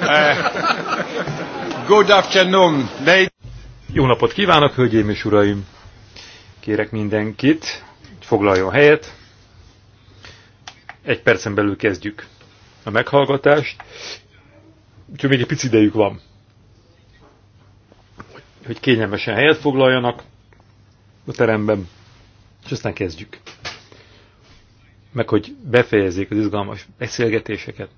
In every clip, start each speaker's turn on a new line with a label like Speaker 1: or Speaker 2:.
Speaker 1: Eh, good afternoon, ladies.
Speaker 2: Jó napot kívánok, hölgyeim és uraim! Kérek mindenkit, hogy foglaljon helyet. Egy percen belül kezdjük a meghallgatást. Úgyhogy még egy pici idejük van, hogy kényelmesen helyet foglaljanak a teremben, és aztán kezdjük. Meg hogy befejezzék az izgalmas beszélgetéseket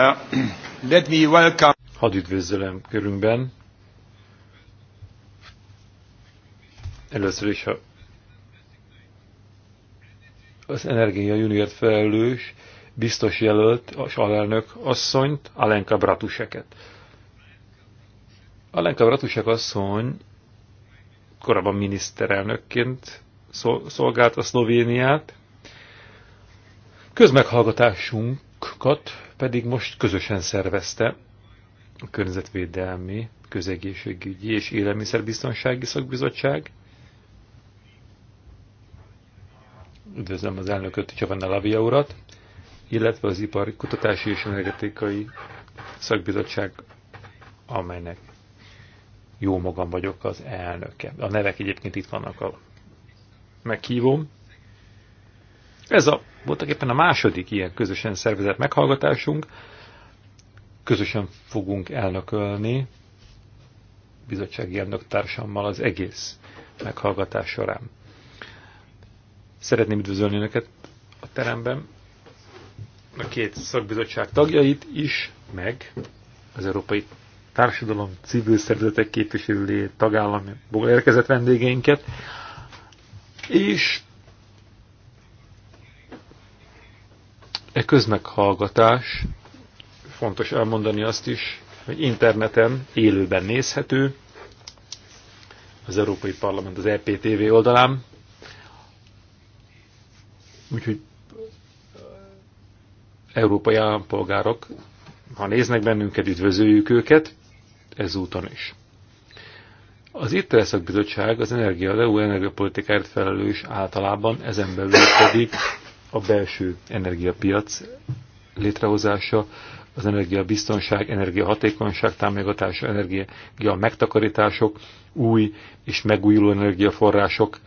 Speaker 1: Uh, let me
Speaker 2: welcome. Hadd üdvözlöm körünkben. Először is a, az Energia Juniort felelős, biztos jelölt, az alelnök asszonyt, Alenka Bratuseket. Alenka Bratusek asszony korábban miniszterelnökként szolgált a Szlovéniát. Közmeghallgatásunkat pedig most közösen szervezte a Környezetvédelmi, Közegészségügyi és Élelmiszerbiztonsági Szakbizottság. Üdvözlöm az elnököt, Csavanna Lavia urat, illetve az Ipari Kutatási és Energetikai Szakbizottság, amelynek jó magam vagyok az elnöke. A nevek egyébként itt vannak a meghívom. Ez a voltak éppen a második ilyen közösen szervezett meghallgatásunk. Közösen fogunk elnökölni bizottsági elnöktársammal az egész meghallgatás során. Szeretném üdvözölni Önöket a teremben, a két szakbizottság tagjait is, meg az Európai Társadalom civil szervezetek képviselői tagállami érkezett vendégeinket, és E közmeghallgatás, fontos elmondani azt is, hogy interneten élőben nézhető, az Európai Parlament az EPTV oldalán, úgyhogy európai állampolgárok, ha néznek bennünket, üdvözöljük őket, ezúton is. Az ITRE bizottság az energia, az EU energiapolitikáért felelős általában, ezen belül pedig a belső energiapiac létrehozása, az energiabiztonság, energiahatékonyság támogatása, energia megtakarítások, új és megújuló energiaforrások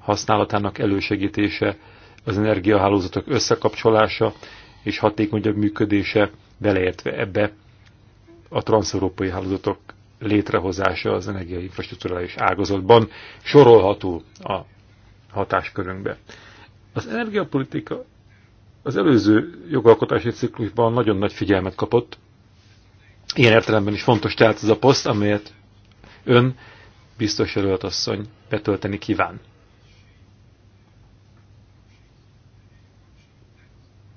Speaker 2: használatának elősegítése, az energiahálózatok összekapcsolása és hatékonyabb működése, beleértve ebbe a transzeurópai hálózatok létrehozása az energiainfrastruktúrális ágazatban sorolható a hatáskörünkbe. Az energiapolitika
Speaker 3: az előző
Speaker 2: jogalkotási ciklusban nagyon nagy figyelmet kapott. Ilyen értelemben is fontos tehát ez a poszt, amelyet ön, biztos asszony, betölteni kíván.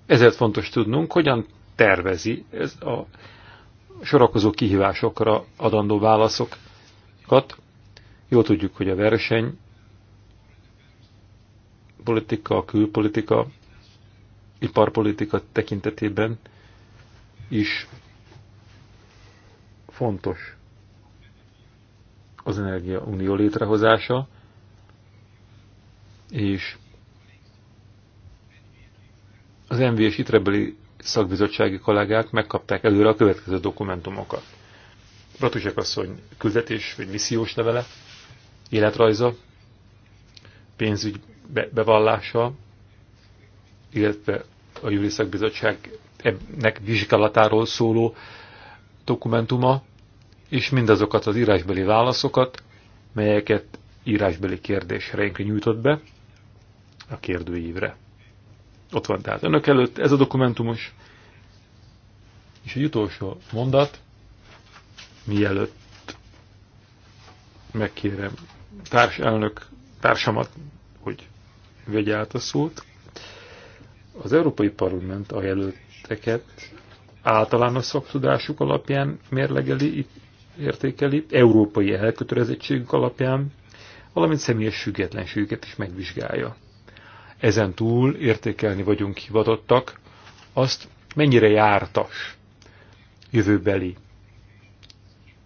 Speaker 2: Ezért fontos tudnunk, hogyan tervezi ez a sorakozó kihívásokra adandó válaszokat. Jól tudjuk, hogy a verseny politika, a külpolitika, iparpolitika tekintetében is fontos az Energia Unió létrehozása, és az MV és Itrebeli szakbizottsági kollégák megkapták előre a következő dokumentumokat. Bratusek asszony küldetés vagy missziós levele, életrajza, pénzügy bevallása, illetve a bizottság ennek vizsgálatáról szóló dokumentuma, és mindazokat az írásbeli válaszokat, melyeket írásbeli kérdésre nyújtott be a kérdőívre. Ott van tehát önök előtt ez a dokumentumos, és egy utolsó mondat, mielőtt megkérem társelnök, társamat, hogy vegye át a szót. Az Európai Parlament a jelölteket általános szaktudásuk alapján mérlegeli, értékeli, európai elkötelezettségük alapján, valamint személyes függetlenségüket is megvizsgálja. Ezen túl értékelni vagyunk hivatottak azt, mennyire jártas jövőbeli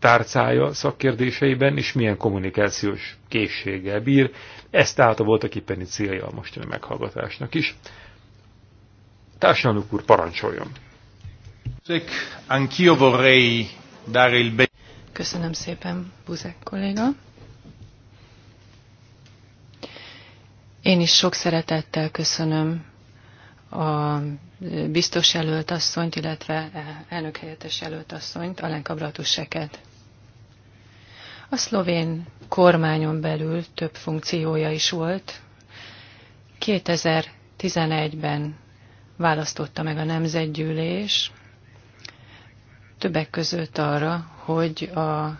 Speaker 2: tárcája szakkérdéseiben, és milyen kommunikációs készséggel bír. Ezt állta volt a kipeni célja a mostani meghallgatásnak is. Társadalmuk úr, parancsoljon!
Speaker 4: Köszönöm szépen, Buzek kolléga! Én is sok szeretettel köszönöm a biztos jelölt asszonyt, illetve elnök helyettes jelölt asszonyt, Alenka Bratuseket, a szlovén kormányon belül több funkciója is volt. 2011-ben választotta meg a Nemzetgyűlés, többek között arra, hogy a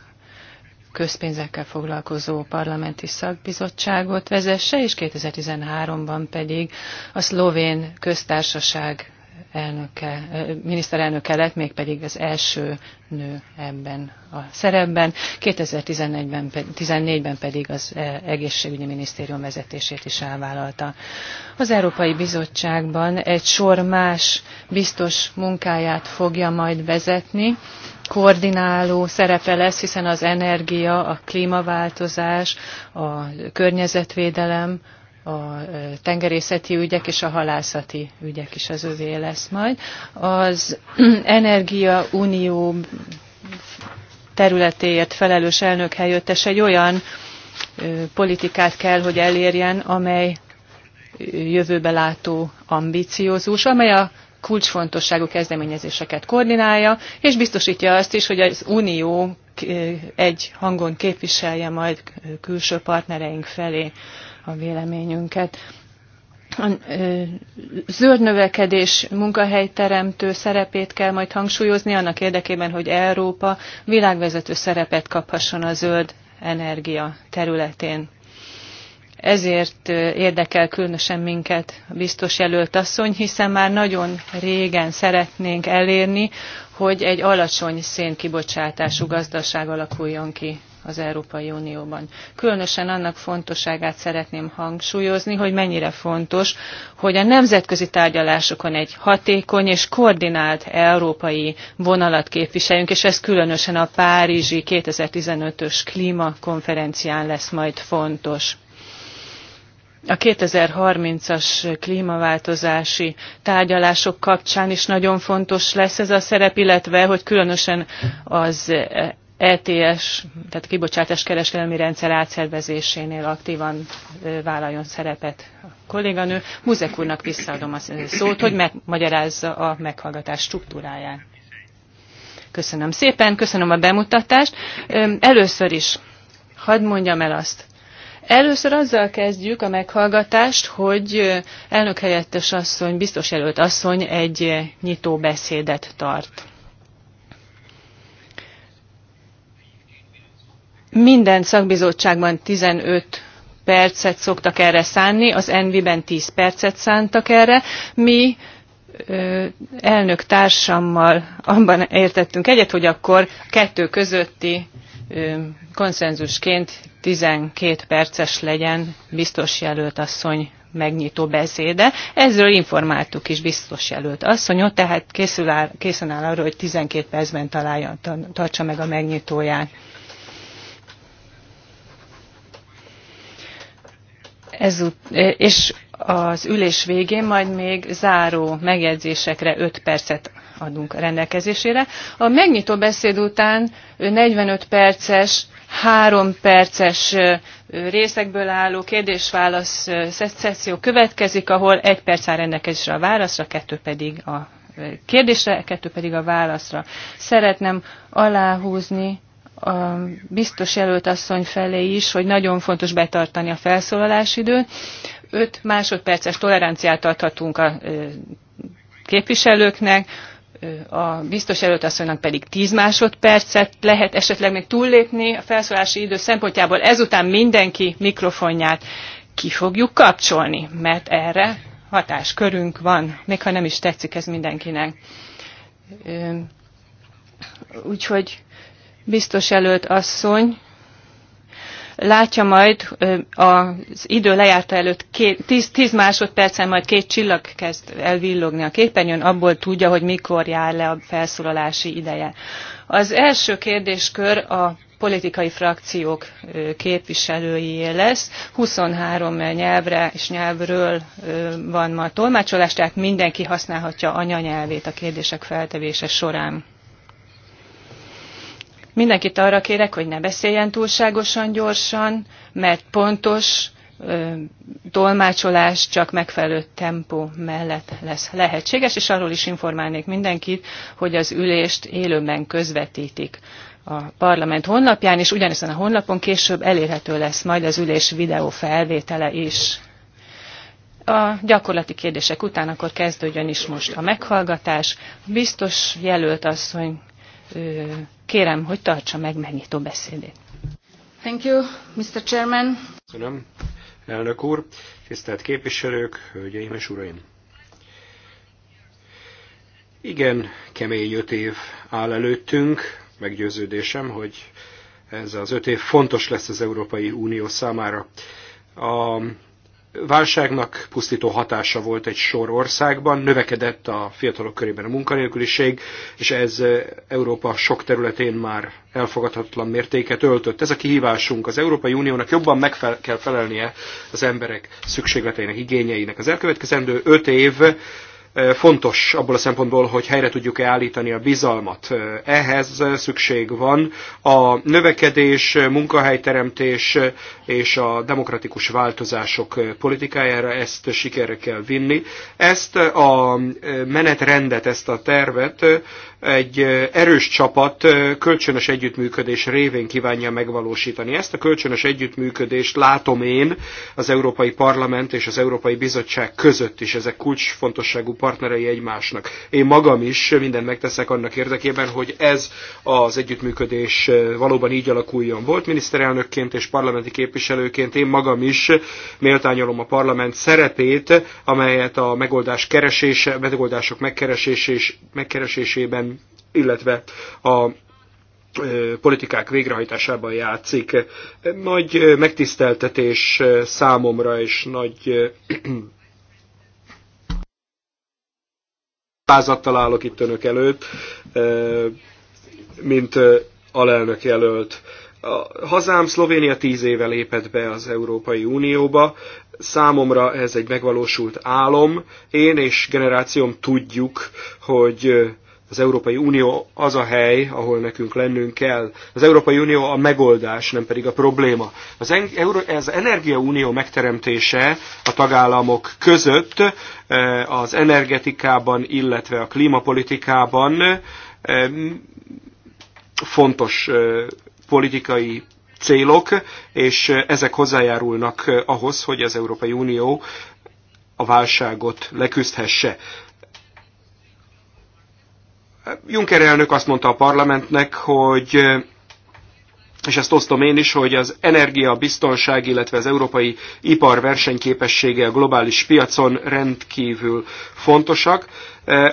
Speaker 4: közpénzekkel foglalkozó parlamenti szakbizottságot vezesse, és 2013-ban pedig a szlovén köztársaság elnöke, miniszterelnöke lett, mégpedig az első nő ebben a szerepben. 2014-ben, 2014-ben pedig az e, egészségügyi minisztérium vezetését is elvállalta. Az Európai Bizottságban egy sor más biztos munkáját fogja majd vezetni, koordináló szerepe lesz, hiszen az energia, a klímaváltozás, a környezetvédelem, a tengerészeti ügyek és a halászati ügyek is az övé lesz majd. Az Energia Unió területéért felelős elnök helyettes egy olyan politikát kell, hogy elérjen, amely jövőbe látó ambiciózus, amely a kulcsfontosságú kezdeményezéseket koordinálja, és biztosítja azt is, hogy az Unió egy hangon képviselje majd külső partnereink felé a véleményünket. A zöld növekedés munkahelyteremtő szerepét kell majd hangsúlyozni annak érdekében, hogy Európa világvezető szerepet kaphasson a zöld energia területén. Ezért érdekel különösen minket a biztos jelölt asszony, hiszen már nagyon régen szeretnénk elérni, hogy egy alacsony szénkibocsátású gazdaság alakuljon ki az Európai Unióban. Különösen annak fontosságát szeretném hangsúlyozni, hogy mennyire fontos, hogy a nemzetközi tárgyalásokon egy hatékony és koordinált európai vonalat képviseljünk, és ez különösen a Párizsi 2015-ös klímakonferencián lesz majd fontos. A 2030-as klímaváltozási tárgyalások kapcsán is nagyon fontos lesz ez a szerep, illetve hogy különösen az ETS, tehát kibocsátás kereskedelmi rendszer átszervezésénél aktívan vállaljon szerepet a kolléganő. Muzek úrnak visszaadom a szót, hogy megmagyarázza a meghallgatás struktúráját. Köszönöm szépen, köszönöm a bemutatást. Először is, hadd mondjam el azt, Először azzal kezdjük a meghallgatást, hogy elnök helyettes asszony, biztos jelölt asszony egy nyitó beszédet tart. Minden szakbizottságban 15 percet szoktak erre szánni, az Envi-ben 10 percet szántak erre. Mi elnök társammal abban értettünk egyet, hogy akkor kettő közötti konszenzusként 12 perces legyen biztos jelölt asszony megnyitó beszéde. Ezről informáltuk is biztos jelölt asszonyot, tehát készül áll, készen áll arra, hogy 12 percben találja, tartsa meg a megnyitóját. ezut- eh, és az ülés végén majd még záró megjegyzésekre 5 percet adunk a rendelkezésére. A megnyitó beszéd után 45 perces, 3 perces eh, részekből álló kérdés-válasz eh, szekció következik, ahol 1 perc áll rendelkezésre a válaszra, 2 pedig a kérdésre, 2 pedig a válaszra. Szeretném aláhúzni, a biztos jelölt asszony felé is, hogy nagyon fontos betartani a időt. 5 másodperces toleranciát adhatunk a képviselőknek, a biztos előtasszonynak pedig 10 másodpercet lehet esetleg még túllépni a felszólási idő szempontjából. Ezután mindenki mikrofonját ki fogjuk kapcsolni, mert erre hatáskörünk van, még ha nem is tetszik ez mindenkinek. Úgyhogy biztos előtt asszony látja majd az idő lejárta előtt tíz másodpercen majd két csillag kezd elvillogni a képernyőn, abból tudja, hogy mikor jár le a felszólalási ideje. Az első kérdéskör a politikai frakciók képviselőié lesz. 23 nyelvre és nyelvről van ma a tolmácsolás, tehát mindenki használhatja anyanyelvét a kérdések feltevése során. Mindenkit arra kérek, hogy ne beszéljen túlságosan gyorsan, mert pontos ö, tolmácsolás csak megfelelő tempó mellett lesz lehetséges, és arról is informálnék mindenkit, hogy az ülést élőben közvetítik a parlament honlapján, és ugyanezen a honlapon később elérhető lesz majd az ülés videó felvétele is. A gyakorlati kérdések után akkor kezdődjön is most a meghallgatás. Biztos jelölt asszony Kérem, hogy tartsa meg megnyitó beszédét.
Speaker 3: Thank you, Mr. Chairman.
Speaker 1: Köszönöm, elnök úr, tisztelt képviselők, hölgyeim és uraim. Igen, kemény öt év áll előttünk, meggyőződésem, hogy ez az öt év fontos lesz az Európai Unió számára. A válságnak pusztító hatása volt egy sor országban, növekedett a fiatalok körében a munkanélküliség, és ez eh, Európa sok területén már elfogadhatatlan mértéket öltött. Ez a kihívásunk. Az Európai Uniónak jobban meg kell felelnie az emberek szükségleteinek, igényeinek. Az elkövetkezendő öt év fontos abból a szempontból, hogy helyre tudjuk-e állítani a bizalmat. Ehhez szükség van a növekedés, munkahelyteremtés és a demokratikus változások politikájára, ezt sikerre kell vinni. Ezt a menetrendet, ezt a tervet egy erős csapat kölcsönös együttműködés révén kívánja megvalósítani. Ezt a kölcsönös együttműködést látom én az Európai Parlament és az Európai Bizottság között is. Ezek kulcsfontosságú partnerei egymásnak. Én magam is mindent megteszek annak érdekében, hogy ez az együttműködés eh, valóban így alakuljon. Volt miniszterelnökként és parlamenti képviselőként én magam is méltányolom a parlament szerepét, amelyet a megoldás keresése, megoldások megkeresés, megkeresésében, illetve a eh, politikák végrehajtásában játszik. Nagy eh, megtiszteltetés számomra, és nagy pázattal állok itt önök előtt, mint alelnök jelölt. A hazám Szlovénia tíz éve lépett be az Európai Unióba. Számomra ez egy megvalósult álom. Én és generációm tudjuk, hogy az Európai Unió az a hely, ahol nekünk lennünk kell. Az Európai Unió a megoldás, nem pedig a probléma. Az, az energiaunió megteremtése a tagállamok között e, az energetikában, illetve a klímapolitikában e, fontos e, politikai célok, és ezek hozzájárulnak ahhoz, hogy az Európai Unió a válságot leküzdhesse. Juncker elnök azt mondta a parlamentnek, hogy és ezt osztom én is, hogy az energia, biztonság, illetve az európai ipar versenyképessége a globális piacon rendkívül fontosak.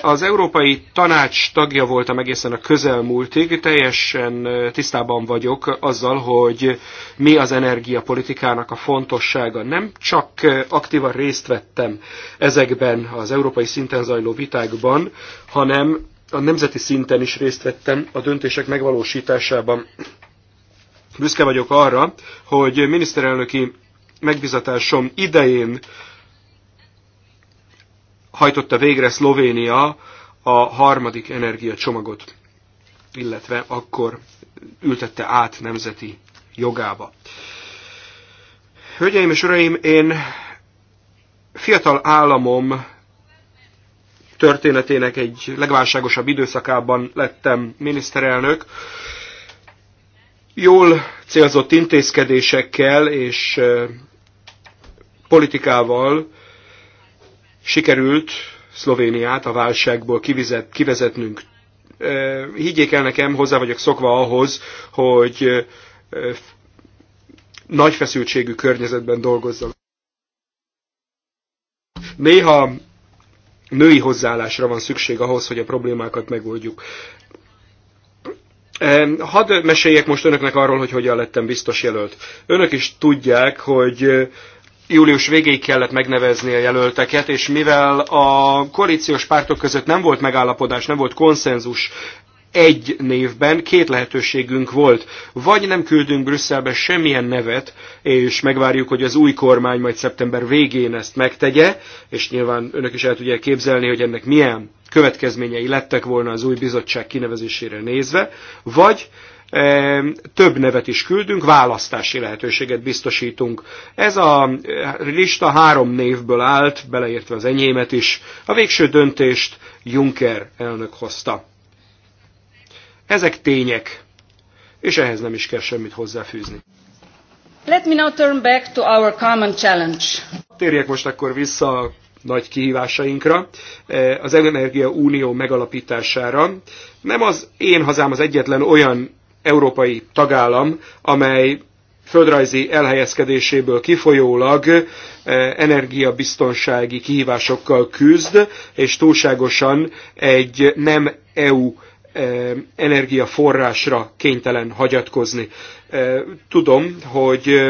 Speaker 1: Az Európai Tanács tagja voltam egészen a közelmúltig, teljesen tisztában vagyok azzal, hogy mi az energiapolitikának a fontossága. Nem csak aktívan részt vettem ezekben az európai szinten zajló vitákban, hanem a nemzeti szinten is részt vettem a döntések megvalósításában. Büszke vagyok arra, hogy miniszterelnöki megbizatásom idején hajtotta végre Szlovénia a harmadik energiacsomagot, illetve akkor ültette át nemzeti jogába. Hölgyeim és uraim, én fiatal államom történetének egy legválságosabb időszakában lettem miniszterelnök. Jól célzott intézkedésekkel és politikával sikerült Szlovéniát a válságból kivizet, kivezetnünk. Higgyék el nekem, hozzá vagyok szokva ahhoz, hogy nagy feszültségű környezetben dolgozzam. Néha női hozzáállásra van szükség ahhoz, hogy a problémákat megoldjuk. Hadd meséljek most önöknek arról, hogy hogyan lettem biztos jelölt. Önök is tudják, hogy július végéig kellett megnevezni a jelölteket, és mivel a koalíciós pártok között nem volt megállapodás, nem volt konszenzus egy névben két lehetőségünk volt. Vagy nem küldünk Brüsszelbe semmilyen nevet, és megvárjuk, hogy az új kormány majd szeptember végén ezt megtegye, és nyilván önök is el tudják képzelni, hogy ennek milyen következményei lettek volna az új bizottság kinevezésére nézve, vagy e, több nevet is küldünk, választási lehetőséget biztosítunk. Ez a lista három névből állt, beleértve az enyémet is. A végső döntést Juncker elnök hozta. Ezek tények, és ehhez nem is kell semmit hozzáfűzni.
Speaker 3: Let me now turn back to our common challenge.
Speaker 1: Térjek most akkor vissza a nagy kihívásainkra, e, az Energia Unió megalapítására. Nem az én hazám az egyetlen olyan európai tagállam, amely földrajzi elhelyezkedéséből kifolyólag e, energiabiztonsági kihívásokkal küzd, és túlságosan egy nem EU energiaforrásra kénytelen hagyatkozni. Tudom, hogy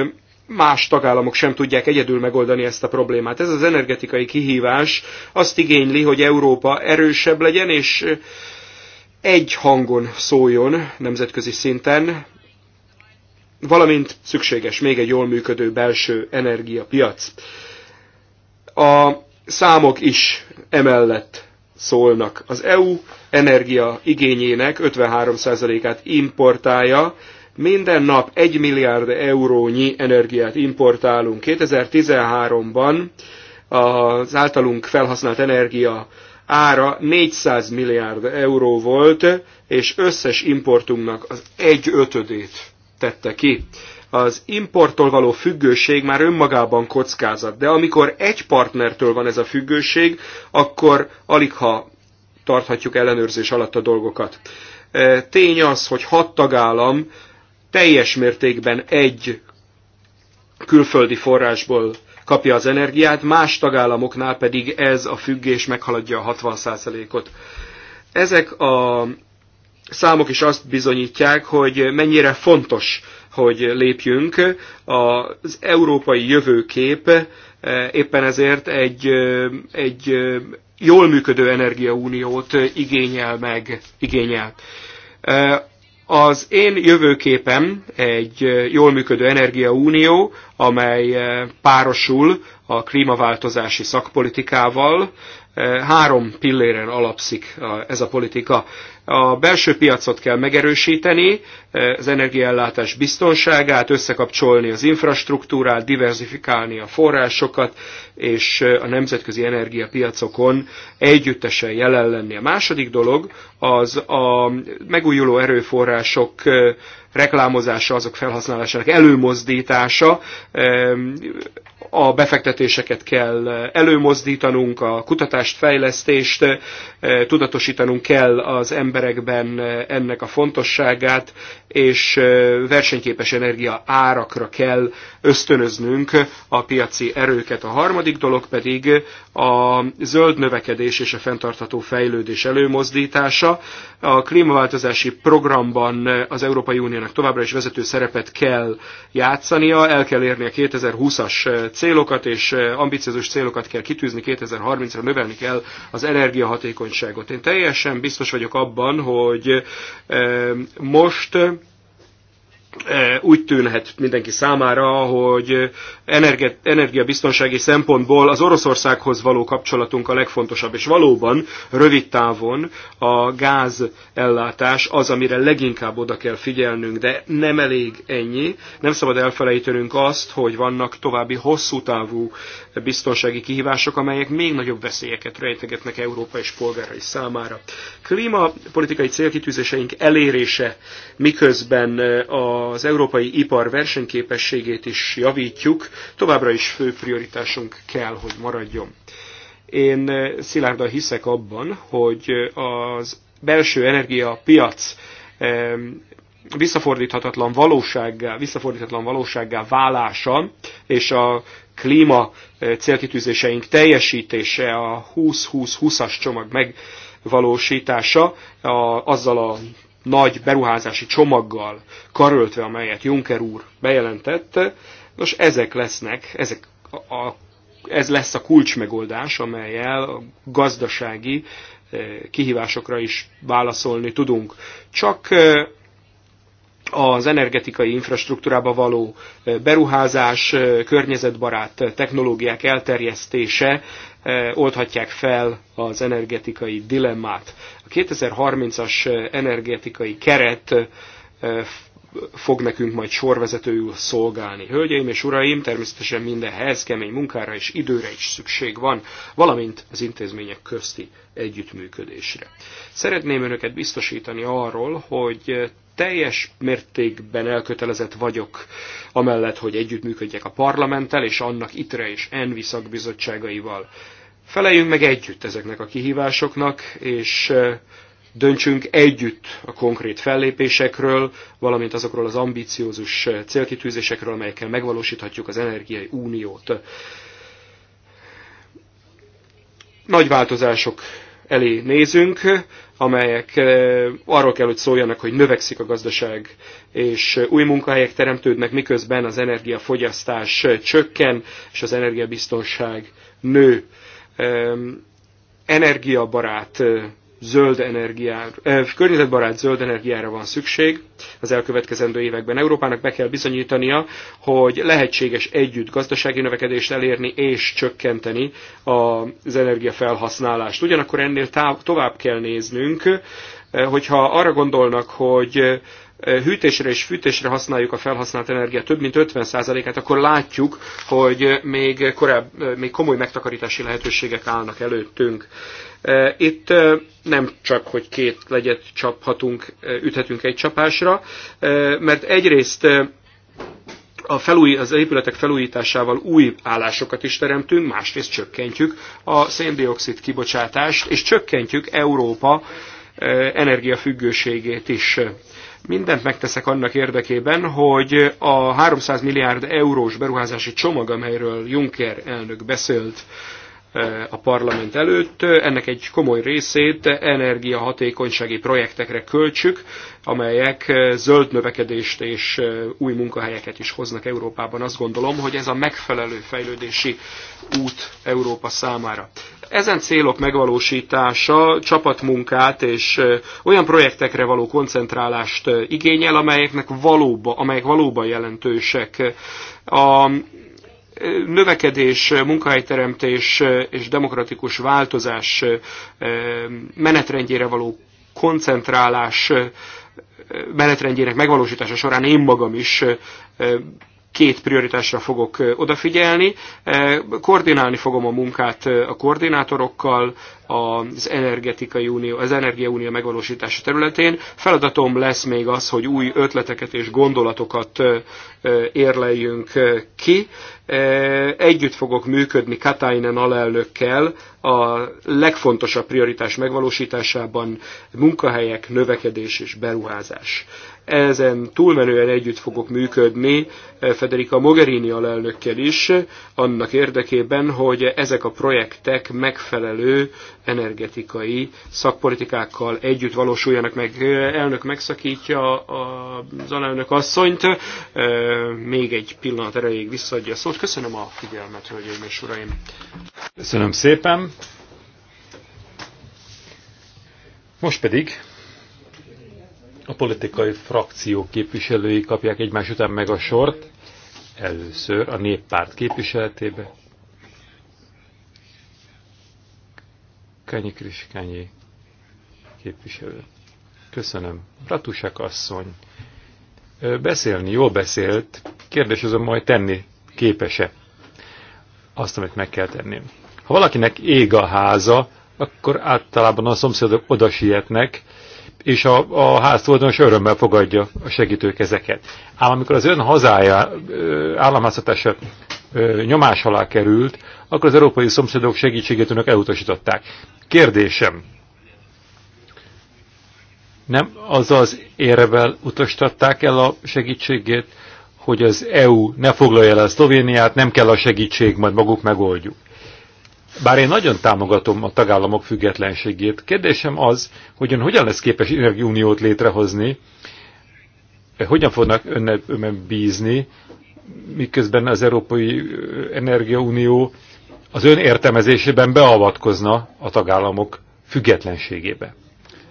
Speaker 1: más tagállamok sem tudják egyedül megoldani ezt a problémát. Ez az energetikai kihívás azt igényli, hogy Európa erősebb legyen, és egy hangon szóljon nemzetközi szinten, valamint szükséges még egy jól működő belső energiapiac. A számok is emellett szólnak. Az EU energia igényének 53%-át importálja, minden nap 1 milliárd eurónyi energiát importálunk. 2013-ban az általunk felhasznált energia ára 400 milliárd euró volt, és összes importunknak az egy ötödét tette ki az importtól való függőség már önmagában kockázat, de amikor egy partnertől van ez a függőség, akkor alig ha tarthatjuk ellenőrzés alatt a dolgokat. E, tény az, hogy hat tagállam teljes mértékben egy külföldi forrásból kapja az energiát, más tagállamoknál pedig ez a függés meghaladja a 60%-ot. Ezek a számok is azt bizonyítják, hogy mennyire fontos hogy lépjünk. Az európai jövőkép eh, éppen ezért egy, eh, egy eh, jól működő energiauniót igényel meg, igényel. Az én jövőképem egy jól működő energiaunió, amely párosul a klímaváltozási szakpolitikával, Eh, három pilléren alapszik ez a politika. A belső piacot kell megerősíteni, eh, az energiaellátás biztonságát, összekapcsolni az infrastruktúrát, diversifikálni a forrásokat, és eh, a nemzetközi energiapiacokon együttesen jelen lenni. A második dolog az a megújuló erőforrások reklámozása, azok felhasználásának előmozdítása, a befektetéseket kell előmozdítanunk, a kutatást, fejlesztést, eh, tudatosítanunk kell az emberekben eh, ennek a fontosságát, és eh, versenyképes energia árakra kell ösztönöznünk a piaci erőket. A harmadik dolog pedig a zöld növekedés és a fenntartható fejlődés előmozdítása. A klímaváltozási programban az Európai Uniónak továbbra is vezető szerepet kell játszania, el kell érni a 2020-as célokat, és eh, ambiciózus célokat kell kitűzni, 2030-ra növelni kell az energiahatékonyságot. Én teljesen biztos vagyok abban, hogy eh, most E, úgy tűnhet mindenki számára, hogy energiabiztonsági szempontból az Oroszországhoz való kapcsolatunk a legfontosabb, és valóban rövid távon a gázellátás az, amire leginkább oda kell figyelnünk, de nem elég ennyi. Nem szabad elfelejtenünk azt, hogy vannak további hosszú távú biztonsági kihívások, amelyek még nagyobb veszélyeket rejtegetnek Európa és polgárai számára. Klímapolitikai célkitűzéseink elérése miközben e, a az európai ipar versenyképességét is javítjuk, továbbra is fő prioritásunk kell, hogy maradjon. Én eh, szilárdan hiszek abban, hogy eh, az belső energia piac visszafordíthatatlan valósággá, visszafordíthatatlan valósággá válása és a klíma eh, célkitűzéseink teljesítése, a 20-20-20-as csomag megvalósítása a, azzal a nagy beruházási csomaggal karöltve, amelyet Juncker úr bejelentett, nos ezek lesznek, ezek a, a, ez lesz a kulcsmegoldás, amelyel a gazdasági eh, kihívásokra is válaszolni tudunk. Csak eh, az energetikai infrastruktúrába való eh, beruházás, környezetbarát technológiák elterjesztése Eh, oldhatják fel az energetikai dilemmát. A 2030-as eh, energetikai keret eh, fog nekünk majd sorvezetőül szolgálni. Hölgyeim és uraim, természetesen mindenhez kemény munkára és időre is szükség van, valamint az intézmények közti együttműködésre. Szeretném önöket biztosítani arról, hogy teljes mértékben elkötelezett vagyok amellett, hogy együttműködjek a parlamenttel és annak ITRE és ENVI szakbizottságaival. Feleljünk meg együtt ezeknek a kihívásoknak, és döntsünk együtt a konkrét fellépésekről, valamint azokról az ambiciózus célkitűzésekről, amelyekkel megvalósíthatjuk az energiai uniót. Nagy változások elé nézünk, amelyek eh, arról kell, hogy szóljanak, hogy növekszik a gazdaság, és eh, új munkahelyek teremtődnek, miközben az energiafogyasztás eh, csökken, és az energiabiztonság nő. Energiabarát zöld energiára, eh, környezetbarát zöld energiára van szükség az elkövetkezendő években. Európának be kell bizonyítania, hogy lehetséges együtt gazdasági növekedést elérni és csökkenteni az energiafelhasználást. Ugyanakkor ennél táv, tovább kell néznünk, eh, hogyha arra gondolnak, hogy eh, hűtésre és fűtésre használjuk a felhasznált energia több mint 50%-át, akkor látjuk, hogy még, korább, még komoly megtakarítási lehetőségek állnak előttünk. Itt nem csak, hogy két legyet csaphatunk, üthetünk egy csapásra, mert egyrészt a felúj, az épületek felújításával új állásokat is teremtünk, másrészt csökkentjük a széndiokszid kibocsátást, és csökkentjük Európa energiafüggőségét is. Mindent megteszek annak érdekében, hogy a 300 milliárd eurós beruházási csomag, amelyről Juncker elnök beszélt, a parlament előtt. Ennek egy komoly részét energiahatékonysági projektekre költsük, amelyek zöld növekedést és új munkahelyeket is hoznak Európában. Azt gondolom, hogy ez a megfelelő fejlődési út Európa számára. Ezen célok megvalósítása csapatmunkát és olyan projektekre való koncentrálást igényel, amelyeknek valóba, amelyek valóban jelentősek. A növekedés, munkahelyteremtés és demokratikus változás menetrendjére való koncentrálás menetrendjének megvalósítása során én magam is két prioritásra fogok odafigyelni. Koordinálni fogom a munkát a koordinátorokkal az energetikai unió, az energiaunió megvalósítása területén. Feladatom lesz még az, hogy új ötleteket és gondolatokat érleljünk ki, Együtt fogok működni Katainen alelnökkel a legfontosabb prioritás megvalósításában munkahelyek, növekedés és beruházás. Ezen túlmenően együtt fogok működni Federica Mogherini alelnökkel is, annak érdekében, hogy ezek a projektek megfelelő energetikai szakpolitikákkal együtt valósuljanak meg. Elnök megszakítja az alelnök asszonyt, még egy pillanat erejéig visszaadja a szót. Köszönöm a figyelmet, hölgyeim és uraim.
Speaker 2: Köszönöm szépen. Most pedig a politikai frakció képviselői kapják egymás után meg a sort. Először a néppárt képviseletébe. Kanyi Kriskányi képviselő. Köszönöm. Ratusek asszony. Beszélni, jól beszélt. Kérdés azon majd tenni képes-e azt, amit meg kell tenni. Ha valakinek ég a háza, akkor általában a szomszédok oda sietnek, és a, a ház tulajdonos örömmel fogadja a segítő Ám amikor az ön hazája államháztatása nyomás alá került, akkor az európai szomszédok segítségét önök elutasították. Kérdésem, nem az az érvel utasították el a segítségét, hogy az EU ne foglalja el a Szlovéniát, nem kell a segítség, majd maguk megoldjuk. Bár én nagyon támogatom a tagállamok függetlenségét, kérdésem az, hogy ön hogyan lesz képes energiuniót létrehozni, hogyan fognak önnek önben bízni, miközben az Európai Energiaunió az ön értelmezésében beavatkozna a tagállamok függetlenségébe.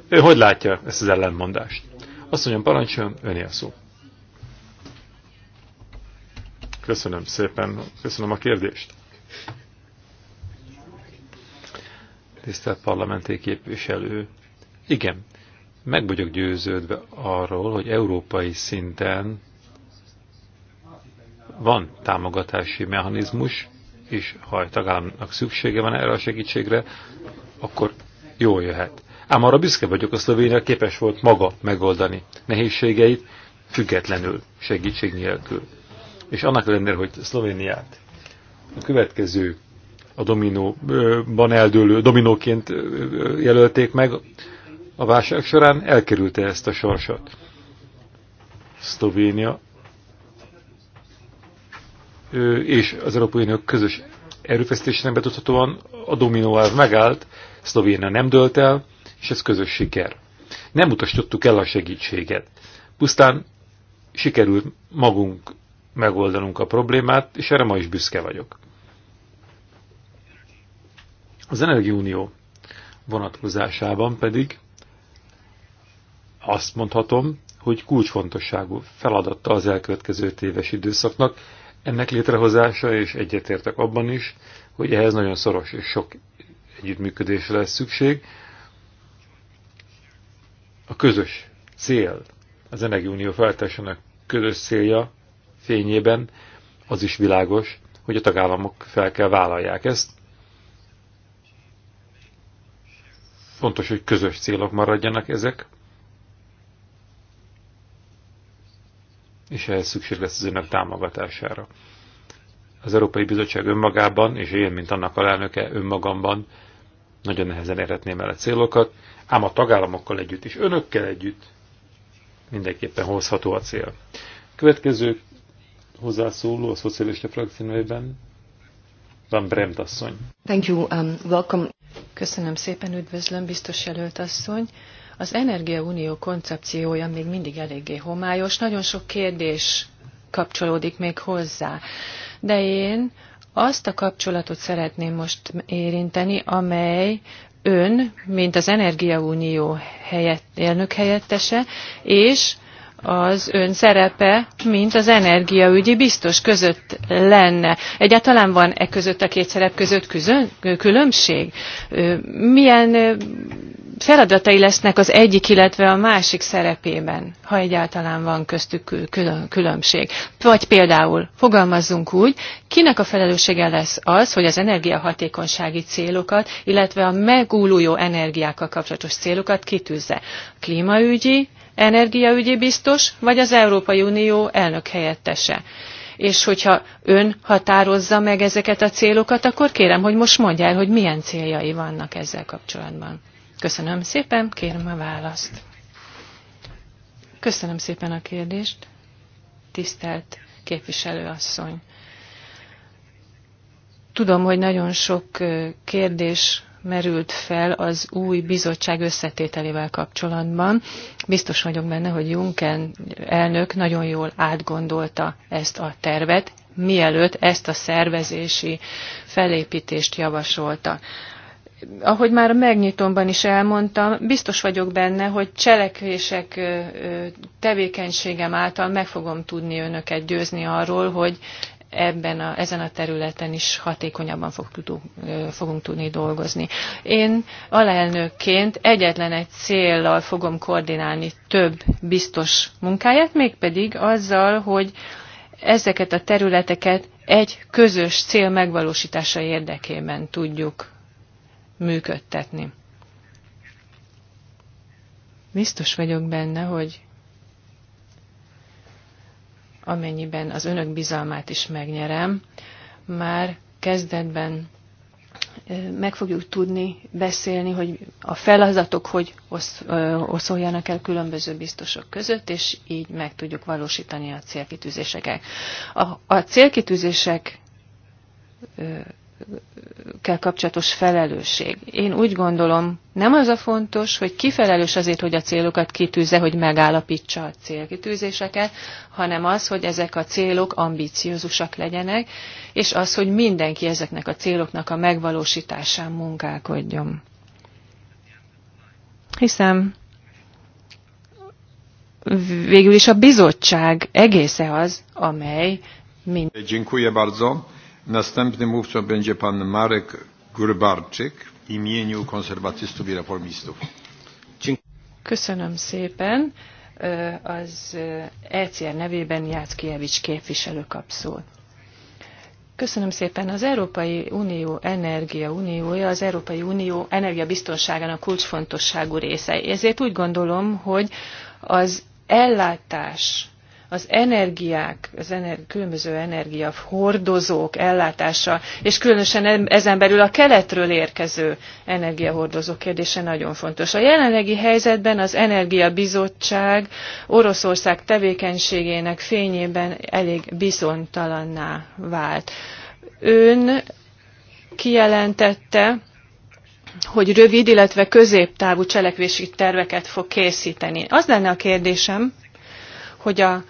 Speaker 2: Ő hogy látja ezt az ellenmondást? Azt mondjam, parancsoljon, öné a szó. Köszönöm szépen, köszönöm a kérdést. Tisztelt parlamenti képviselő, igen, meg vagyok győződve arról, hogy európai szinten van támogatási mechanizmus, és ha egy tagállamnak szüksége van erre a segítségre, akkor jó jöhet. Ám arra büszke vagyok, a Szlovénia képes volt maga megoldani nehézségeit, függetlenül, segítség nélkül és annak ellenére, hogy Szlovéniát a következő a dominóban eldőlő, dominóként jelölték meg a válság során, elkerülte ezt a sorsot. Szlovénia és az Európai Unió közös erőfeszítésének betudhatóan a dominó elv megállt, Szlovénia nem dölt el, és ez közös siker. Nem utasítottuk el a segítséget. Pusztán sikerült magunk megoldanunk a problémát, és erre ma is büszke vagyok. Az Energiaunió vonatkozásában pedig azt mondhatom, hogy kulcsfontosságú feladata az elkövetkező téves időszaknak, ennek létrehozása, és egyetértek abban is, hogy ehhez nagyon szoros és sok együttműködésre lesz szükség. A közös cél, az Energiaunió feltársának közös célja fényében az is világos, hogy a tagállamok fel kell vállalják ezt. Fontos, hogy közös célok maradjanak ezek, és ehhez szükség lesz az önök támogatására. Az Európai Bizottság önmagában, és én, mint annak alelnöke önmagamban, nagyon nehezen érhetném el a célokat, ám a tagállamokkal együtt és önökkel együtt mindenképpen hozható a cél. Következő hozzászóló a szocialista frakció nevében. Van Bremt asszony.
Speaker 4: Thank you, um, welcome. Köszönöm szépen, üdvözlöm, biztos jelölt asszony. Az Energiaunió koncepciója még mindig eléggé homályos, nagyon sok kérdés kapcsolódik még hozzá. De én azt a kapcsolatot szeretném most érinteni, amely ön, mint az Energiaunió helyett, elnök helyettese, és az ön szerepe, mint az energiaügyi biztos között lenne. Egyáltalán van e között a két szerep között küzön, különbség? Milyen feladatai lesznek az egyik, illetve a másik szerepében, ha egyáltalán van köztük különbség? Vagy például, fogalmazzunk úgy, kinek a felelőssége lesz az, hogy az energiahatékonysági célokat, illetve a megújuló energiákkal kapcsolatos célokat kitűzze? klímaügyi energiaügyi biztos, vagy az Európai Unió elnök helyettese. És hogyha ön határozza meg ezeket a célokat, akkor kérem, hogy most mondja el, hogy milyen céljai vannak ezzel kapcsolatban. Köszönöm szépen, kérem a választ. Köszönöm szépen a kérdést, tisztelt képviselőasszony. Tudom, hogy nagyon sok kérdés merült fel az új bizottság összetételével kapcsolatban. Biztos vagyok benne, hogy Juncker elnök nagyon jól átgondolta ezt a tervet, mielőtt ezt a szervezési felépítést javasolta. Ahogy már a megnyitomban is elmondtam, biztos vagyok benne, hogy cselekvések tevékenységem által meg fogom tudni önöket győzni arról, hogy ebben a, ezen a területen is hatékonyabban fog, tudunk, fogunk tudni dolgozni. Én alelnökként egyetlen egy céllal fogom koordinálni több biztos munkáját, mégpedig azzal, hogy ezeket a területeket egy közös cél megvalósítása érdekében tudjuk működtetni. Biztos vagyok benne, hogy amennyiben az önök bizalmát is megnyerem, már kezdetben meg fogjuk tudni beszélni, hogy a feladatok hogy oszoljanak el különböző biztosok között, és így meg tudjuk valósítani a célkitűzéseket. A, a célkitűzések kell kapcsolatos felelősség. Én úgy gondolom, nem az a fontos, hogy ki felelős azért, hogy a célokat kitűzze, hogy megállapítsa a célkitűzéseket, hanem az, hogy ezek a célok ambiciózusak legyenek, és az, hogy mindenki ezeknek a céloknak a megvalósításán munkálkodjon. Hiszem, végül is a bizottság egésze az, amely mind...
Speaker 1: Dziękuję bardzo.
Speaker 2: Następny mówca będzie pan Marek Gurbarczyk w imieniu konserwatystów i
Speaker 4: reformistów. Köszönöm szépen. Az ECR nevében Jáckiewicz képviselő kap szót. Köszönöm szépen. Az Európai Unió Energia Uniója az Európai Unió energiabiztonságának kulcsfontosságú része. Ezért úgy gondolom, hogy az ellátás az energiák, az energi, különböző energiahordozók ellátása, és különösen ezen belül a keletről érkező energiahordozók kérdése nagyon fontos. A jelenlegi helyzetben az Energiabizottság Oroszország tevékenységének fényében elég bizonytalanná vált. Ön kijelentette, hogy rövid, illetve középtávú cselekvési terveket fog készíteni. Az lenne a kérdésem, hogy a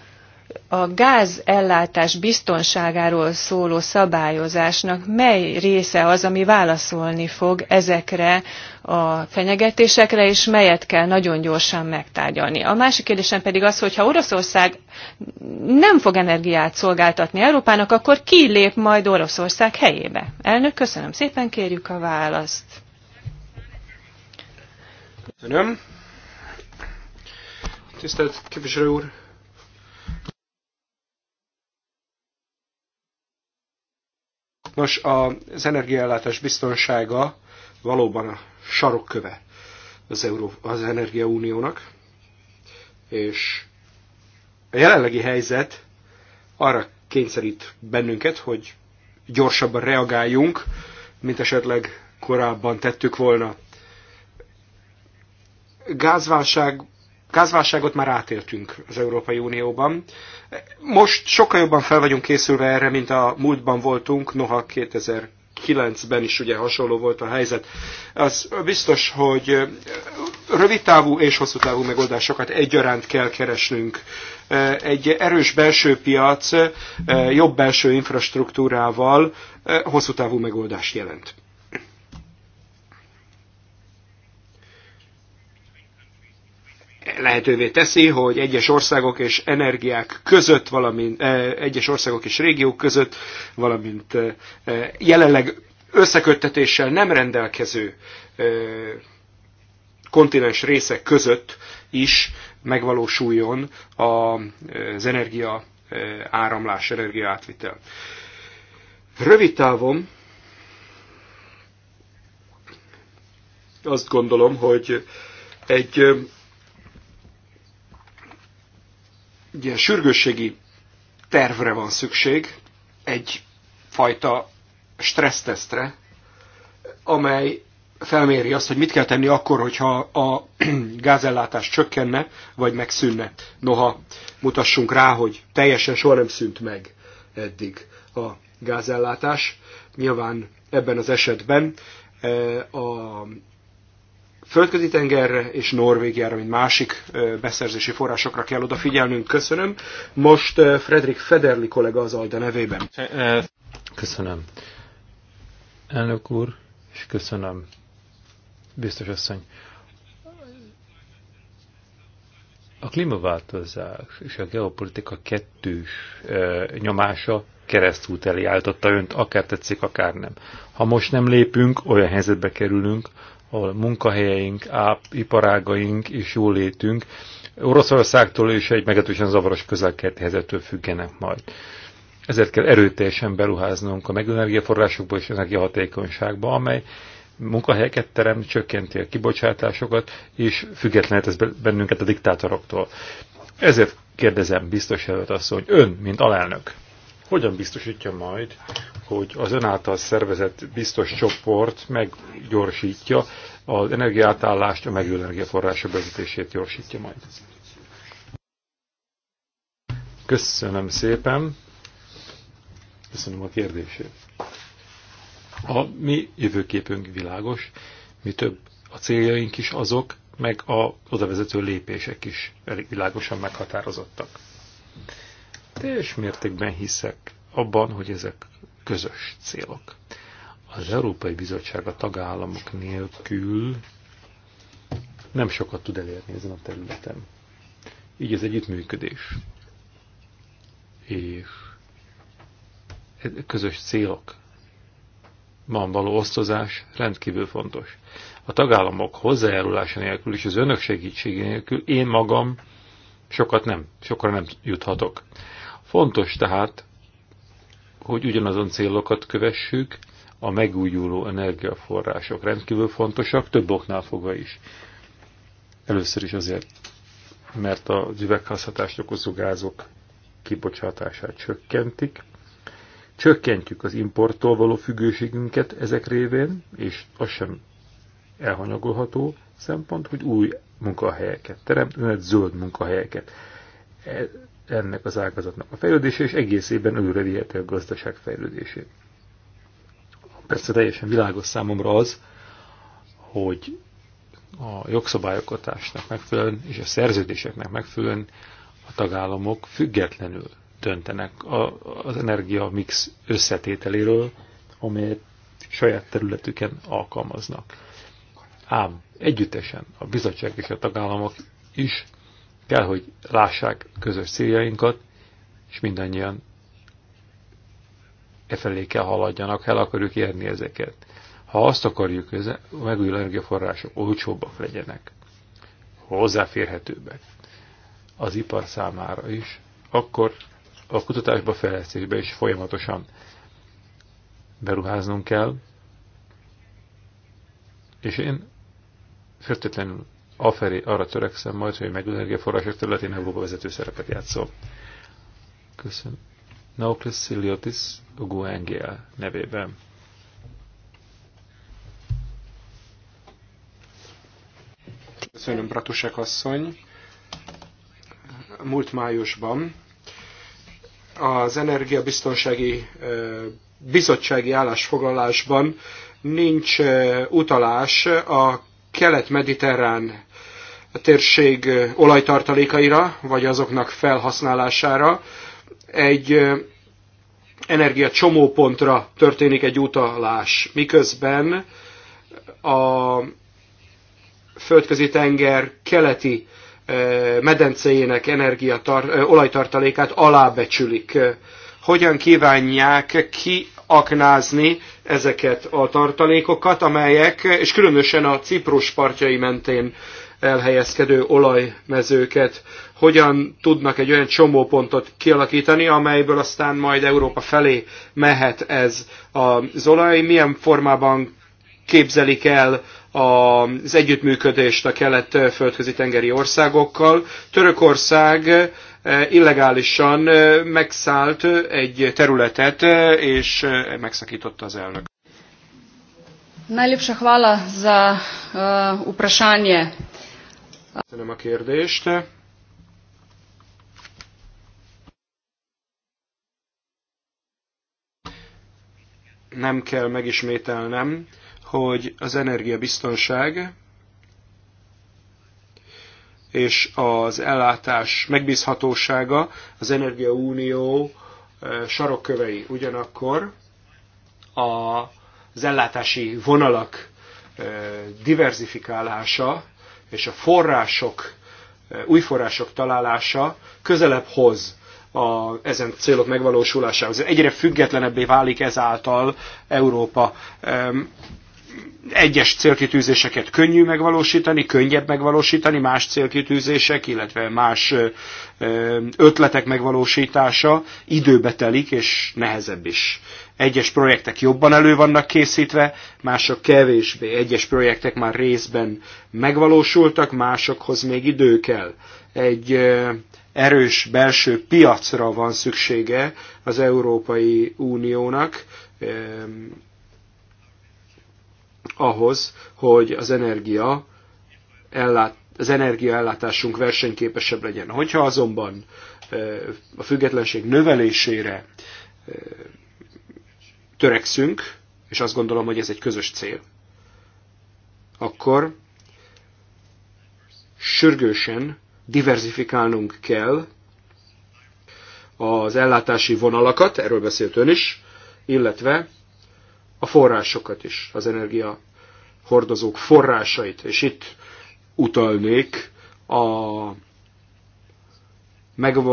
Speaker 4: a gázellátás biztonságáról szóló szabályozásnak mely része az, ami válaszolni fog ezekre a fenyegetésekre, és melyet kell nagyon gyorsan megtárgyalni. A másik kérdésem pedig az, hogy ha Oroszország nem fog energiát szolgáltatni Európának, akkor ki lép majd Oroszország helyébe? Elnök, köszönöm szépen, kérjük a választ.
Speaker 1: Köszönöm. Tisztelt képviselő úr, Nos, az energiaellátás biztonsága valóban a sarokköve az, Euró, az energia Uniónak, és a jelenlegi helyzet arra kényszerít bennünket, hogy gyorsabban reagáljunk, mint esetleg korábban tettük volna. Gázválság gázválságot már átéltünk az Európai Unióban. Most sokkal jobban fel vagyunk készülve erre, mint a múltban voltunk, noha 2000 2009-ben is ugye hasonló volt a helyzet. Az biztos, hogy rövid távú és hosszú távú megoldásokat egyaránt kell keresnünk. Egy erős belső piac jobb belső infrastruktúrával hosszú távú megoldást jelent. lehetővé teszi, hogy egyes országok és energiák között, valamint eh, egyes országok és régiók között, valamint eh, jelenleg összeköttetéssel nem rendelkező eh, kontinens részek között is megvalósuljon az energia áramlás, energia átvitel. Rövid távon azt gondolom, hogy egy Ugye sürgősségi tervre van szükség, egyfajta stressztesztre, amely felméri azt, hogy mit kell tenni akkor, hogyha a gázellátás csökkenne, vagy megszűnne. Noha mutassunk rá, hogy teljesen soha nem szűnt meg eddig a gázellátás. Nyilván ebben az esetben eh, a földközi tengerre és Norvégiára, mint másik beszerzési forrásokra kell odafigyelnünk. Köszönöm. Most Fredrik Federli kollega az Alda nevében.
Speaker 2: Köszönöm. Elnök úr, és köszönöm. Biztos asszony. A klímaváltozás és a geopolitika kettős e, nyomása keresztút elé állította önt, akár tetszik, akár nem. Ha most nem lépünk, olyan helyzetbe kerülünk, ahol munkahelyeink, áp, iparágaink és jólétünk Oroszországtól is egy meglehetősen zavaros közelkelt helyzettől függenek majd. Ezért kell erőteljesen beruháznunk a megenergiaforrásokba és energiahatékonyságba, amely munkahelyeket teremt, csökkenti a kibocsátásokat, és függetlenet ez bennünket a diktátoroktól. Ezért kérdezem biztos előtt azt, hogy ön, mint alelnök, hogyan biztosítja majd, hogy az ön által szervezett biztos csoport meggyorsítja az energiátállást, a megújuló energiaforrások bevezetését gyorsítja majd. Köszönöm szépen. Köszönöm a kérdését. A mi jövőképünk világos, mi több a céljaink is azok, meg a odavezető lépések is elég világosan meghatározottak teljes mértékben hiszek abban, hogy ezek közös célok. Az Európai Bizottság a tagállamok nélkül nem sokat tud elérni ezen a területen. Így az együttműködés és közös célok van való osztozás rendkívül fontos. A tagállamok hozzájárulása nélkül és az önök segítsége nélkül én magam sokat nem, sokra nem juthatok. Fontos tehát, hogy ugyanazon célokat kövessük, a megújuló energiaforrások rendkívül fontosak, több oknál fogva is. Először is azért, mert az üvegházhatást okozó gázok kibocsátását csökkentik, csökkentjük az importtól való függőségünket ezek révén, és az sem elhanyagolható szempont, hogy új munkahelyeket teremtünk, zöld munkahelyeket. E- ennek az ágazatnak a fejlődése, és egész évben előre viheti a gazdaság fejlődését. Persze teljesen világos számomra az, hogy a jogszabályokatásnak megfelelően és a szerződéseknek megfelelően a tagállamok függetlenül döntenek az energia mix összetételéről, amelyet saját területüken alkalmaznak. Ám együttesen a bizottság és a tagállamok is Kell, hogy lássák közös céljainkat, és mindannyian e felé kell haladjanak, el akarjuk érni ezeket. Ha azt akarjuk, hogy a megújuló energiaforrások olcsóbbak legyenek, hozzáférhetőbbek az ipar számára is, akkor a kutatásba, fejlesztésbe is folyamatosan beruháznunk kell, és én feltétlenül afelé arra törekszem majd, hogy meg energiaforrások területén Európa vezető szerepet játszol. Köszönöm. Naukles Siliotis Guengel nevében.
Speaker 1: Köszönöm, Bratusek asszony. Múlt májusban az energiabiztonsági bizottsági állásfoglalásban nincs utalás a kelet-mediterrán a térség olajtartalékaira, vagy azoknak felhasználására. Egy energia csomópontra történik egy utalás, miközben a földközi tenger keleti medencéjének energia olajtartalékát alábecsülik. Hogyan kívánják kiaknázni ezeket a tartalékokat, amelyek, és különösen a Ciprus partjai mentén elhelyezkedő olajmezőket, hogyan tudnak egy olyan csomópontot kialakítani, amelyből aztán majd Európa felé mehet ez az olaj, milyen formában képzelik el az együttműködést a kelet-földközi tengeri országokkal. Törökország eh, illegálisan eh, megszállt egy területet, eh, és megszakította az elnök.
Speaker 3: Najlepša hvala za uh, vprašanje.
Speaker 1: Köszönöm a kérdést. Nem kell megismételnem, hogy az energiabiztonság és az ellátás megbízhatósága az Energiaunió eh, sarokkövei. Ugyanakkor az ellátási vonalak eh, diverzifikálása és a források, új források találása közelebb hoz a, ezen célok megvalósulásához. Egyre függetlenebbé válik ezáltal Európa. Egyes célkitűzéseket könnyű megvalósítani, könnyebb megvalósítani, más célkitűzések, illetve más ötletek megvalósítása időbe telik, és nehezebb is. Egyes projektek jobban elő vannak készítve, mások kevésbé. Egyes projektek már részben megvalósultak, másokhoz még idő kell. Egy erős belső piacra van szüksége az Európai Uniónak, ahhoz, hogy az energia ellát, az energiaellátásunk versenyképesebb legyen. Hogyha azonban a függetlenség növelésére törekszünk, és azt gondolom, hogy ez egy közös cél, akkor sürgősen diversifikálnunk kell az ellátási vonalakat, erről beszélt ön is, illetve a forrásokat is, az energia hordozók forrásait. És itt utalnék a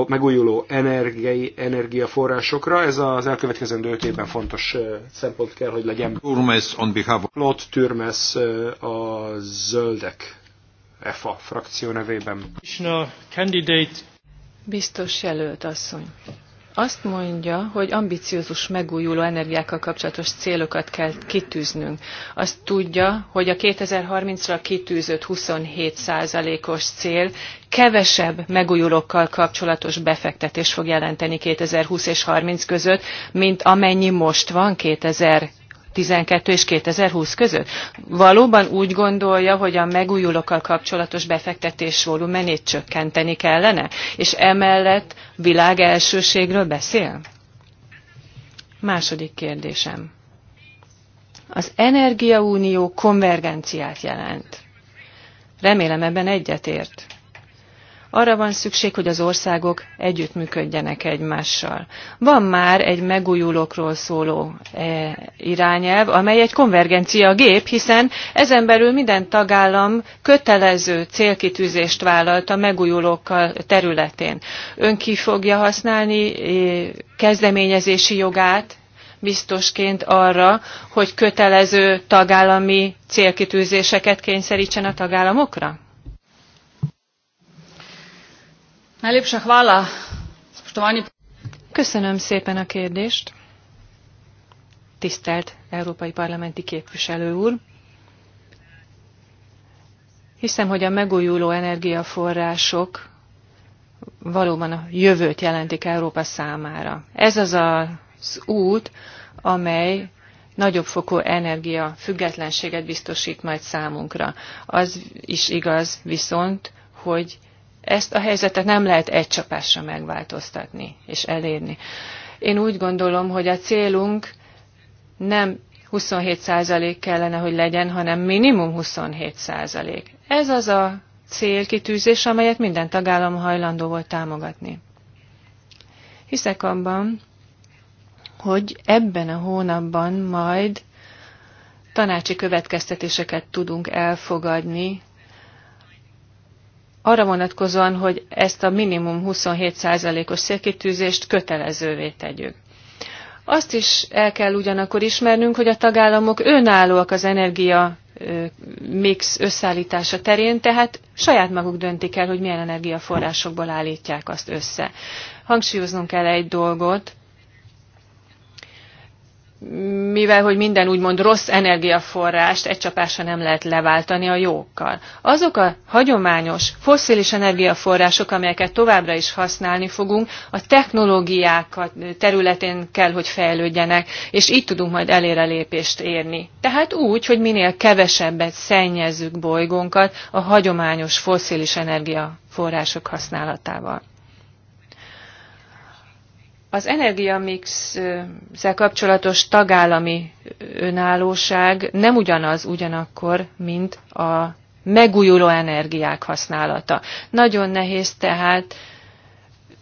Speaker 1: megújuló energiai, energiaforrásokra. Ez az elkövetkezendő öt évben fontos szempont kell, hogy legyen. Turmes on behalf of... Claude Turmes a Zöldek EFA frakció nevében.
Speaker 4: Biztos jelölt asszony azt mondja, hogy ambiciózus megújuló energiákkal kapcsolatos célokat kell kitűznünk. Azt tudja, hogy a 2030-ra kitűzött 27%-os cél kevesebb megújulókkal kapcsolatos befektetés fog jelenteni 2020 és 30 között, mint amennyi most van 2000 2012 és 2020 között? Valóban úgy gondolja, hogy a megújulókkal kapcsolatos befektetés volumenét csökkenteni kellene? És emellett világ elsőségről beszél? Második kérdésem. Az Energiaunió konvergenciát jelent. Remélem ebben egyetért. Arra van szükség, hogy az országok együttműködjenek egymással. Van már egy megújulókról szóló e, irányelv, amely egy konvergencia gép, hiszen ezen belül minden tagállam kötelező célkitűzést vállalt a megújulókkal területén. Ön ki fogja használni e, kezdeményezési jogát, biztosként arra, hogy kötelező tagállami célkitűzéseket kényszerítsen a tagállamokra?
Speaker 3: Najlepša hvala,
Speaker 4: spoštovani. Köszönöm szépen a kérdést. Tisztelt Európai Parlamenti képviselő úr! Hiszem, hogy a megújuló energiaforrások valóban a jövőt jelentik Európa számára. Ez az az út, amely nagyobb fokú energia függetlenséget biztosít majd számunkra. Az is igaz viszont, hogy ezt a helyzetet nem lehet egy csapásra megváltoztatni és elérni. Én úgy gondolom, hogy a célunk nem 27% kellene, hogy legyen, hanem minimum 27%. Ez az a célkitűzés, amelyet minden tagállam hajlandó volt támogatni. Hiszek abban, hogy ebben a hónapban majd tanácsi következtetéseket tudunk elfogadni arra vonatkozóan, hogy ezt a minimum 27%-os szélkitűzést kötelezővé tegyük. Azt is el kell ugyanakkor ismernünk, hogy a tagállamok önállóak az energia mix összeállítása terén, tehát saját maguk döntik el, hogy milyen energiaforrásokból állítják azt össze. Hangsúlyoznom kell egy dolgot, mivel hogy minden úgymond rossz energiaforrást egy csapásra nem lehet leváltani a jókkal. Azok a hagyományos fosszilis energiaforrások, amelyeket továbbra is használni fogunk, a technológiák területén kell, hogy fejlődjenek, és így tudunk majd elérelépést érni. Tehát úgy, hogy minél kevesebbet szennyezzük bolygónkat a hagyományos fosszilis energiaforrások használatával. Az energiamixzel kapcsolatos tagállami önállóság nem ugyanaz ugyanakkor, mint a megújuló energiák használata. Nagyon nehéz tehát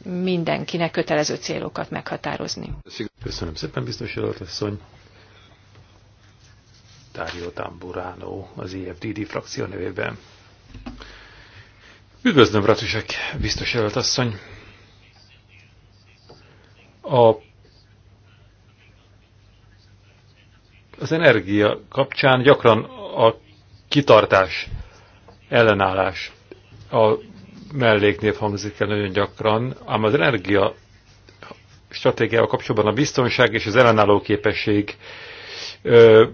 Speaker 4: mindenkinek kötelező célokat meghatározni.
Speaker 2: Köszönöm szépen, biztos asszony. Dario Tamburano az IFDD e frakció nevében. Üdvözlöm, Ratusek, biztos asszony. A, az energia kapcsán gyakran a kitartás, ellenállás a melléknév hangzik el nagyon gyakran, ám az energia stratégiával kapcsolatban a biztonság és az ellenálló képesség ö,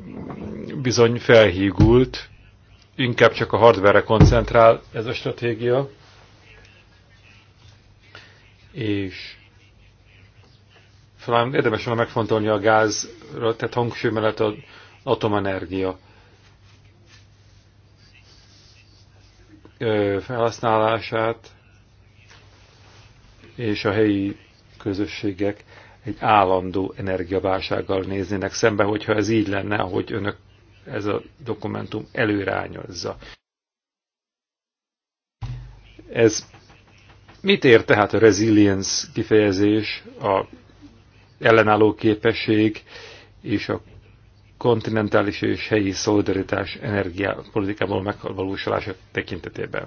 Speaker 2: bizony felhígult, inkább csak a hardware koncentrál ez a stratégia, és talán szóval érdemes volna megfontolni a gázra, tehát hangsúly mellett az atomenergia felhasználását és a helyi közösségek egy állandó energiaválsággal néznének szembe, hogyha ez így lenne, ahogy önök ez a dokumentum előrányozza. Ez mit ér tehát a resilience kifejezés, a ellenálló képesség és a kontinentális és helyi szolidaritás energiapolitikából megvalósulása tekintetében.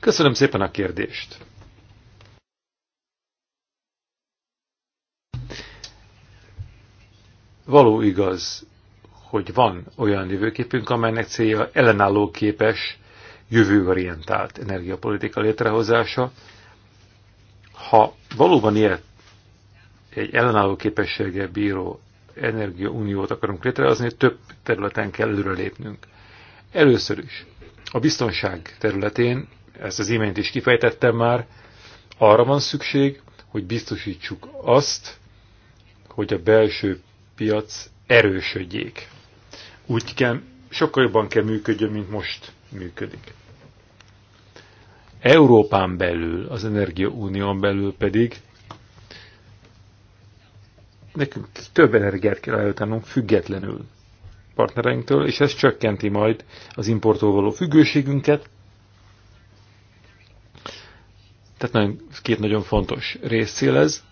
Speaker 2: Köszönöm szépen a kérdést! Való igaz, hogy van olyan jövőképünk, amelynek célja ellenálló képes, jövőorientált energiapolitika létrehozása. Ha valóban ilyet egy ellenálló képessége bíró energiauniót akarunk létrehozni, több területen kell előrelépnünk. Először is a biztonság területén, ezt az imént is kifejtettem már, arra van szükség, hogy biztosítsuk azt, hogy a belső piac erősödjék. Úgy kell, sokkal jobban kell működjön, mint most működik. Európán belül, az Unión belül pedig nekünk több energiát kell előtenünk függetlenül partnereinktől, és ez csökkenti majd az importtól való függőségünket. Tehát nagyon, két nagyon fontos részcél ez,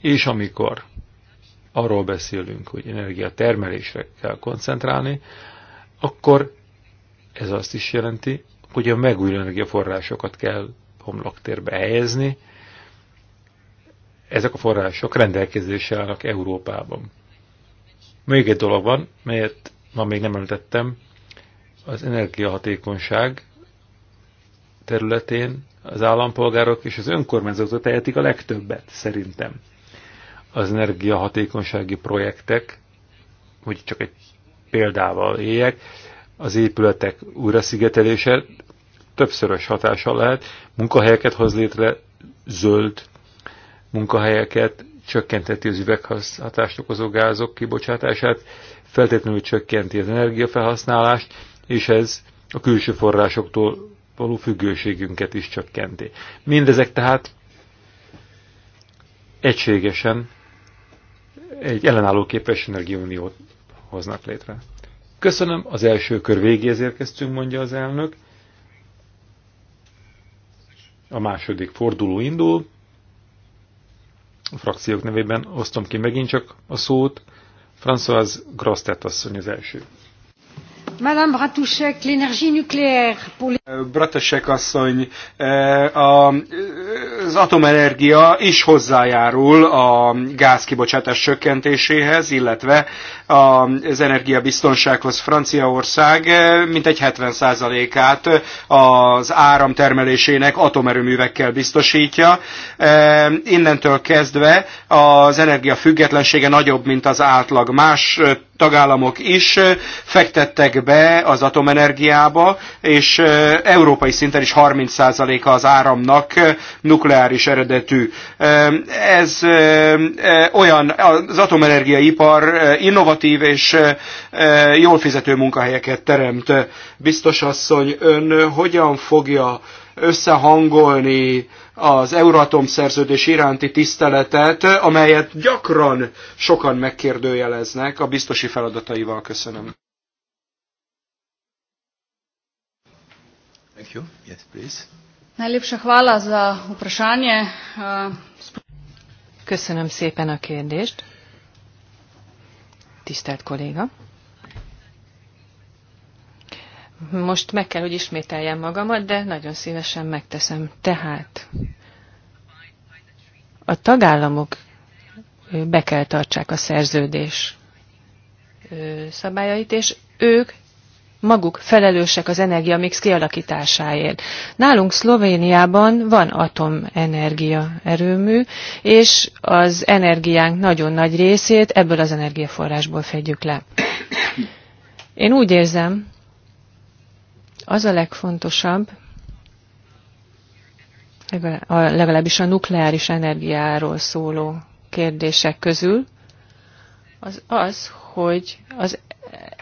Speaker 2: és amikor arról beszélünk, hogy energiatermelésre kell koncentrálni, akkor ez azt is jelenti, hogy a megújuló energiaforrásokat kell homloktérbe helyezni, ezek a források rendelkezésre állnak Európában. Még egy dolog van, melyet ma még nem említettem, az energiahatékonyság területén az állampolgárok és az önkormányzatok tehetik a legtöbbet, szerintem. Az energiahatékonysági projektek, hogy csak egy példával éljek, az épületek újraszigetelése többszörös hatása lehet, munkahelyeket hoz létre, zöld munkahelyeket, csökkenteti az üveghatást okozó gázok kibocsátását, feltétlenül csökkenti az energiafelhasználást, és ez a külső forrásoktól való függőségünket is csökkenti. Mindezek tehát egységesen egy ellenálló képes energiauniót hoznak létre. Köszönöm, az első kör végéhez érkeztünk, mondja az elnök. A második forduló indul a frakciók nevében osztom ki megint csak a szót. Françoise Grostet
Speaker 1: asszony az első.
Speaker 3: Madame Bratusek, l'énergie nucléaire. Pour...
Speaker 1: Bratusek asszony, eh, a eh, az atomenergia is hozzájárul a gázkibocsátás csökkentéséhez, illetve az energiabiztonsághoz Franciaország mintegy 70%-át az áramtermelésének atomerőművekkel biztosítja. E, innentől kezdve az energia függetlensége nagyobb, mint az átlag más tagállamok is fektettek be az atomenergiába, és európai szinten is 30%-a az áramnak nukleáris eredetű. Ez olyan, az atomenergiaipar innovatív és jól fizető munkahelyeket teremt. Biztos asszony, ön hogyan fogja összehangolni az Euratom szerződés iránti tiszteletet, amelyet gyakran sokan megkérdőjeleznek a biztosi feladataival. Köszönöm.
Speaker 2: Thank you. Yes, please.
Speaker 3: Najlepša hvala za vprašanje.
Speaker 4: Köszönöm szépen a kérdést. Tisztelt kolléga. Most meg kell, hogy ismételjem magamat, de nagyon szívesen megteszem. Tehát a tagállamok be kell tartsák a szerződés szabályait, és ők maguk felelősek az energiamix kialakításáért. Nálunk Szlovéniában van atomenergia erőmű, és az energiánk nagyon nagy részét ebből az energiaforrásból fedjük le. Én úgy érzem, az a legfontosabb, legalábbis a nukleáris energiáról szóló kérdések közül, az az, hogy az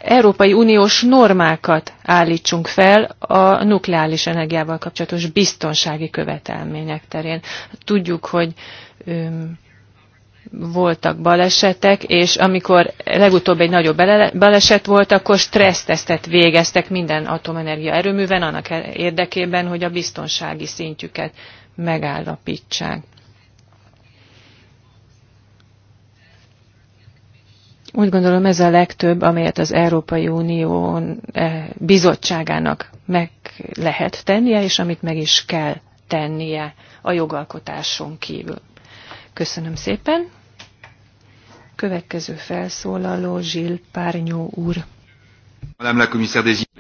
Speaker 4: Európai Uniós normákat állítsunk fel a nukleáris energiával kapcsolatos biztonsági követelmények terén. Tudjuk, hogy voltak balesetek, és amikor legutóbb egy nagyobb baleset volt, akkor stressztesztet végeztek minden atomenergia erőműven annak érdekében, hogy a biztonsági szintjüket megállapítsák. Úgy gondolom ez a legtöbb, amelyet az Európai Unió eh, bizottságának meg lehet tennie, és amit meg is kell tennie a jogalkotáson kívül. Köszönöm szépen! Következő felszólaló Zsil Párnyó úr.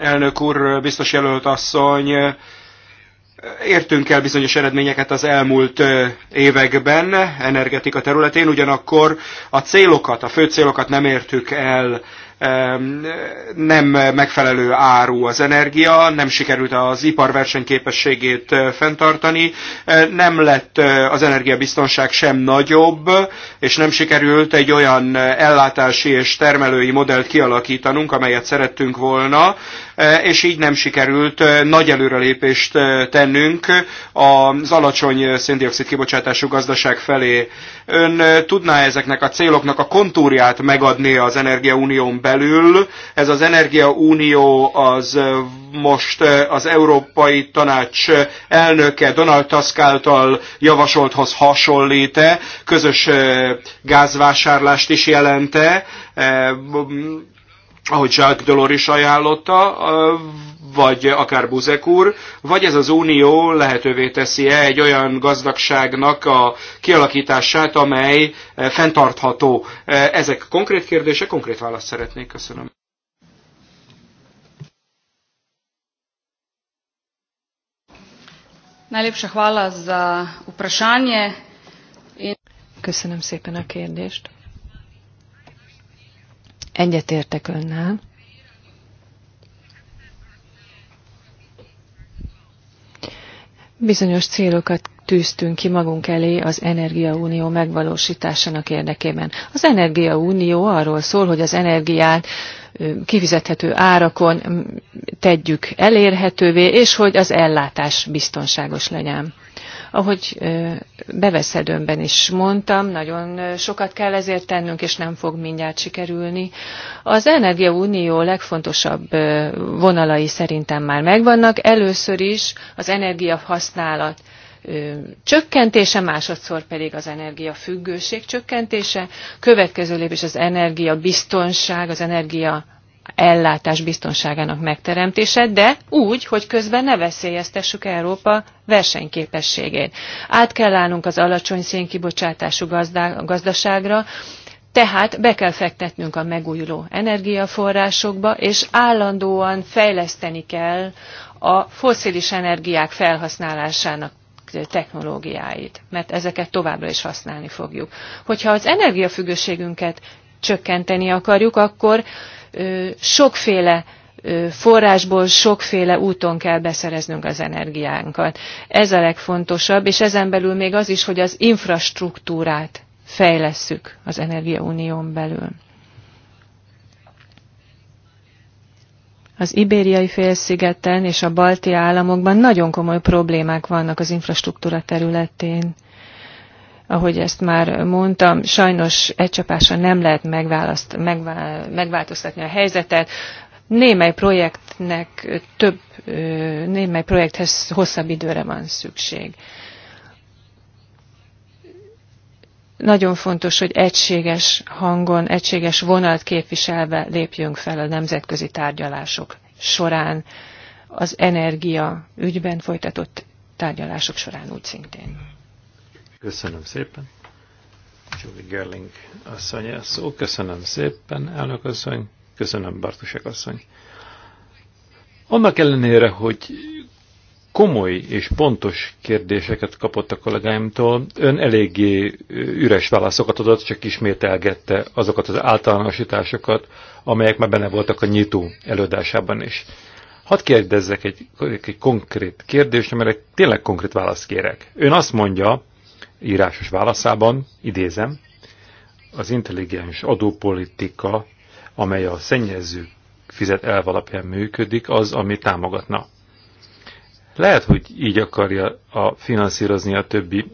Speaker 1: Elnök úr, biztos jelölt asszony, értünk el bizonyos eredményeket az elmúlt években energetika területén, ugyanakkor a célokat, a fő célokat nem értük el nem megfelelő áru az energia, nem sikerült az ipar versenyképességét fenntartani, nem lett az energiabiztonság sem nagyobb, és nem sikerült egy olyan ellátási és termelői modellt kialakítanunk, amelyet szerettünk volna, E, és így nem sikerült e, nagy előrelépést e, tennünk az alacsony széndiokszid kibocsátású gazdaság felé. Ön tudná ezeknek a céloknak a kontúrját megadni az Energiaunión belül? Ez az Energiaunió az most az Európai Tanács elnöke Donald Tusk által javasolthoz hasonlíte, közös gázvásárlást is jelente, ahogy Jacques Delors ajánlotta, vagy akár Buzek úr, vagy ez az unió lehetővé teszi-e egy olyan gazdagságnak a kialakítását, amely fenntartható. Ezek konkrét kérdések, konkrét választ szeretnék. Köszönöm.
Speaker 3: Najlepša hvala za vprašanje.
Speaker 4: Köszönöm szépen a kérdést. Egyetértek önnel. Bizonyos célokat tűztünk ki magunk elé az Energiaunió megvalósításának érdekében. Az Energiaunió arról szól, hogy az energiát kifizethető árakon tegyük elérhetővé, és hogy az ellátás biztonságos legyen. Ahogy beveszedőmben is mondtam, nagyon sokat kell ezért tennünk, és nem fog mindjárt sikerülni. Az Unió legfontosabb vonalai szerintem már megvannak. Először is az energiahasználat csökkentése, másodszor pedig az energiafüggőség csökkentése, következő lépés az energiabiztonság, az energia ellátás biztonságának megteremtése, de úgy, hogy közben ne veszélyeztessük Európa versenyképességét. Át kell állnunk az alacsony szénkibocsátású gazdaságra, tehát be kell fektetnünk a megújuló energiaforrásokba, és állandóan fejleszteni kell a foszilis energiák felhasználásának technológiáit, mert ezeket továbbra is használni fogjuk. Hogyha az energiafüggőségünket csökkenteni akarjuk, akkor sokféle forrásból sokféle úton kell beszereznünk az energiánkat. Ez a legfontosabb, és ezen belül még az is, hogy az infrastruktúrát fejlesszük az Energiaunión belül. Az ibériai félszigeten és a balti államokban nagyon komoly problémák vannak az infrastruktúra területén ahogy ezt már mondtam, sajnos egy csapásra nem lehet megvál, megváltoztatni a helyzetet. Némely projektnek több, némely projekthez hosszabb időre van szükség. Nagyon fontos, hogy egységes hangon, egységes vonalt képviselve lépjünk fel a nemzetközi tárgyalások során, az energia ügyben folytatott tárgyalások során úgy szintén.
Speaker 2: Köszönöm szépen. Julie Gerling asszony szó. Köszönöm szépen, elnök asszony. Köszönöm, Bartusek asszony. Annak ellenére, hogy komoly és pontos kérdéseket kapott a kollégáimtól, ön eléggé üres válaszokat adott, csak ismételgette azokat az általánosításokat, amelyek már benne voltak a nyitó előadásában is. Hadd kérdezzek egy, egy konkrét kérdést, amire tényleg konkrét választ kérek. Ön azt mondja, írásos válaszában, idézem, az intelligens adópolitika, amely a szennyező fizet elv alapján működik, az, ami támogatna. Lehet, hogy így akarja a finanszírozni a többi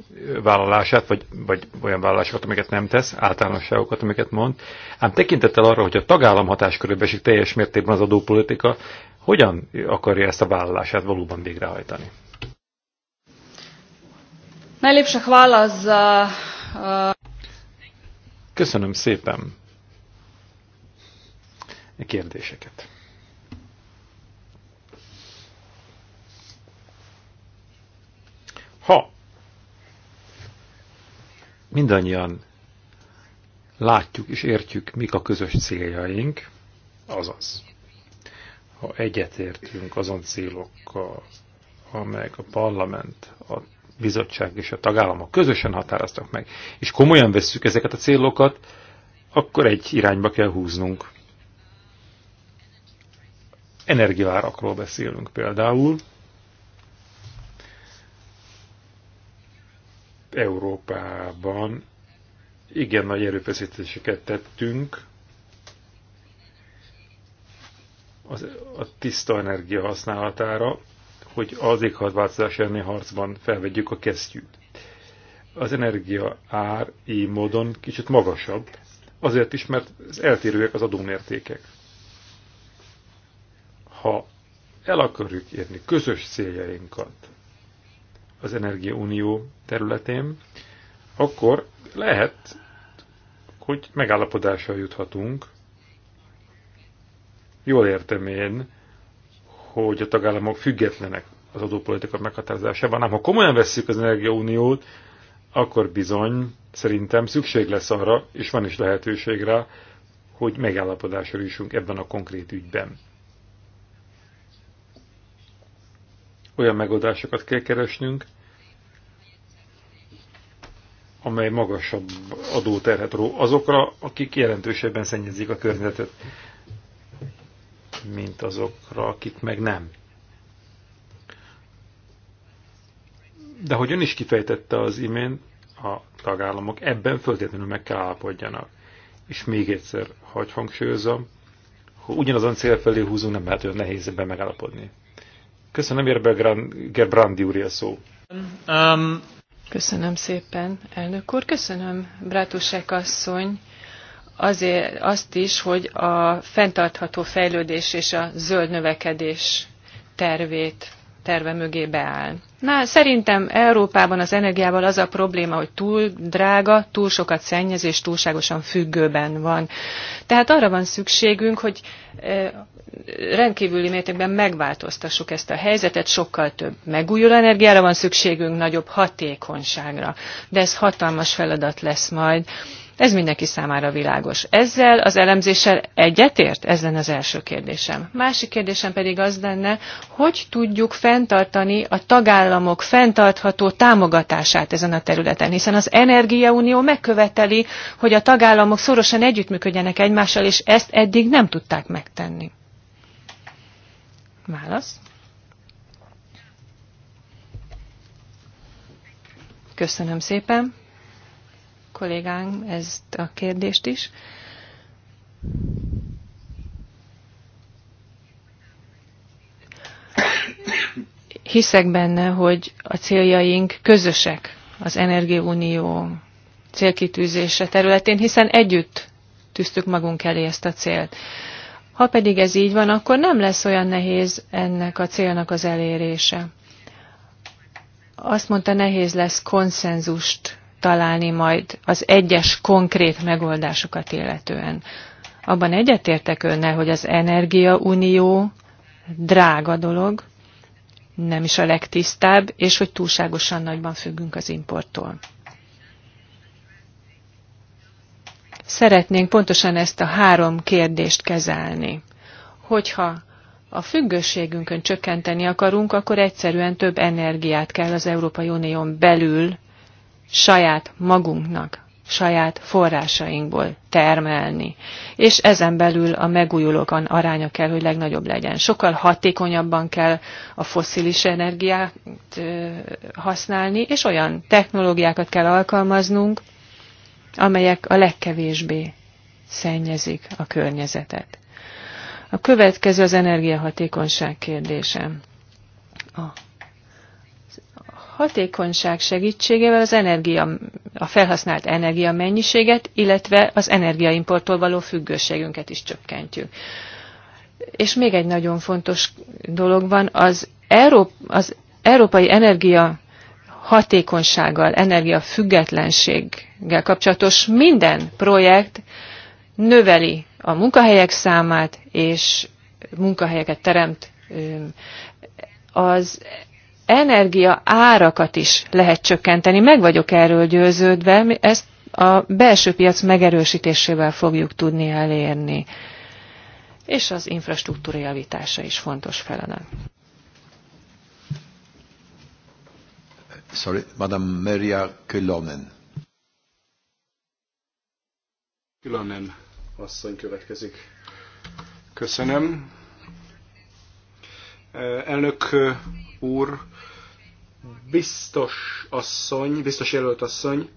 Speaker 2: vállalását, vagy, vagy olyan vállalásokat, amiket nem tesz, általánosságokat, amiket mond, ám tekintettel arra, hogy a tagállam hatáskörébe esik teljes mértékben az adópolitika, hogyan akarja ezt a vállalását valóban végrehajtani?
Speaker 3: Najlepša hvala za... Uh...
Speaker 2: Köszönöm szépen a e kérdéseket. Ha mindannyian látjuk és értjük, mik a közös céljaink, azaz, ha egyetértünk azon célokkal, amelyek a parlament bizottság és a tagállamok közösen határoztak meg, és komolyan vesszük ezeket a célokat, akkor egy irányba kell húznunk. Energiárakról beszélünk például. Európában igen nagy erőfeszítéseket tettünk az, a tiszta energia használatára, hogy az éghajlatváltozás elleni harcban felvegyük a kesztyűt. Az energia ár így módon kicsit magasabb, azért is, mert eltérőek az adómértékek. Ha el akarjuk érni közös céljainkat az Energiaunió területén, akkor lehet, hogy megállapodással juthatunk. Jól értem én, hogy a tagállamok függetlenek az adópolitika meghatározásában. hanem ha komolyan vesszük az energiauniót, akkor bizony szerintem szükség lesz arra, és van is lehetőség rá, hogy megállapodásra jussunk ebben a konkrét ügyben. Olyan megoldásokat kell keresnünk, amely magasabb adóterhet ró azokra, akik jelentősebben szennyezik a környezetet mint azokra, akik meg nem. De hogy ön is kifejtette az imént, a tagállamok ebben föltétlenül meg kell állapodjanak. És még egyszer, hagy hangsúlyozom, hogy ugyanazon cél felé húzunk, nem lehet olyan nehéz ebben megállapodni. Köszönöm, Gerbrandi úr a szó.
Speaker 4: Um, Köszönöm szépen, elnök úr. Köszönöm, Brátusek asszony, azért azt is, hogy a fenntartható fejlődés és a zöld növekedés tervét terve mögé beáll. Na, szerintem Európában az energiával az a probléma, hogy túl drága, túl sokat szennyez és túlságosan függőben van. Tehát arra van szükségünk, hogy e, rendkívüli mértékben megváltoztassuk ezt a helyzetet, sokkal több megújuló energiára van szükségünk, nagyobb hatékonyságra. De ez hatalmas feladat lesz majd ez mindenki számára világos. Ezzel az elemzéssel egyetért? Ez lenne az első kérdésem. Másik kérdésem pedig az lenne, hogy tudjuk fenntartani a tagállamok fenntartható támogatását ezen a területen, hiszen az Energiaunió megköveteli, hogy a tagállamok szorosan együttműködjenek egymással, és ezt eddig nem tudták megtenni. Válasz. Köszönöm szépen kollégánk ezt a kérdést is. Hiszek benne, hogy a céljaink közösek az Energiaunió célkitűzése területén, hiszen együtt tűztük magunk elé ezt a célt. Ha pedig ez így van, akkor nem lesz olyan nehéz ennek a célnak az elérése. Azt mondta, nehéz lesz konszenzust találni majd az egyes konkrét megoldásokat illetően. Abban egyetértek önnel, hogy az energiaunió drága dolog, nem is a legtisztább, és hogy túlságosan nagyban függünk az importtól. Szeretnénk pontosan ezt a három kérdést kezelni. Hogyha a függőségünkön csökkenteni akarunk, akkor egyszerűen több energiát kell az Európai Unión belül saját magunknak, saját forrásainkból termelni. És ezen belül a megújulókan aránya kell, hogy legnagyobb legyen. Sokkal hatékonyabban kell a foszilis energiát használni, és olyan technológiákat kell alkalmaznunk, amelyek a legkevésbé szennyezik a környezetet. A következő az energiahatékonyság kérdése. A hatékonyság segítségével az energia, a felhasznált energia mennyiséget, illetve az energiaimporttól való függőségünket is csökkentjük. És még egy nagyon fontos dolog van, az, Európ, az európai energia hatékonysággal, energiafüggetlenséggel kapcsolatos minden projekt növeli a munkahelyek számát, és munkahelyeket teremt az energia árakat is lehet csökkenteni. Meg vagyok erről győződve, ezt a belső piac megerősítésével fogjuk tudni elérni. És az infrastruktúra javítása is fontos feladat.
Speaker 2: Sorry, Madame Maria Kölönen.
Speaker 1: Kölönen asszony következik. Köszönöm. Elnök úr, biztos asszony, biztos jelölt asszony,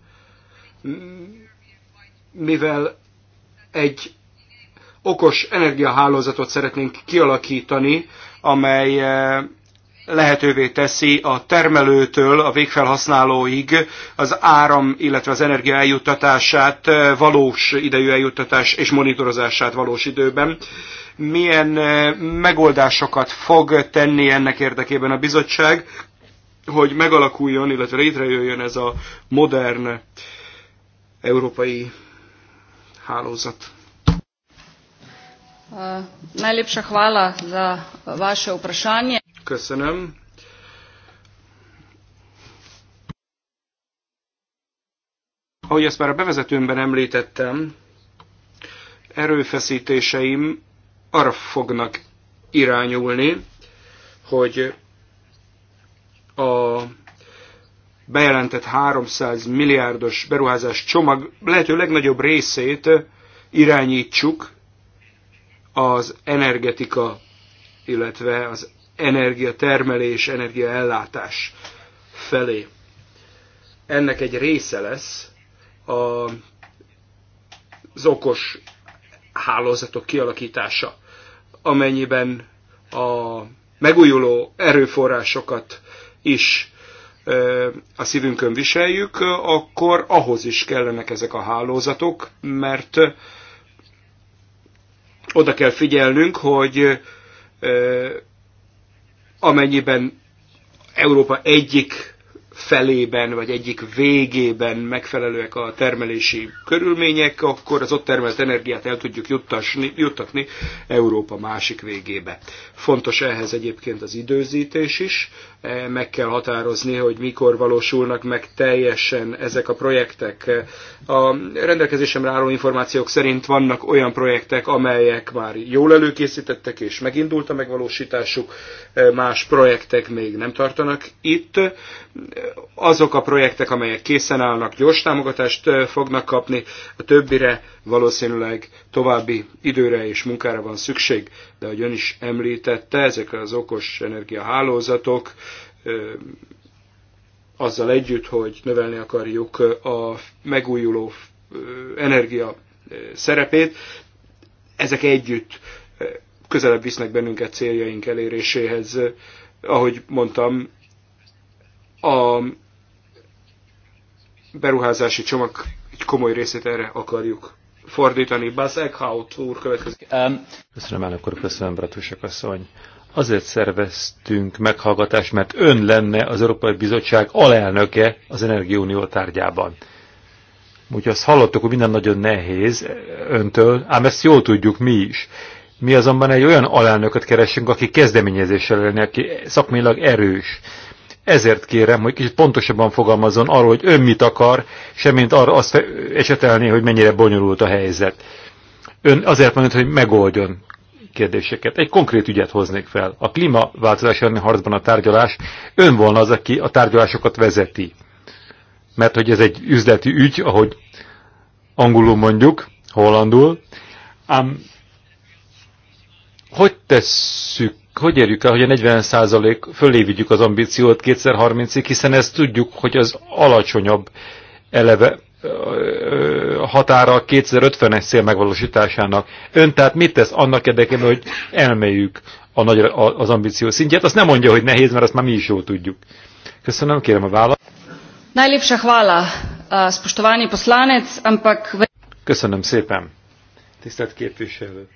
Speaker 1: mivel egy okos energiahálózatot szeretnénk kialakítani, amely eh, lehetővé teszi a termelőtől a végfelhasználóig az áram, illetve az energia eljuttatását, eh, valós idejű eljuttatás és monitorozását valós időben. Milyen eh, megoldásokat fog tenni ennek érdekében a bizottság, hogy megalakuljon, illetve létrejöjjön ez a modern európai hálózat.
Speaker 3: Uh, najlepša hvala za vaše vprašanje.
Speaker 1: Köszönöm. Ahogy ezt már a bevezetőmben említettem, erőfeszítéseim arra fognak irányulni, hogy a bejelentett 300 milliárdos beruházás csomag lehető legnagyobb részét irányítsuk az energetika, illetve az energiatermelés, energiaellátás felé. Ennek egy része lesz a, az okos hálózatok kialakítása, amennyiben a megújuló erőforrásokat is a szívünkön viseljük, akkor ahhoz is kellenek ezek a hálózatok, mert oda kell figyelnünk, hogy amennyiben Európa egyik felében vagy egyik végében megfelelőek a termelési körülmények, akkor az ott termelt energiát el tudjuk juttasni, juttatni Európa másik végébe. Fontos ehhez egyébként az időzítés is, e, meg kell határozni, hogy mikor valósulnak meg teljesen ezek a projektek. A rendelkezésemre álló információk szerint vannak olyan projektek, amelyek már jól előkészítettek és megindult a megvalósításuk, e, más projektek még nem tartanak itt azok a projektek, amelyek készen állnak, gyors támogatást fognak kapni, a többire valószínűleg további időre és munkára van szükség, de ahogy ön is említette, ezek az okos energiahálózatok, azzal együtt, hogy növelni akarjuk a megújuló energia szerepét, ezek együtt közelebb visznek bennünket céljaink eléréséhez. Ahogy mondtam, a beruházási csomag egy komoly részét erre akarjuk fordítani. Buzz Eckhout úr következik. Um,
Speaker 2: köszönöm, elnök úr, köszönöm, Bratusak asszony. Azért szerveztünk meghallgatást, mert ön lenne az Európai Bizottság alelnöke az Energiaunió tárgyában. Úgyhogy azt hallottuk, hogy minden nagyon nehéz öntől, ám ezt jól tudjuk mi is. Mi azonban egy olyan alelnököt keresünk, aki kezdeményezéssel lenne, aki szakmailag erős, ezért kérem, hogy kicsit pontosabban fogalmazzon arról, hogy ön mit akar, semmint arra azt esetelni, hogy mennyire bonyolult a helyzet. Ön azért mondja, hogy megoldjon kérdéseket. Egy konkrét ügyet hoznék fel. A klímaváltozás elleni harcban a tárgyalás ön volna az, aki a tárgyalásokat vezeti. Mert hogy ez egy üzleti ügy, ahogy angolul mondjuk, hollandul, ám hogy tesszük hogy érjük el, hogy a 40% fölé vigyük az ambíciót 2030-ig, hiszen ezt tudjuk, hogy az alacsonyabb eleve határa a 2050-es cél megvalósításának. Ön tehát mit tesz annak érdekében, hogy elmeljük a nagy, a, az ambíció szintjét? Azt nem mondja, hogy nehéz, mert azt már mi is jól tudjuk. Köszönöm, kérem a választ.
Speaker 3: Najlépse hvala, spostovani poslanec, ampak...
Speaker 2: Köszönöm szépen, tisztelt képviselő.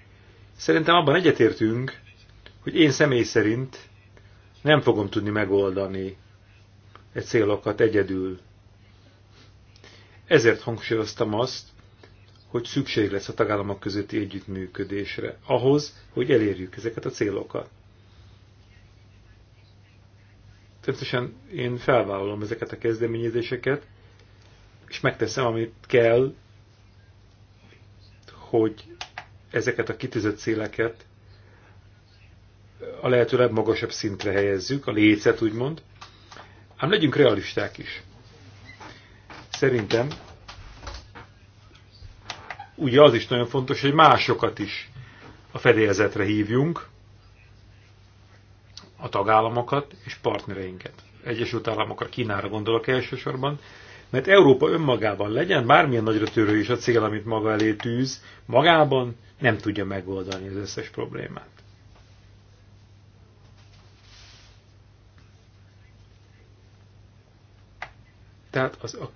Speaker 2: Szerintem abban egyetértünk, hogy én személy szerint nem fogom tudni megoldani e célokat egyedül. Ezért hangsúlyoztam azt, hogy szükség lesz a tagállamok közötti együttműködésre, ahhoz, hogy elérjük ezeket a célokat. Természetesen én felvállalom ezeket a kezdeményezéseket, és megteszem, amit kell, hogy ezeket a kitűzött céleket a lehető legmagasabb szintre helyezzük, a lécet úgymond, ám legyünk realisták is. Szerintem ugye az is nagyon fontos, hogy másokat is a fedélzetre hívjunk, a tagállamokat és partnereinket. Egyesült Államokra, Kínára gondolok elsősorban, mert Európa önmagában legyen, bármilyen nagyra törő is a cél, amit maga elé tűz, magában nem tudja megoldani az összes problémát. Tehát az, a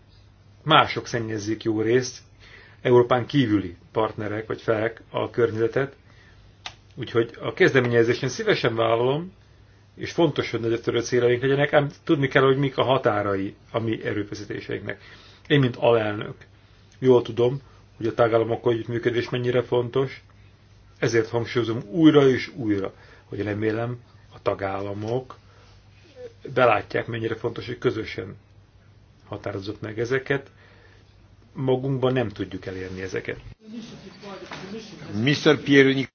Speaker 2: mások szennyezzék jó részt, Európán kívüli partnerek vagy felek a környezetet. Úgyhogy a kezdeményezésen szívesen vállalom, és fontos, hogy nagyobb törő céljaink legyenek, ám tudni kell, hogy mik a határai a mi erőfeszítéseinknek. Én, mint alelnök, jól tudom, hogy a tagállamokkal együttműködés mennyire fontos, ezért hangsúlyozom újra és újra, hogy remélem a tagállamok belátják, mennyire fontos, hogy közösen határozott meg ezeket, magunkban nem tudjuk elérni ezeket. Mr. Pierre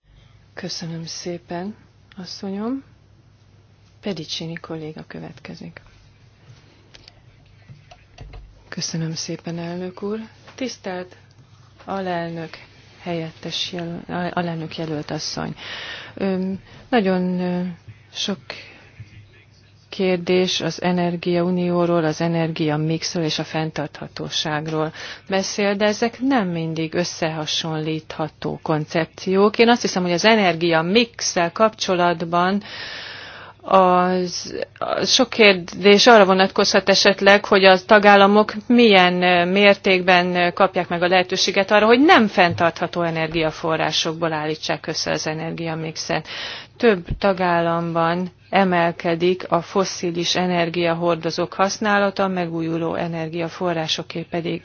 Speaker 4: Köszönöm szépen, asszonyom. Pedicini kolléga következik. Köszönöm szépen, elnök úr. Tisztelt alelnök helyettes jelölt, alelnök jelölt asszony. Öm, nagyon sok kérdés az energiaunióról, az energia mixről és a fenntarthatóságról beszél, de ezek nem mindig összehasonlítható koncepciók. Én azt hiszem, hogy az energia mixel kapcsolatban az, az sok kérdés arra vonatkozhat esetleg, hogy a tagállamok milyen mértékben kapják meg a lehetőséget arra, hogy nem fenntartható energiaforrásokból állítsák össze az energiamixet. Több tagállamban emelkedik a fosszilis energiahordozók használata, megújuló energiaforrásoké pedig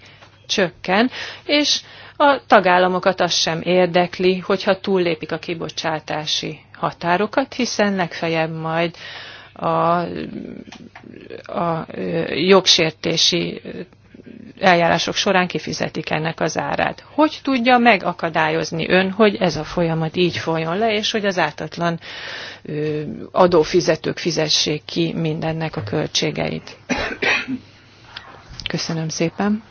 Speaker 4: csökken, és a tagállamokat az sem érdekli, hogyha túllépik a kibocsátási határokat, hiszen legfeljebb majd a, a jogsértési eljárások során kifizetik ennek az árát. Hogy tudja megakadályozni ön, hogy ez a folyamat így folyjon le, és hogy az ártatlan adófizetők fizessék ki mindennek a költségeit? Köszönöm szépen.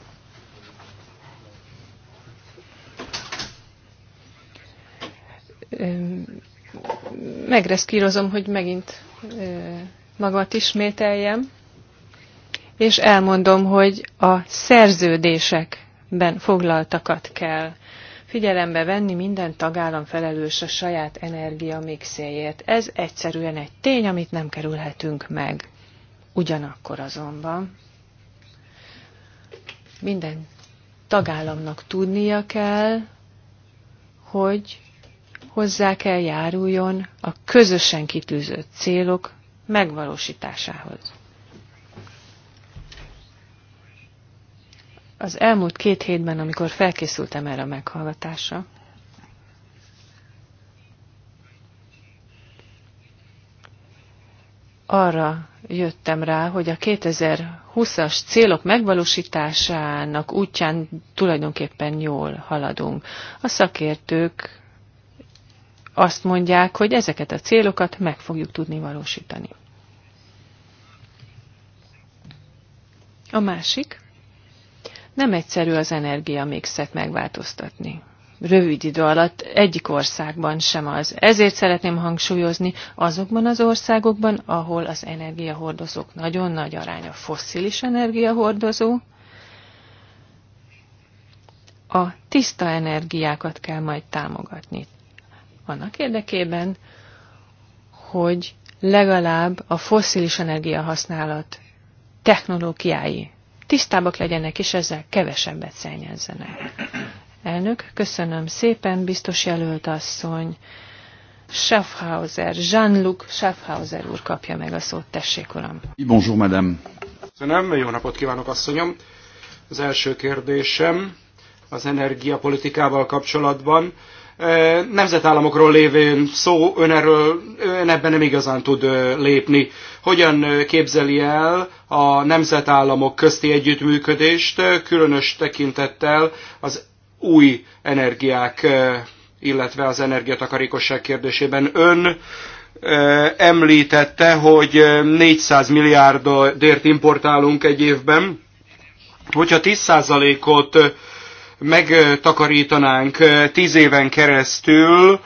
Speaker 4: Megreszkírozom, hogy megint magamat ismételjem és elmondom, hogy a szerződésekben foglaltakat kell figyelembe venni, minden tagállam felelős a saját energia mixéért. Ez egyszerűen egy tény, amit nem kerülhetünk meg. Ugyanakkor azonban minden tagállamnak tudnia kell, hogy hozzá kell járuljon a közösen kitűzött célok megvalósításához. Az elmúlt két hétben, amikor felkészültem erre a meghallgatásra, arra jöttem rá, hogy a 2020-as célok megvalósításának útján tulajdonképpen jól haladunk. A szakértők azt mondják, hogy ezeket a célokat meg fogjuk tudni valósítani. A másik, nem egyszerű az energiamixet megváltoztatni. Rövid idő alatt egyik országban sem az. Ezért szeretném hangsúlyozni azokban az országokban, ahol az energiahordozók nagyon nagy aránya fosszilis energiahordozó, a tiszta energiákat kell majd támogatni. Annak érdekében, hogy legalább a fosszilis energiahasználat technológiái tisztábbak legyenek, és ezzel kevesebbet szennyezzenek. Elnök, köszönöm szépen, biztos jelölt asszony. Schaffhauser, Jean-Luc Schaffhauser úr kapja meg a szót, tessék uram.
Speaker 1: Bonjour, madame. Köszönöm, jó napot kívánok, asszonyom. Az első kérdésem az energiapolitikával kapcsolatban nemzetállamokról lévén szó, ön, erről, ön ebben nem igazán tud lépni. Hogyan képzeli el a nemzetállamok közti együttműködést, különös tekintettel az új energiák, illetve az energiatakarékosság kérdésében ön említette, hogy 400 milliárdért importálunk egy évben. Hogyha 10%-ot megtakarítanánk 10 éven keresztül,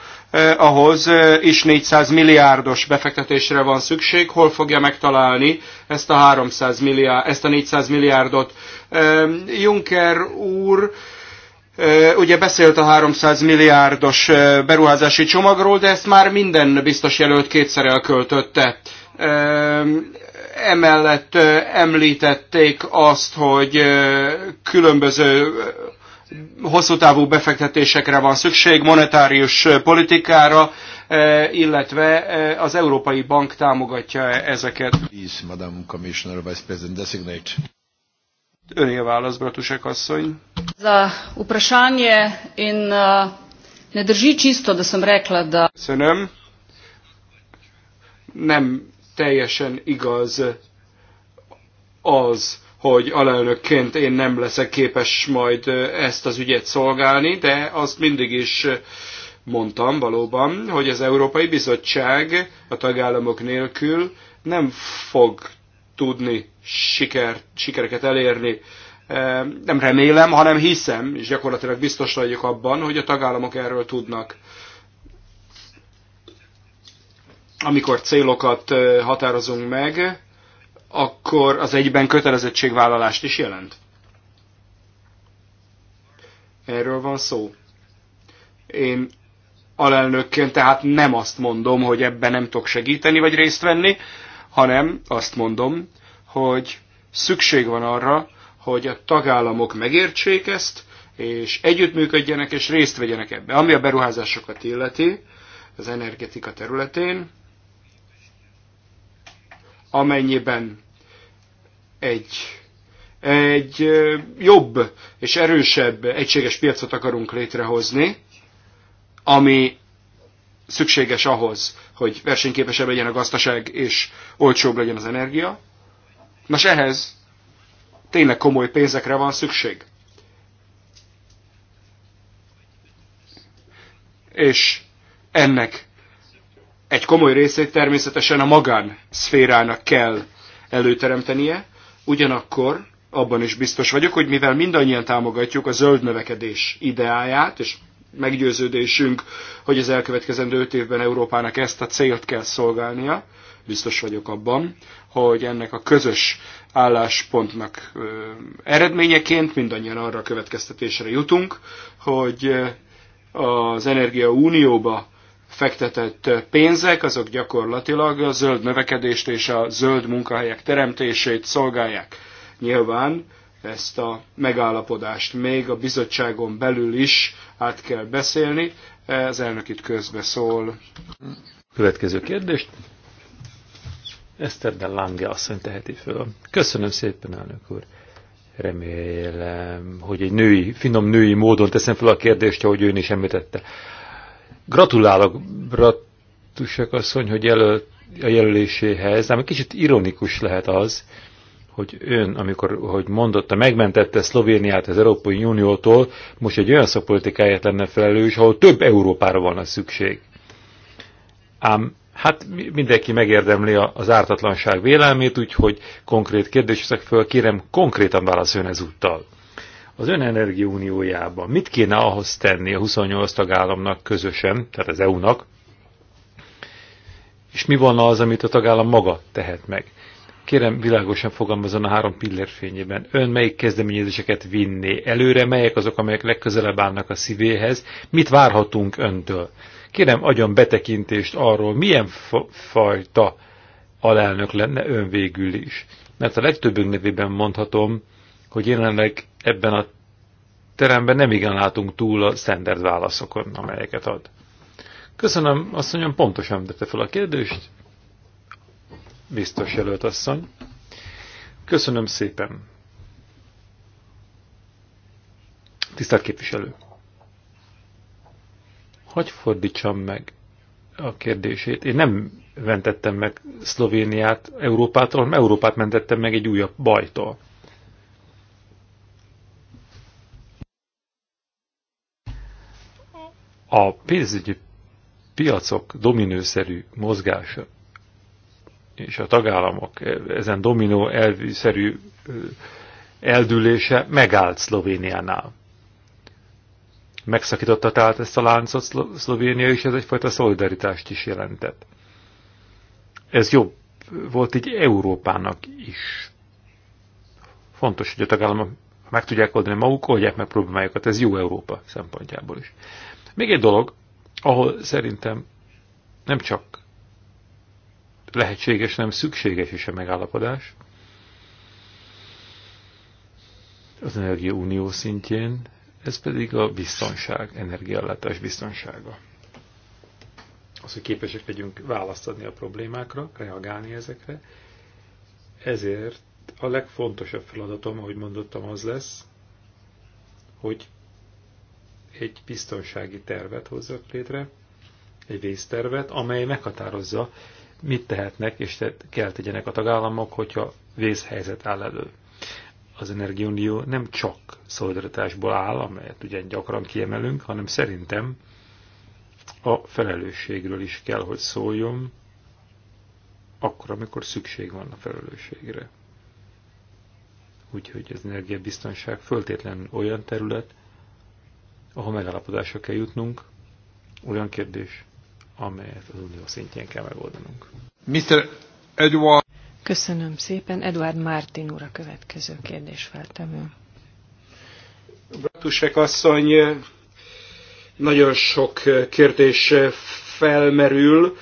Speaker 1: ahhoz is 400 milliárdos befektetésre van szükség. Hol fogja megtalálni ezt a, 300 milliárd, ezt a 400 milliárdot? Juncker úr ugye beszélt a 300 milliárdos beruházási csomagról, de ezt már minden biztos jelölt kétszer elköltötte emellett említették azt, hogy különböző hosszú távú befektetésekre van szükség, monetárius politikára, illetve az Európai Bank támogatja ezeket. Please, Madam Commissioner Vice President Designate. Öné a válasz, Bratusek asszony.
Speaker 3: Za A in én ne drži čisto, de sem rekla, da... Köszönöm.
Speaker 1: Nem teljesen igaz az, hogy alelnökként én nem leszek képes majd ezt az ügyet szolgálni, de azt mindig is mondtam valóban, hogy az Európai Bizottság a tagállamok nélkül nem fog tudni siker, sikereket elérni. Nem remélem, hanem hiszem, és gyakorlatilag biztos vagyok abban, hogy a tagállamok erről tudnak. Amikor célokat határozunk meg, akkor az egyben kötelezettségvállalást is jelent. Erről van szó. Én alelnökként tehát nem azt mondom, hogy ebben nem tudok segíteni vagy részt venni, hanem azt mondom, hogy szükség van arra, hogy a tagállamok megértsék ezt, és együttműködjenek és részt vegyenek ebbe. Ami a beruházásokat illeti, az energetika területén, amennyiben egy, egy jobb és erősebb egységes piacot akarunk létrehozni, ami szükséges ahhoz, hogy versenyképesebb legyen a gazdaság és olcsóbb legyen az energia. Nos, ehhez tényleg komoly pénzekre van szükség. És ennek egy komoly részét természetesen a magán szférának kell előteremtenie, ugyanakkor abban is biztos vagyok, hogy mivel mindannyian támogatjuk a zöld növekedés ideáját, és meggyőződésünk, hogy az elkövetkezendő öt évben Európának ezt a célt kell szolgálnia, biztos vagyok abban, hogy ennek a közös álláspontnak eredményeként mindannyian arra a következtetésre jutunk, hogy az Energia Unióba fektetett pénzek, azok gyakorlatilag a zöld növekedést és a zöld munkahelyek teremtését szolgálják. Nyilván ezt a megállapodást még a bizottságon belül is át kell beszélni. Az elnök itt közbe szól.
Speaker 2: Következő kérdést. Eszter Lange asszony teheti föl. Köszönöm szépen, elnök úr. Remélem, hogy egy női, finom női módon teszem fel a kérdést, ahogy ön is említette Gratulálok Bratusek asszony, hogy jelöl, a jelöléséhez, ám egy kicsit ironikus lehet az, hogy ön, amikor hogy mondotta, megmentette Szlovéniát az Európai Uniótól, most egy olyan szakpolitikáját lenne felelős, ahol több Európára van a szükség. Ám hát mindenki megérdemli az ártatlanság vélelmét, úgyhogy konkrét kérdéseket föl kérem, konkrétan válaszoljon ezúttal. Az ön energiauniójában mit kéne ahhoz tenni a 28 tagállamnak közösen, tehát az EU-nak, és mi van az, amit a tagállam maga tehet meg? Kérem, világosan fogalmazon a három pillér fényében. Ön melyik kezdeményezéseket vinné előre, melyek azok, amelyek legközelebb állnak a szívéhez, mit várhatunk öntől? Kérem, adjon betekintést arról, milyen fa fajta alelnök lenne ön végül is. Mert a legtöbbünk nevében mondhatom, hogy jelenleg ebben a teremben nem igen látunk túl a standard válaszokon, amelyeket ad. Köszönöm, asszonyom, pontosan tette fel a kérdést. Biztos jelölt asszony. Köszönöm szépen. Tisztelt képviselő. Hogy fordítsam meg a kérdését? Én nem mentettem meg Szlovéniát Európától, hanem Európát mentettem meg egy újabb bajtól. a pénzügyi piacok dominőszerű mozgása és a tagállamok ezen dominó elvűszerű eldülése megállt Szlovéniánál. Megszakította tehát ezt a láncot Szlovénia, és ez egyfajta szolidaritást is jelentett. Ez jobb volt így Európának is. Fontos, hogy a tagállamok meg tudják oldani maguk, oldják meg problémájukat. Ez jó Európa szempontjából is. Még egy dolog, ahol szerintem nem csak lehetséges, nem szükséges is a megállapodás, az Energia Unió szintjén, ez pedig a biztonság, energiállátás biztonsága. Az, hogy képesek legyünk választ adni a problémákra, reagálni ezekre, ezért a legfontosabb feladatom, ahogy mondottam, az lesz, hogy egy biztonsági tervet hozzak létre, egy vésztervet, amely meghatározza, mit tehetnek és te kell tegyenek a tagállamok, hogyha vészhelyzet áll elő. Az Energiunió nem csak szolidaritásból áll, amelyet ugyan gyakran kiemelünk, hanem szerintem a felelősségről is kell, hogy szóljon, akkor, amikor szükség van a felelősségre. Úgyhogy az energiabiztonság föltétlenül olyan terület, ahol megállapodásra kell jutnunk, olyan kérdés, amelyet az unió
Speaker 1: szintjén kell megoldanunk. Mr. Edward.
Speaker 4: Köszönöm szépen. Eduard Mártin úr a következő kérdés feltevő.
Speaker 1: Bratusek asszony, nagyon sok kérdés felmerül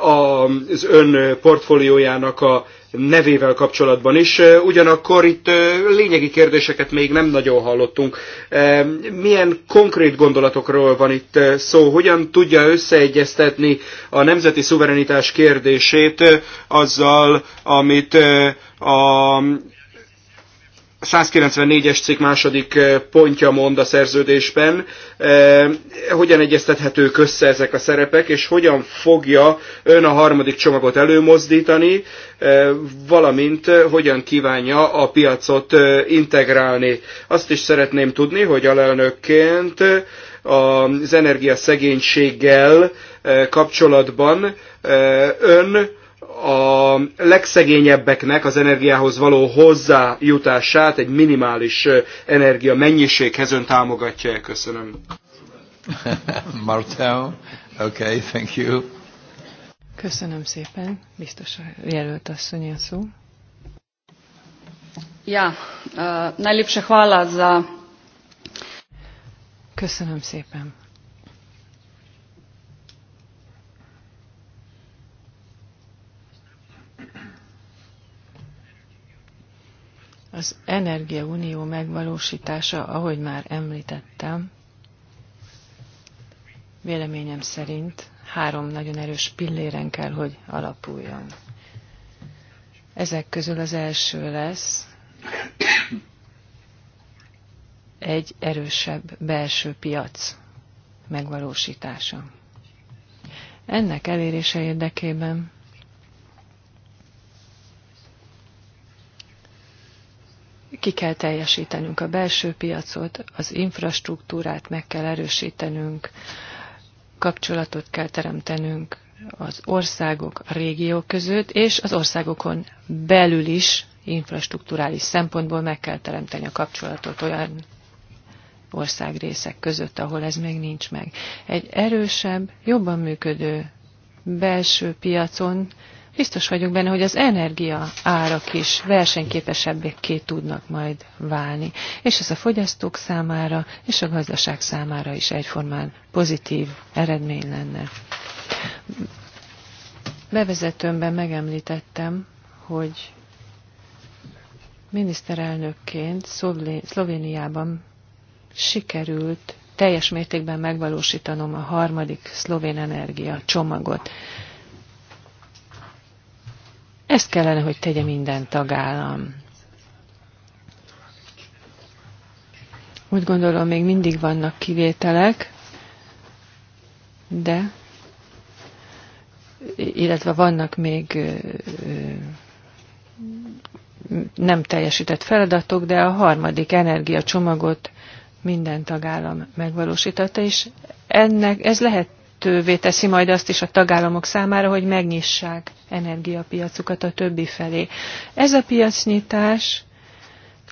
Speaker 1: az ön portfóliójának a nevével kapcsolatban is. Ugyanakkor itt lényegi kérdéseket még nem nagyon hallottunk. Milyen konkrét gondolatokról van itt szó? Hogyan tudja összeegyeztetni a nemzeti szuverenitás kérdését azzal, amit a 194-es cikk második eh, pontja mond a szerződésben, eh, hogyan egyeztethetők össze ezek a szerepek, és hogyan fogja ön a harmadik csomagot előmozdítani, eh, valamint hogyan kívánja a piacot integrálni. Azt is szeretném tudni, hogy alelnökként az energiaszegénységgel kapcsolatban ön a legszegényebbeknek az energiához való hozzájutását egy minimális energia mennyiséghez ön támogatja. Köszönöm. Martel, okay, thank you.
Speaker 4: Köszönöm szépen, biztos a jelölt asszony a szó.
Speaker 3: Ja, uh, najlepše hvala za...
Speaker 4: Köszönöm szépen. Az Energiaunió megvalósítása, ahogy már említettem, véleményem szerint három nagyon erős pilléren kell, hogy alapuljon. Ezek közül az első lesz egy erősebb belső piac megvalósítása. Ennek elérése érdekében ki kell teljesítenünk a belső piacot, az infrastruktúrát meg kell erősítenünk, kapcsolatot kell teremtenünk az országok, a régiók között, és az országokon belül is infrastruktúrális szempontból meg kell teremteni a kapcsolatot olyan országrészek között, ahol ez még nincs meg. Egy erősebb, jobban működő belső piacon Biztos vagyok benne, hogy az energia árak is versenyképesebbeké tudnak majd válni, és ez a fogyasztók számára és a gazdaság számára is egyformán pozitív eredmény lenne. Bevezetőmben megemlítettem, hogy miniszterelnökként Szlovéniában sikerült teljes mértékben megvalósítanom a harmadik szlovén energia csomagot. Ezt kellene, hogy tegye minden tagállam. Úgy gondolom, még mindig vannak kivételek, de illetve vannak még nem teljesített feladatok, de a harmadik energiacsomagot minden tagállam megvalósította, és ennek ez lehet lehetővé teszi majd azt is a tagállamok számára, hogy megnyissák energiapiacukat a többi felé. Ez a piacnyitás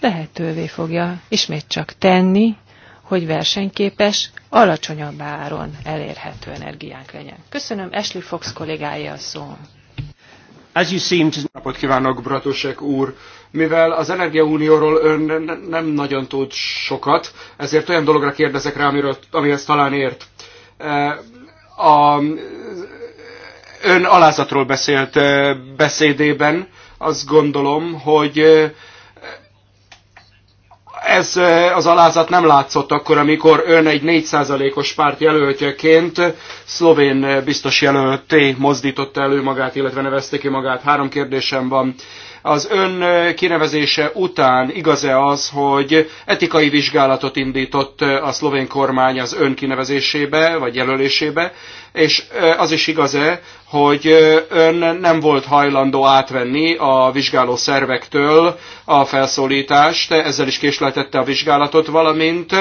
Speaker 4: lehetővé fogja ismét csak tenni, hogy versenyképes, alacsonyabb áron elérhető energiánk legyen. Köszönöm, Ashley Fox kollégája a szó.
Speaker 1: As you seem to... Napot kívánok, Bratusek úr! Mivel az Energiaunióról ön nem nagyon tud sokat, ezért olyan dologra kérdezek rá, amiről, amihez talán ért. Eh, a, ön alázatról beszélt beszédében, azt gondolom, hogy ez az alázat nem látszott akkor, amikor ön egy 4%-os párt jelöltjeként szlovén biztos jelölté mozdította elő magát, illetve nevezte ki magát. Három kérdésem van. Az ön kinevezése után igaz-e az, hogy etikai vizsgálatot indított a szlovén kormány az ön kinevezésébe, vagy jelölésébe, és az is igaz-e, hogy ön nem volt hajlandó átvenni a vizsgáló szervektől a felszólítást, ezzel is késleltette a vizsgálatot, valamint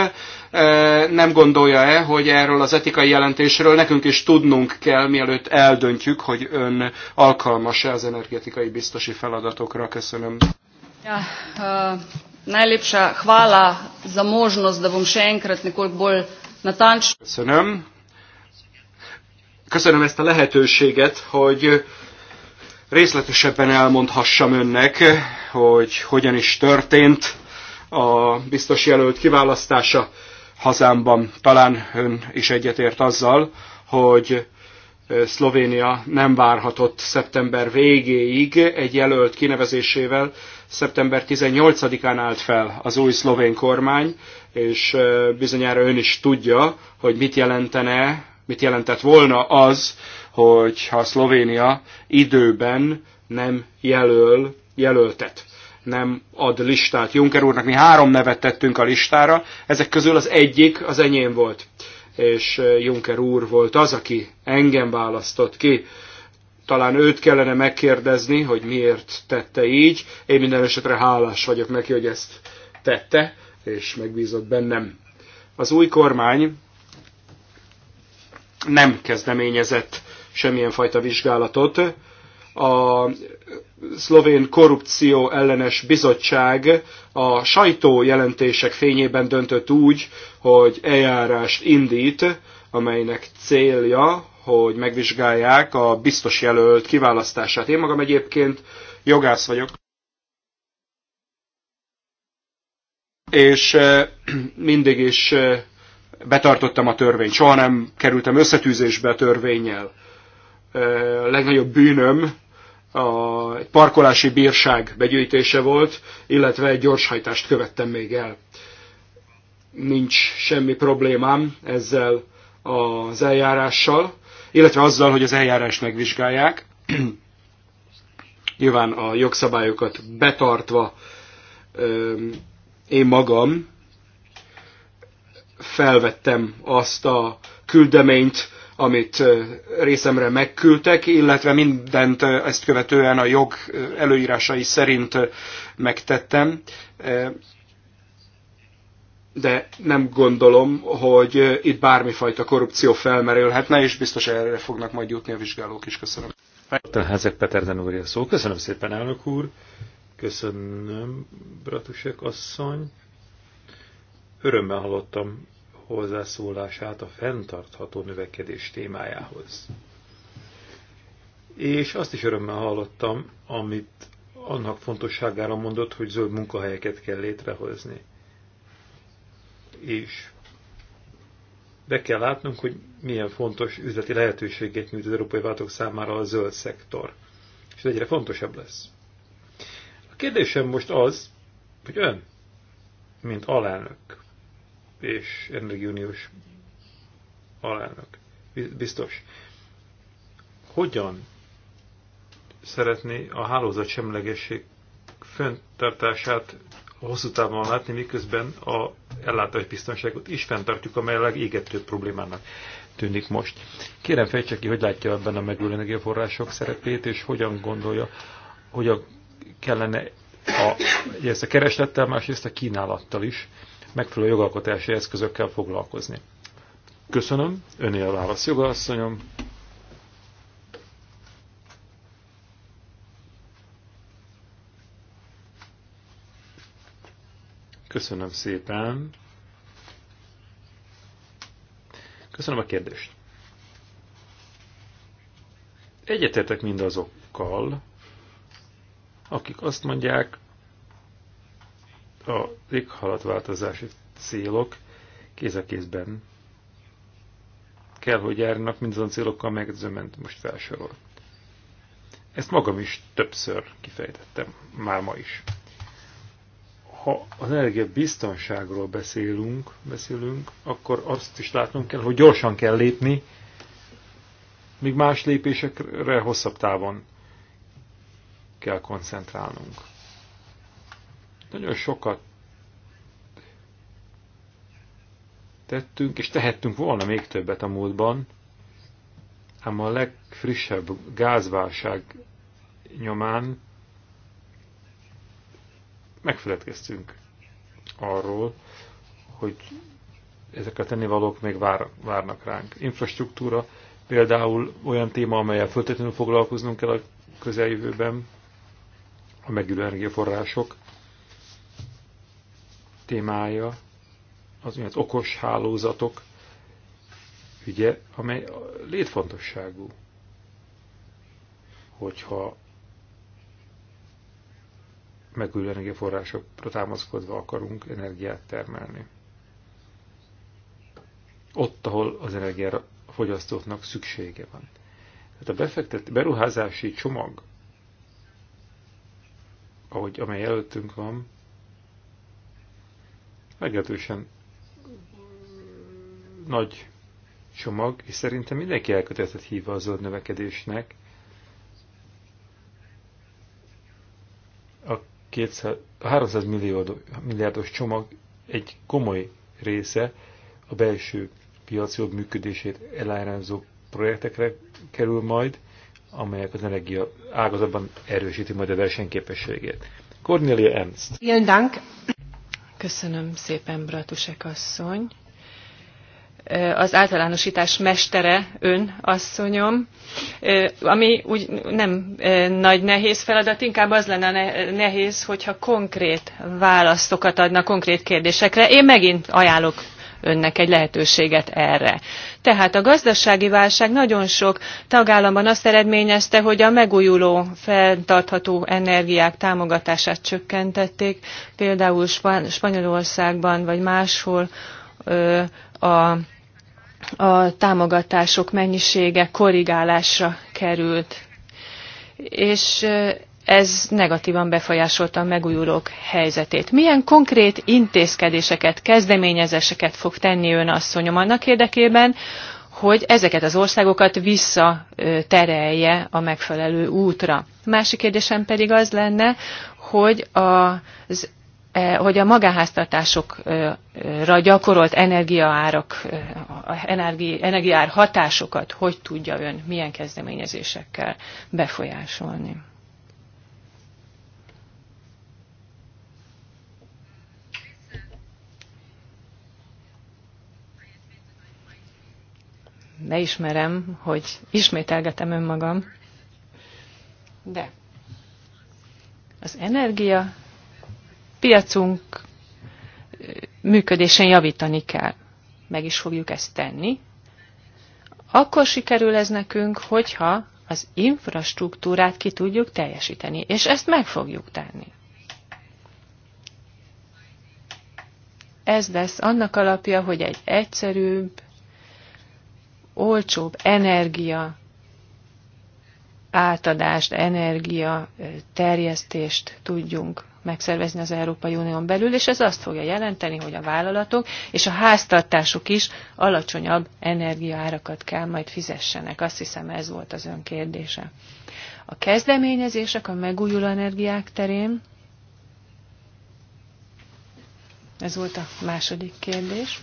Speaker 1: nem gondolja-e, hogy erről az etikai jelentésről nekünk is tudnunk kell, mielőtt eldöntjük, hogy ön alkalmas-e az energetikai biztosi feladatokra? Köszönöm.
Speaker 3: Ja, uh, najlepša hvala za možnost, da bom še enkrat nekoliko bolj natančno.
Speaker 1: Köszönöm Köszönöm ezt a lehetőséget, hogy részletesebben elmondhassam önnek, hogy hogyan is történt a biztos jelölt kiválasztása hazámban. Talán ön is egyetért azzal, hogy Szlovénia nem várhatott szeptember végéig egy jelölt kinevezésével. Szeptember 18-án állt fel az új szlovén kormány, és bizonyára ön is tudja, hogy mit jelentene mit jelentett volna az, hogy ha Szlovénia időben nem jelöl, jelöltet, nem ad listát Juncker úrnak. Mi három nevet tettünk a listára, ezek közül az egyik az enyém volt, és Juncker úr volt az, aki engem választott ki. Talán őt kellene megkérdezni, hogy miért tette így. Én minden esetre hálás vagyok neki, hogy ezt tette, és megbízott bennem. Az új kormány nem kezdeményezett semmilyen fajta vizsgálatot. A szlovén korrupció ellenes bizottság a sajtó jelentések fényében döntött úgy, hogy eljárást indít, amelynek célja, hogy megvizsgálják a biztos jelölt kiválasztását. Én magam egyébként jogász vagyok. És eh, mindig is eh, betartottam a törvényt, soha nem kerültem összetűzésbe a törvényel. A legnagyobb bűnöm a, parkolási bírság begyűjtése volt, illetve egy gyorshajtást követtem még el. Nincs semmi problémám ezzel az eljárással, illetve azzal, hogy az eljárást megvizsgálják. Nyilván a jogszabályokat betartva én magam felvettem azt a küldeményt, amit részemre megküldtek, illetve mindent ezt követően a jog előírásai szerint megtettem. De nem gondolom, hogy itt bármifajta korrupció felmerülhetne, és biztos erre fognak majd jutni a vizsgálók is. Köszönöm.
Speaker 2: Házek Peterden úr, szó. Köszönöm szépen, elnök úr. Köszönöm, Bratusek asszony. Örömmel hallottam hozzászólását a fenntartható növekedés témájához. És azt is örömmel hallottam, amit annak fontosságára mondott, hogy zöld munkahelyeket kell létrehozni. És be kell látnunk, hogy milyen fontos üzleti lehetőséget nyújt az európai váltók számára a zöld szektor. És ez egyre fontosabb lesz. A kérdésem most az, hogy ön, mint alelnök, és energiuniós alelnök. Biztos. Hogyan szeretné a hálózat semlegesség fenntartását hosszú távon látni, miközben a ellátás biztonságot is fenntartjuk, amely a legégetőbb problémának tűnik most. Kérem fejtse ki, hogy látja ebben a megújuló energiaforrások szerepét, és hogyan gondolja, hogy a, kellene a, ezt a kereslettel, másrészt a kínálattal is megfelelő jogalkotási eszközökkel foglalkozni. Köszönöm, öné a válasz jogalasszonyom. Köszönöm szépen. Köszönöm a kérdést. Egyetértek mindazokkal, akik azt mondják, a éghalatváltozási célok kéz a kézben kell, hogy járnak mindazon célokkal, amelyeket zöment most felsorol. Ezt magam is többször kifejtettem, már ma is. Ha az energia biztonságról beszélünk, beszélünk, akkor azt is látnunk kell, hogy gyorsan kell lépni, míg más lépésekre hosszabb távon kell koncentrálnunk. Nagyon sokat tettünk, és tehettünk volna még többet a múltban, ám a legfrissebb gázválság nyomán megfeledkeztünk arról, hogy ezek a tennivalók még vár, várnak ránk. Infrastruktúra például olyan téma, amelyel föltétlenül foglalkoznunk kell a közeljövőben, a megülő energiaforrások, témája az úgynevezett okos hálózatok ugye, amely létfontosságú. Hogyha megújuló energiaforrásokra támaszkodva akarunk energiát termelni. Ott, ahol az energiára a fogyasztóknak szüksége van. Tehát a befektet, beruházási csomag, ahogy amely előttünk van, meglehetősen nagy csomag, és szerintem mindenki elkötelezett hívva a zöld növekedésnek. A, 200, a 300 millió, milliárdos csomag egy komoly része a belső piac jobb működését elárázó projektekre kerül majd, amelyek az energia ágazatban erősíti majd a versenyképességét. Cornelia Ernst.
Speaker 4: Vielen Dank. Köszönöm szépen, Bratusek asszony. Az általánosítás mestere ön, asszonyom, ami úgy nem nagy nehéz feladat, inkább az lenne nehéz, hogyha konkrét válaszokat adna konkrét kérdésekre. Én megint ajánlok önnek egy lehetőséget erre. Tehát a gazdasági válság nagyon sok tagállamban azt eredményezte, hogy a megújuló fenntartható energiák támogatását csökkentették, például Span Spanyolországban vagy máshol ö, a a támogatások mennyisége korrigálásra került. És ez negatívan befolyásolta a megújulók helyzetét. Milyen konkrét intézkedéseket, kezdeményezéseket fog tenni ön asszonyom annak érdekében, hogy ezeket az országokat visszaterelje a megfelelő útra. Másik kérdésem pedig az lenne, hogy az e, hogy a magáháztartásokra gyakorolt energiaárak, energiaár hatásokat hogy tudja ön milyen kezdeményezésekkel befolyásolni. beismerem, hogy ismételgetem önmagam, de az energia piacunk működésén javítani kell. Meg is fogjuk ezt tenni. Akkor sikerül ez nekünk, hogyha az infrastruktúrát ki tudjuk teljesíteni, és ezt meg fogjuk tenni. Ez lesz annak alapja, hogy egy egyszerűbb, olcsóbb energia átadást, energia terjesztést tudjunk megszervezni az Európai Unión belül, és ez azt fogja jelenteni, hogy a vállalatok és a háztartások is alacsonyabb energiaárakat kell majd fizessenek. Azt hiszem ez volt az ön kérdése. A kezdeményezések a megújuló energiák terén, ez volt a második kérdés.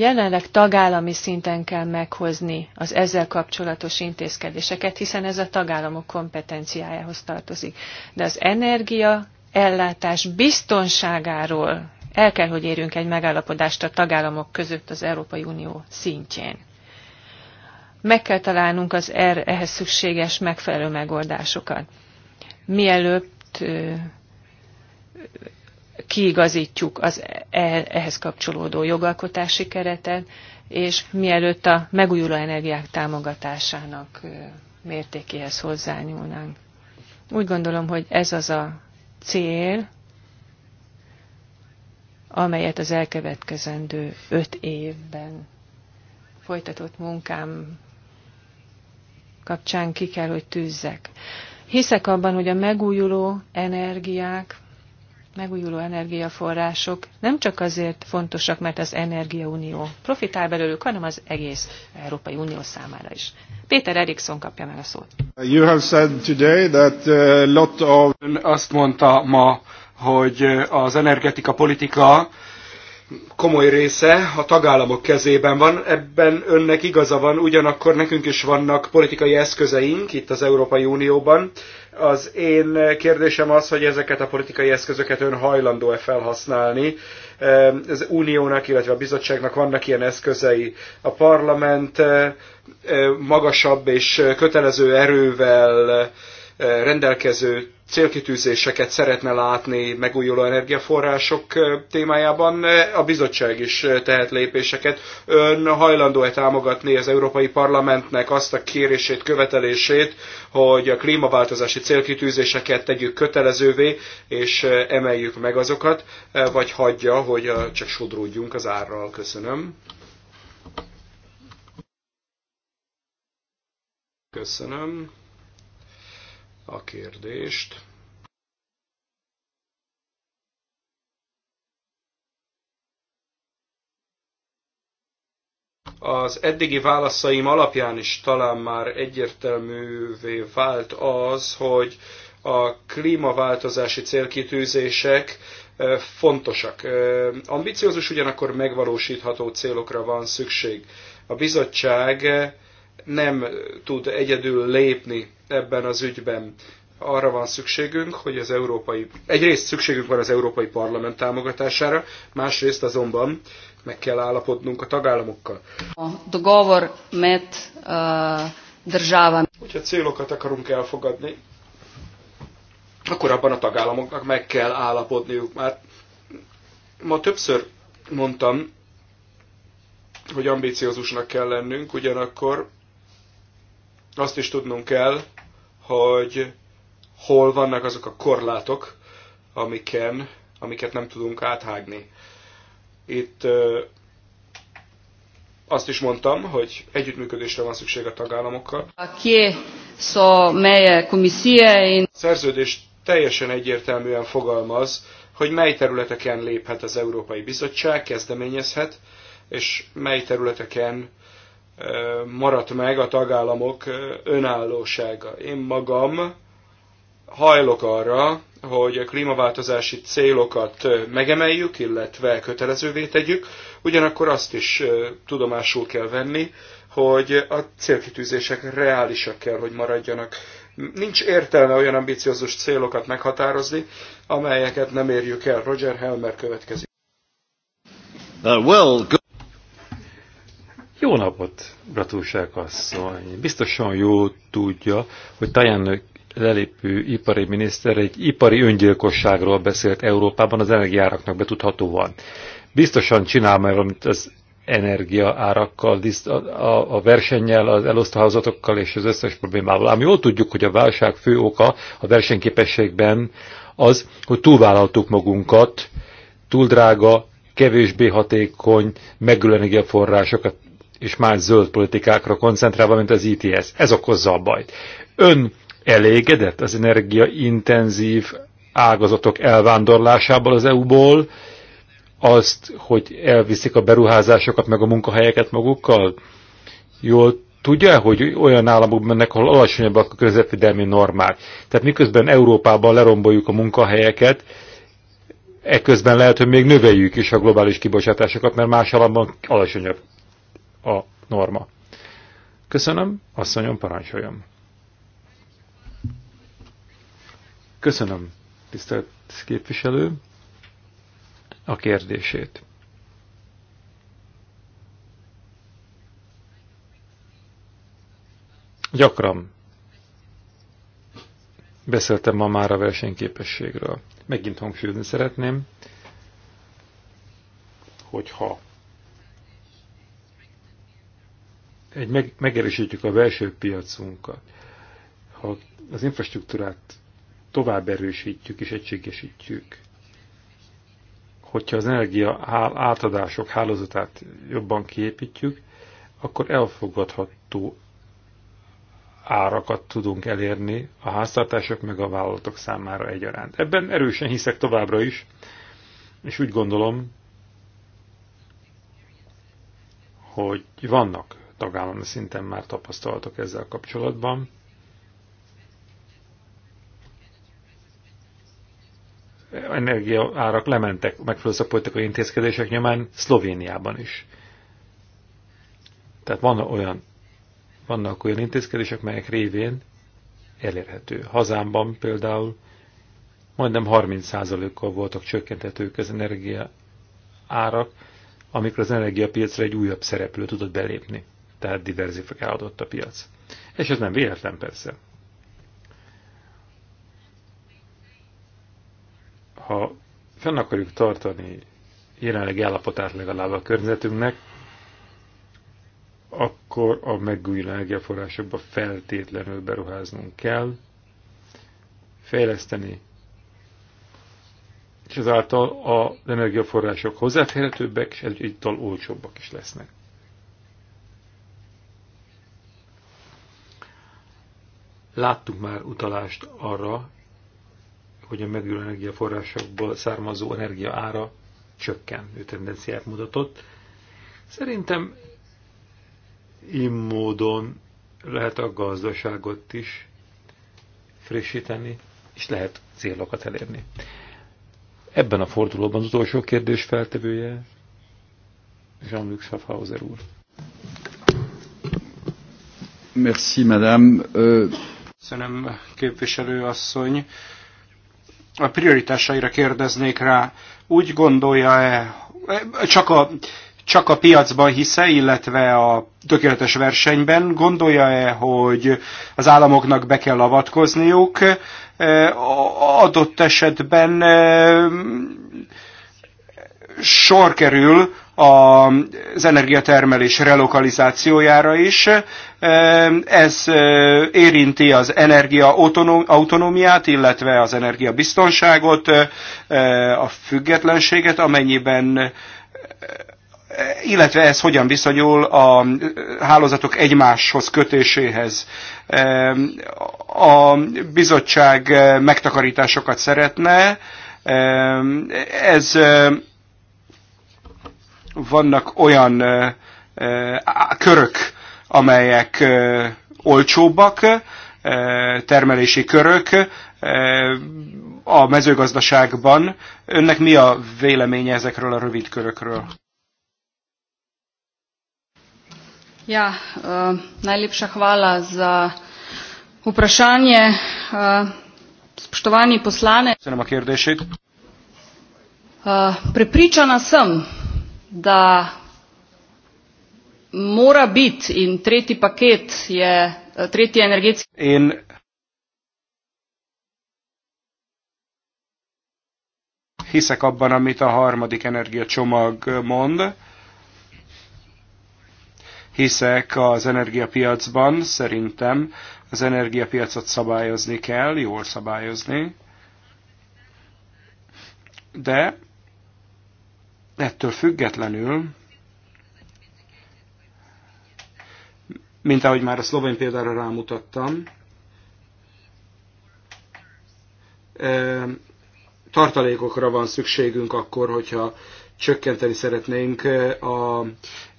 Speaker 4: Jelenleg tagállami szinten kell meghozni az ezzel kapcsolatos intézkedéseket, hiszen ez a tagállamok kompetenciájához tartozik. De az energia ellátás biztonságáról el kell, hogy érjünk egy megállapodást a tagállamok között az Európai Unió szintjén. Meg kell találnunk az er- ehhez szükséges megfelelő megoldásokat. Mielőtt kiigazítjuk az e, ehhez kapcsolódó jogalkotási keretet, és mielőtt a megújuló energiák támogatásának mértékéhez hozzányúlnánk. Úgy gondolom, hogy ez az a cél, amelyet az elkövetkezendő öt évben folytatott munkám kapcsán ki kell, hogy tűzzek. Hiszek abban, hogy a megújuló energiák megújuló energiaforrások nem csak azért fontosak, mert az Energiaunió profitál belőlük, hanem az egész Európai Unió számára is. Péter Eriksson kapja meg a szót.
Speaker 3: You have said today that a
Speaker 1: uh, lot of... Azt mondta ma, hogy uh, az energetika politika komoly része a tagállamok kezében van, ebben önnek igaza van, ugyanakkor nekünk is vannak politikai eszközeink itt az Európai Unióban, az én kérdésem az, hogy ezeket a politikai eszközöket ön hajlandó-e felhasználni. Az uniónak, illetve a bizottságnak vannak ilyen eszközei. A parlament eh, eh, magasabb és kötelező erővel eh, rendelkező célkitűzéseket szeretne látni megújuló energiaforrások témájában, a bizottság is tehet lépéseket. Ön hajlandó-e támogatni az Európai Parlamentnek azt a kérését, követelését, hogy a klímaváltozási célkitűzéseket tegyük kötelezővé, és emeljük meg azokat, vagy hagyja, hogy csak sodródjunk az árral. Köszönöm. Köszönöm a kérdést. Az eddigi válaszaim alapján is talán már egyértelművé vált az, hogy a klímaváltozási célkitűzések fontosak. Ambiciózus, ugyanakkor megvalósítható célokra van szükség. A bizottság nem tud egyedül lépni ebben az ügyben. Arra van szükségünk, hogy az európai, egyrészt szükségünk van az európai parlament támogatására, másrészt azonban meg kell állapodnunk a tagállamokkal.
Speaker 3: A dogovor met eh, a Hogyha célokat akarunk elfogadni,
Speaker 1: akkor abban a tagállamoknak meg kell állapodniuk. Már ma többször mondtam, hogy ambíciózusnak kell lennünk, ugyanakkor azt is tudnunk kell, hogy hol vannak azok a korlátok, amiken, amiket nem tudunk áthágni. Itt azt is mondtam, hogy együttműködésre van szükség a tagállamokkal.
Speaker 3: A szó melye
Speaker 1: szerződés teljesen egyértelműen fogalmaz, hogy mely területeken léphet az Európai Bizottság, kezdeményezhet, és mely területeken maradt meg a tagállamok önállósága. Én magam hajlok arra, hogy a klímaváltozási célokat megemeljük, illetve kötelezővé tegyük, ugyanakkor azt is tudomásul kell venni, hogy a célkitűzések reálisak kell, hogy maradjanak. Nincs értelme olyan ambiciózus célokat meghatározni, amelyeket nem érjük el. Roger Helmer következik.
Speaker 2: Uh, well, jó napot, Bratúság asszony! Biztosan jó tudja, hogy Tajánök lelépő ipari miniszter egy ipari öngyilkosságról beszélt Európában az energiáraknak betudhatóan. Biztosan csinál már valamit az energiaárakkal, a, a versennyel, az elosztóházatokkal és az összes problémával. Ám jól tudjuk, hogy a válság fő oka a versenyképességben az, hogy túlvállaltuk magunkat, túl drága, kevésbé hatékony, megülő energiaforrásokat és más zöld politikákra koncentrálva, mint az ITS. E Ez okozza a bajt. Ön elégedett az energiaintenzív ágazatok elvándorlásából az EU-ból, azt, hogy elviszik a beruházásokat meg a munkahelyeket magukkal? Jól tudja, hogy olyan államok mennek, ahol alacsonyabbak a közvetvédelmi normák. Tehát miközben Európában leromboljuk a munkahelyeket, ekközben lehet, hogy még növeljük is a globális kibocsátásokat, mert más államban alacsonyabb a norma. Köszönöm, asszonyom, parancsoljon. Köszönöm, tisztelt képviselő, a kérdését. Gyakran beszéltem ma már a versenyképességről. Megint hangsúlyozni szeretném, hogyha egy meg, megerősítjük a belső piacunkat, ha az infrastruktúrát tovább erősítjük és egységesítjük, hogyha az energia átadások hálózatát jobban kiépítjük, akkor elfogadható árakat tudunk elérni a háztartások meg a vállalatok számára egyaránt. Ebben erősen hiszek továbbra is, és úgy gondolom, hogy vannak tagállami szinten már tapasztaltok ezzel kapcsolatban. árak lementek megfelelő szakpolitikai intézkedések nyomán Szlovéniában is. Tehát van olyan, vannak olyan intézkedések, melyek révén elérhető. Hazámban például majdnem 30%-kal voltak csökkentetők az energia árak, amikor az energiapiacra egy újabb szereplő tudott belépni tehát diverzifikálódott a piac. És ez nem véletlen persze. Ha fenn akarjuk tartani jelenlegi állapotát legalább a környezetünknek, akkor a megújuló energiaforrásokba feltétlenül beruháznunk kell, fejleszteni, és ezáltal az energiaforrások hozzáférhetőbbek, és egyúttal olcsóbbak is lesznek. Láttuk már utalást arra, hogy a megújuló energiaforrásokból származó energia ára csökken, ő tendenciát mutatott. Szerintem így módon lehet a gazdaságot is frissíteni, és lehet célokat elérni. Ebben a fordulóban az utolsó kérdés feltevője Jean-Luc Schaffhauser úr.
Speaker 1: Merci, madame. Euh, Köszönöm, képviselő asszony. A prioritásaira kérdeznék rá. Úgy gondolja-e, csak a, csak a piacban hisze, illetve a tökéletes versenyben gondolja-e, hogy az államoknak be kell avatkozniuk, e, adott esetben e, sor kerül az energiatermelés relokalizációjára is. Ez érinti az energia autonómiát, illetve az energiabiztonságot, a függetlenséget, amennyiben illetve ez hogyan viszonyul a hálózatok egymáshoz kötéséhez. A bizottság megtakarításokat szeretne, ez vannak olyan körök, amelyek olcsóbbak, termelési körök a mezőgazdaságban. Önnek mi a véleménye ezekről a rövid körökről?
Speaker 3: Ja, uh, najlepša hvala za vprašanje. Uh, spoštovani poslanec. Prepričana sem, da mora biti in tretji paket je, eh, tretji energetski.
Speaker 1: In hiszek abban, amit a harmadik energiacsomag mond. Hiszek az energiapiacban, szerintem az energiapiacot szabályozni kell, jól szabályozni. De Ettől függetlenül, mint ahogy már a szlovén példára rámutattam, tartalékokra van szükségünk akkor, hogyha csökkenteni szeretnénk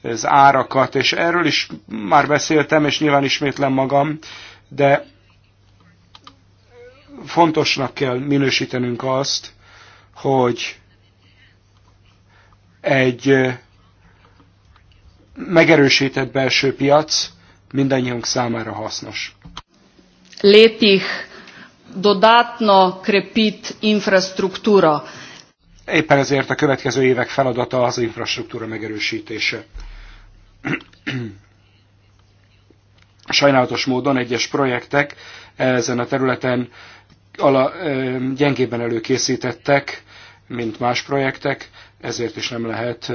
Speaker 1: az árakat, és erről is már beszéltem, és nyilván ismétlem magam, de fontosnak kell minősítenünk azt, hogy egy megerősített belső piac mindannyiunk számára hasznos.
Speaker 3: Letih dodatno krepít infrastruktúra.
Speaker 1: Éppen ezért a következő évek feladata az infrastruktúra megerősítése. Sajnálatos módon egyes projektek ezen a területen ala, gyengében előkészítettek, mint más projektek, ezért is nem lehet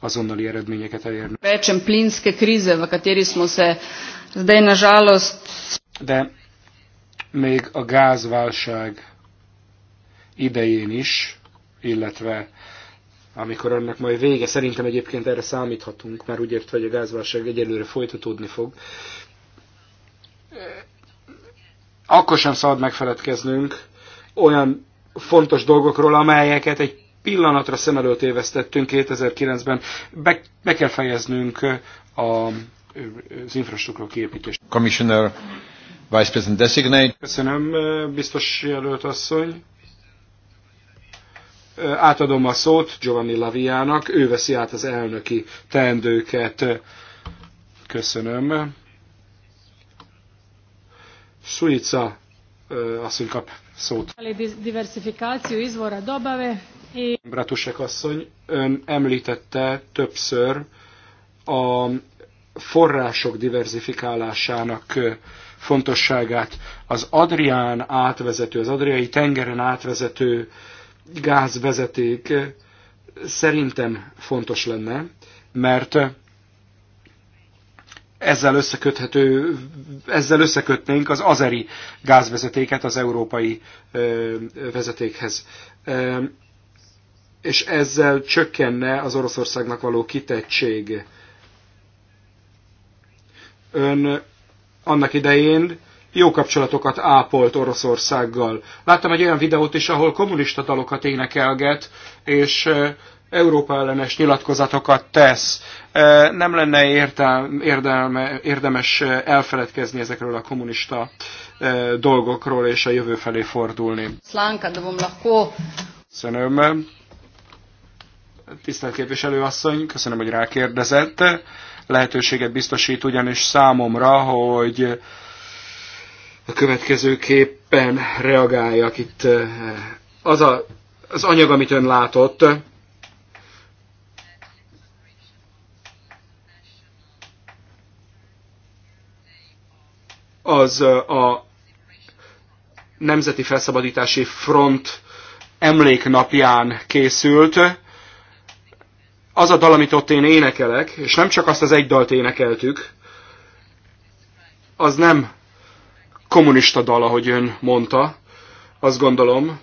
Speaker 1: azonnali eredményeket elérni.
Speaker 3: Rečem plinske krize, v kateri smo se zdaj na žalost...
Speaker 1: De még a gázválság idején is, illetve amikor annak majd vége, szerintem egyébként erre számíthatunk, mert úgy értve, hogy a gázválság egyelőre folytatódni fog, akkor sem szabad megfeledkeznünk olyan fontos dolgokról, amelyeket egy pillanatra szem előtt évesztettünk 2009-ben. Be, be kell fejeznünk a, az infrastruktúra kiépítést. Commissioner, Vice President Designate. Köszönöm, biztos jelölt asszony. Átadom a szót Giovanni Laviának, ő veszi át az elnöki teendőket. Köszönöm. Suica asszony kap szót.
Speaker 4: Diversifikáció izvora dobave.
Speaker 1: Bratusek asszony, ön említette többször a források diversifikálásának fontosságát. Az Adrián átvezető, az Adriai tengeren átvezető gázvezeték szerintem fontos lenne, mert ezzel, összeköthető, ezzel összekötnénk az azeri gázvezetéket az európai vezetékhez. És ezzel csökkenne az Oroszországnak való kitettség. Ön annak idején jó kapcsolatokat ápolt Oroszországgal. Láttam egy olyan videót is, ahol kommunista dalokat énekelget, és Európa ellenes nyilatkozatokat tesz. E, nem lenne értelme, érdemes elfeledkezni ezekről a kommunista e, dolgokról és a jövő felé fordulni.
Speaker 3: Szlánka, de vom lahko.
Speaker 1: Köszönöm. Tisztelt képviselőasszony, köszönöm, hogy rákérdezett. Lehetőséget biztosít ugyanis számomra, hogy a következőképpen reagáljak itt. E, az a, az anyag, amit ön látott, az a Nemzeti Felszabadítási Front emléknapján készült. Az a dal, amit ott én énekelek, és nem csak azt az egy dalt énekeltük, az nem kommunista dal, ahogy ön mondta. Azt gondolom,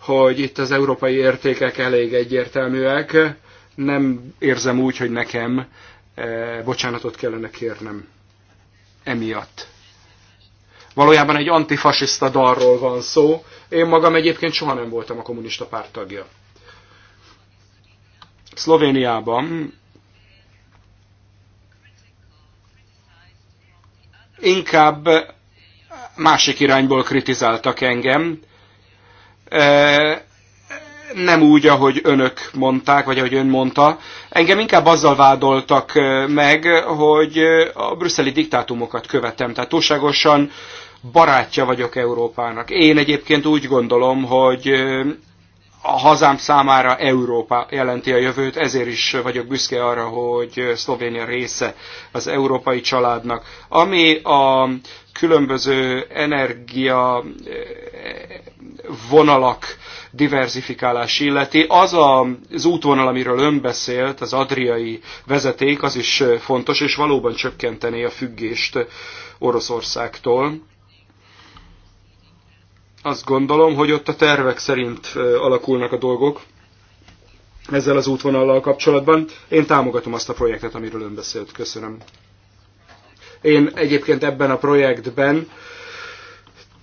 Speaker 1: hogy itt az európai értékek elég egyértelműek. Nem érzem úgy, hogy nekem eh, bocsánatot kellene kérnem emiatt. Valójában egy antifasiszta dalról van szó. Én magam egyébként soha nem voltam a kommunista párt tagja. Szlovéniában inkább másik irányból kritizáltak engem nem úgy, ahogy önök mondták, vagy ahogy ön mondta. Engem inkább azzal vádoltak meg, hogy a brüsszeli diktátumokat követem, tehát túlságosan barátja vagyok Európának. Én egyébként úgy gondolom, hogy a hazám számára Európa jelenti a jövőt, ezért is vagyok büszke arra, hogy Szlovénia része az európai családnak. Ami a különböző energia vonalak diverzifikálás illeti. Az a, az útvonal, amiről ön beszélt, az adriai vezeték, az is fontos, és valóban csökkentené a függést Oroszországtól. Azt gondolom, hogy ott a tervek szerint alakulnak a dolgok ezzel az útvonallal kapcsolatban. Én támogatom azt a projektet, amiről ön beszélt. Köszönöm. Én egyébként ebben a projektben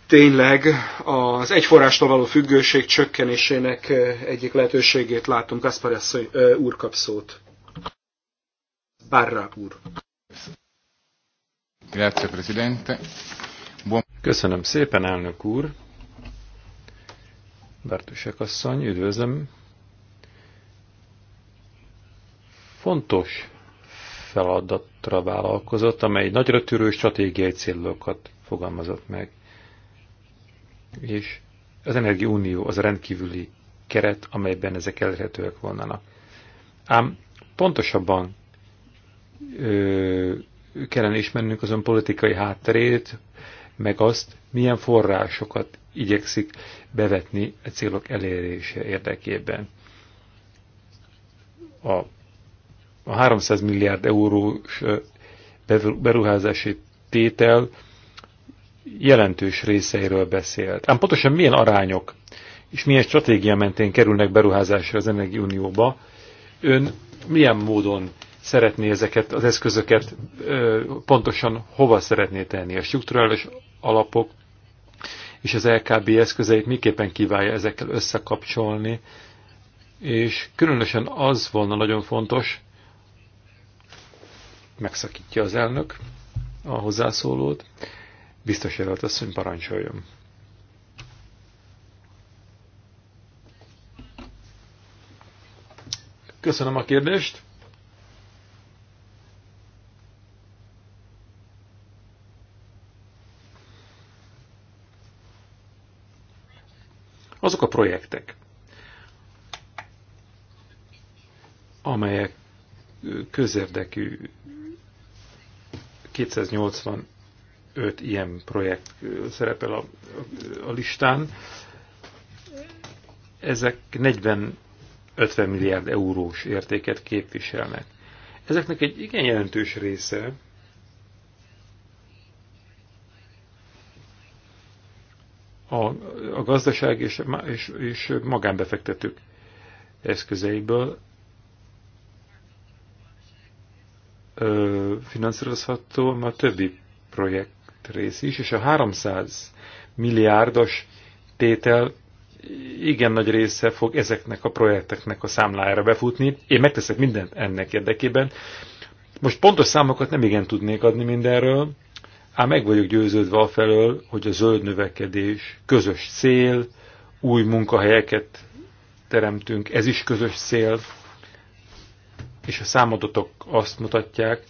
Speaker 1: tényleg az egyforrástól való függőség csökkenésének egyik lehetőségét látom. Kaspar asszony, úr kap szót. Barra úr.
Speaker 2: Grazie, Presidente. Buon... Köszönöm szépen, elnök úr. Bertusek asszony, üdvözlöm. Fontos feladatra vállalkozott, amely nagyra tűrő stratégiai célokat fogalmazott meg és az Energia Unió az a rendkívüli keret, amelyben ezek elérhetőek volnának. Ám pontosabban ö, kellene ismernünk azon politikai hátterét, meg azt, milyen forrásokat igyekszik bevetni a célok elérése érdekében. A, a 300 milliárd eurós beruházási tétel jelentős részeiről beszélt. Ám pontosan milyen arányok és milyen stratégia mentén kerülnek beruházásra az Unióba, ön milyen módon szeretné ezeket az eszközöket pontosan hova szeretné tenni? A strukturális alapok és az LKB eszközeit miképpen kívánja ezekkel összekapcsolni, és különösen az volna nagyon fontos, megszakítja az elnök a hozzászólót, Biztos jelölt asszony, parancsoljon. Köszönöm a kérdést. Azok a projektek, amelyek közérdekű 280 öt ilyen projekt szerepel a, a listán. Ezek 40-50 milliárd eurós értéket képviselnek. Ezeknek egy igen jelentős része a, a gazdaság és, és, és magánbefektetők eszközeiből finanszírozható, a többi projekt rész is, és a 300 milliárdos tétel igen nagy része fog ezeknek a projekteknek a számlájára befutni. Én megteszek mindent ennek érdekében. Most pontos számokat nem igen tudnék adni mindenről, ám meg vagyok győződve afelől, hogy a zöld növekedés közös cél, új munkahelyeket teremtünk, ez is közös cél, és a számadatok azt mutatják,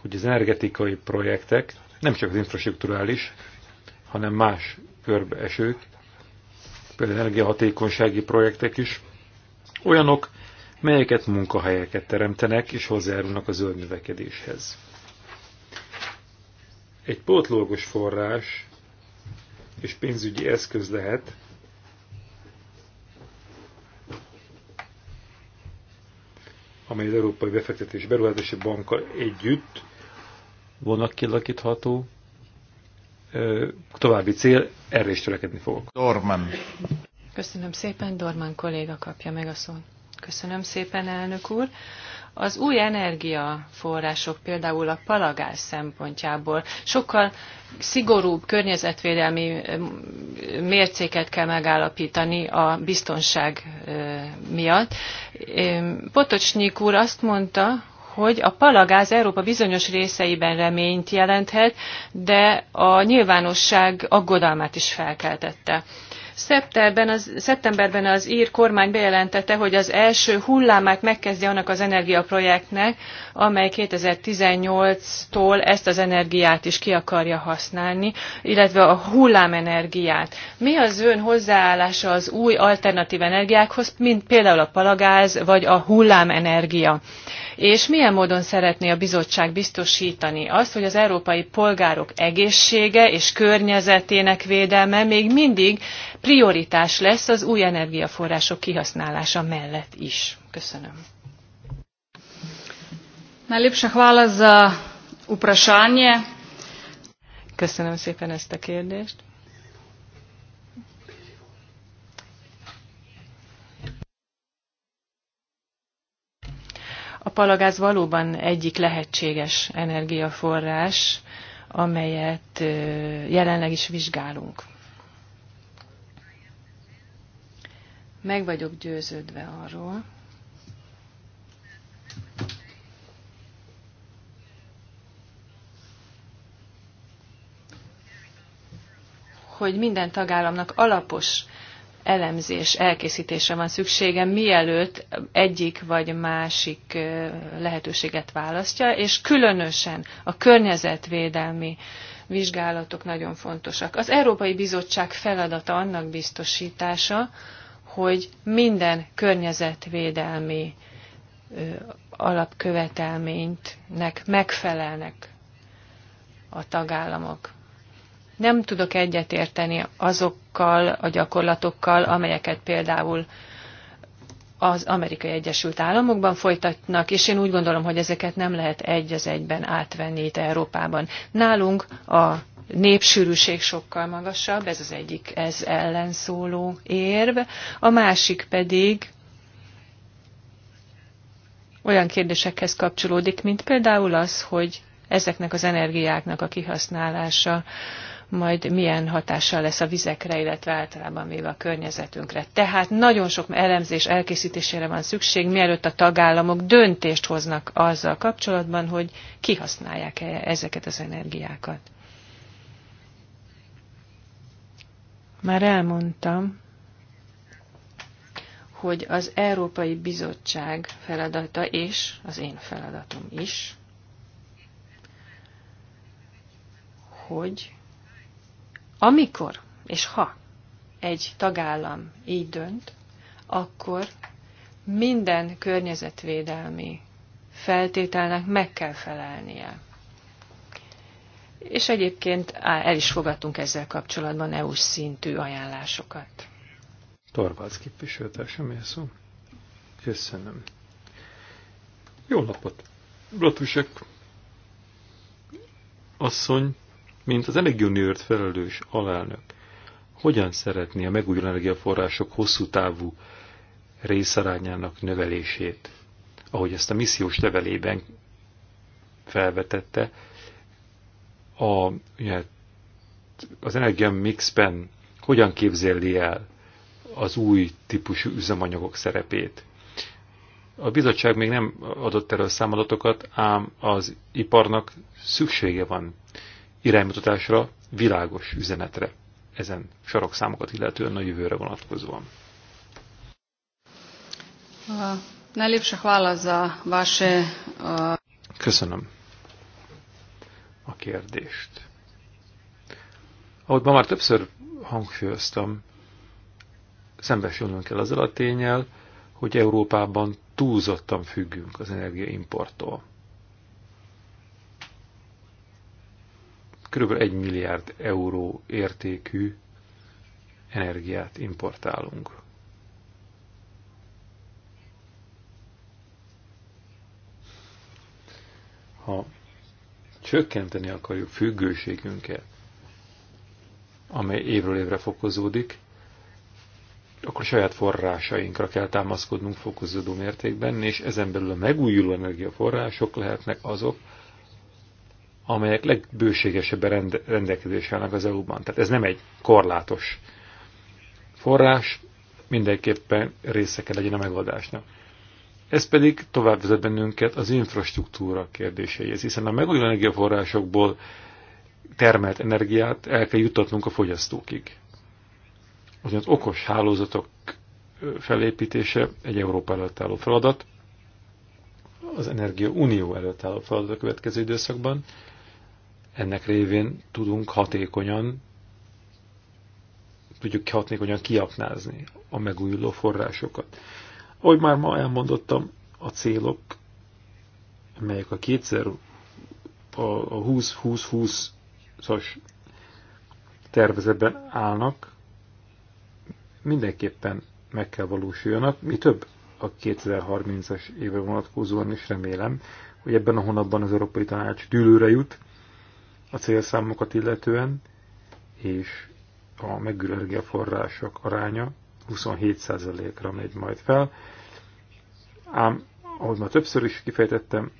Speaker 2: hogy az energetikai projektek nem csak az infrastruktúrális, hanem más esők, például energiahatékonysági projektek is, olyanok, melyeket munkahelyeket teremtenek és hozzájárulnak a zöld növekedéshez. Egy pótlógos forrás és pénzügyi eszköz lehet, amely az Európai Befektetés Beruházási Banka együtt volna kilakítható további cél, erre is törekedni fogok. Dorman.
Speaker 4: Köszönöm szépen, Dorman kolléga kapja meg a szót. Köszönöm szépen, elnök úr. Az új energiaforrások például a palagás szempontjából sokkal szigorúbb környezetvédelmi mércéket kell megállapítani a biztonság miatt. Potocsnyik úr azt mondta, hogy a palagáz Európa bizonyos részeiben reményt jelenthet, de a nyilvánosság aggodalmát is felkeltette. Szeptemberben az, szeptemberben ír kormány bejelentette, hogy az első hullámát megkezdi annak az energiaprojektnek, amely 2018-tól ezt az energiát is ki akarja használni, illetve a hullámenergiát. Mi az ön hozzáállása az új alternatív energiákhoz, mint például a palagáz vagy a hullámenergia? és milyen módon szeretné a bizottság biztosítani azt, hogy az európai polgárok egészsége és környezetének védelme még mindig prioritás lesz az új energiaforrások kihasználása mellett is. Köszönöm.
Speaker 3: Najlepša hvala za vprašanje.
Speaker 4: Köszönöm szépen
Speaker 3: ezt a kérdést.
Speaker 4: A palagáz valóban egyik lehetséges energiaforrás, amelyet jelenleg is vizsgálunk. Meg vagyok győződve arról, hogy minden tagállamnak alapos elemzés elkészítése van szüksége, mielőtt egyik vagy másik lehetőséget választja, és különösen a környezetvédelmi vizsgálatok nagyon fontosak. Az Európai Bizottság feladata annak biztosítása, hogy minden környezetvédelmi alapkövetelménynek megfelelnek a tagállamok. Nem tudok egyetérteni azokkal a gyakorlatokkal, amelyeket például az Amerikai Egyesült Államokban folytatnak, és én úgy gondolom, hogy ezeket nem lehet egy az egyben átvenni itt Európában. Nálunk a népsűrűség sokkal magasabb, ez az egyik ez ellenszóló érv, a másik pedig olyan kérdésekhez kapcsolódik, mint például az, hogy ezeknek az energiáknak a kihasználása majd milyen hatással lesz a vizekre, illetve általában véve a környezetünkre. Tehát nagyon sok elemzés elkészítésére van szükség, mielőtt a tagállamok döntést hoznak azzal kapcsolatban, hogy kihasználják -e ezeket az energiákat. Már elmondtam, hogy az Európai Bizottság feladata és az én feladatom is, hogy amikor és ha egy tagállam így dönt, akkor minden környezetvédelmi feltételnek meg kell felelnie és egyébként el is fogadtunk ezzel kapcsolatban EU-s szintű ajánlásokat.
Speaker 2: Torvalds képviselőtársam, szó. Köszönöm. Jó napot! Bratusek asszony, mint az energiunióért felelős alelnök, hogyan szeretné a megújuló energiaforrások hosszú távú részarányának növelését, ahogy ezt a missziós levelében felvetette, a, az energia mixben hogyan képzeli el az új típusú üzemanyagok szerepét. A bizottság még nem adott erről számadatokat, ám az iparnak szüksége van iránymutatásra, világos üzenetre ezen sarokszámokat illetően a jövőre vonatkozóan.
Speaker 3: Najlepša hvala za vaše...
Speaker 2: Köszönöm a kérdést. Ahogy ma már többször hangsúlyoztam, szembesülnünk kell azzal a tényel, hogy Európában túlzottan függünk az energiaimporttól. Körülbelül egy milliárd euró értékű energiát importálunk. Ha csökkenteni akarjuk függőségünket, amely évről évre fokozódik, akkor saját forrásainkra kell támaszkodnunk fokozódó mértékben, és ezen belül a megújuló energiaforrások lehetnek azok, amelyek legbőségesebben rende, rendelkezésre az EU-ban. Tehát ez nem egy korlátos forrás, mindenképpen része kell legyen a megoldásnak. Ez pedig tovább vezet bennünket az infrastruktúra kérdéseihez, hiszen a megújuló energiaforrásokból termelt energiát el kell juttatnunk a fogyasztókig. Az okos hálózatok felépítése egy Európa előtt álló feladat, az Energia Unió előtt álló feladat a következő időszakban. Ennek révén tudunk hatékonyan, tudjuk hatékonyan kiaknázni a megújuló forrásokat. Ahogy már ma elmondottam, a célok, melyek a kétszer a 20-20-20-as tervezetben állnak, mindenképpen meg kell valósuljanak. Mi több a 2030-as éve vonatkozóan is remélem, hogy ebben a hónapban az Európai Tanács dűlőre jut a célszámokat illetően, és a megülő energiaforrások aránya 27%-ra megy majd fel. Ám, ahogy már többször is kifejtettem,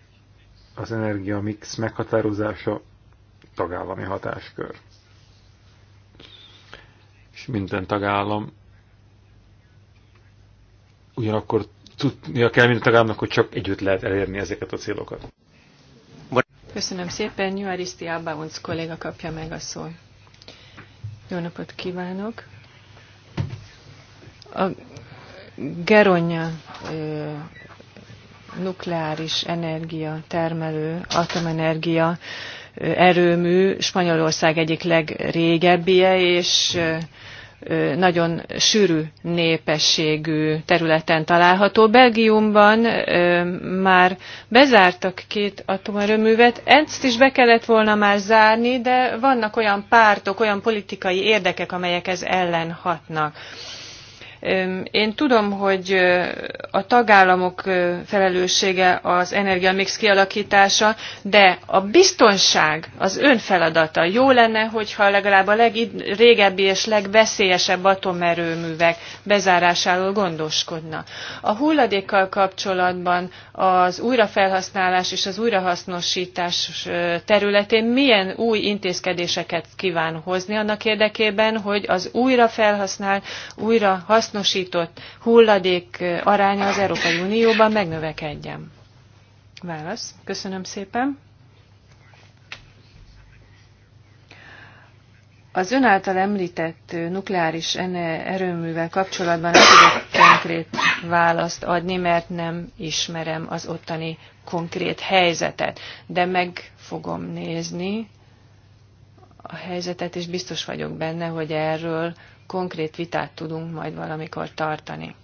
Speaker 2: az energia mix meghatározása tagállami hatáskör. És minden tagállam ugyanakkor tudnia kell minden tagállamnak, hogy csak együtt lehet elérni ezeket a célokat.
Speaker 4: Köszönöm szépen, Nyuariszti Ábbaunc kolléga kapja meg a szót. Jó napot kívánok! A Geronya nukleáris energia termelő, atomenergia erőmű Spanyolország egyik legrégebbie, és nagyon sűrű népességű területen található. Belgiumban már bezártak két atomerőművet, ezt is be kellett volna már zárni, de vannak olyan pártok, olyan politikai érdekek, amelyek ez ellen hatnak. Én tudom, hogy a tagállamok felelőssége az energiamix kialakítása, de a biztonság az ön feladata. Jó lenne, hogyha legalább a legrégebbi és legveszélyesebb atomerőművek bezárásáról gondoskodna. A hulladékkal kapcsolatban az újrafelhasználás és az újrahasznosítás területén milyen új intézkedéseket kíván hozni annak érdekében, hogy az újrafelhasznál, újrahasznosítás hasznosított hulladék aránya az Európai Unióban megnövekedjen? Válasz. Köszönöm szépen. Az ön által említett nukleáris erőművel kapcsolatban nem tudok konkrét választ adni, mert nem ismerem az ottani konkrét helyzetet. De meg fogom nézni a helyzetet, és biztos vagyok benne, hogy erről konkrét vitát tudunk majd valamikor tartani.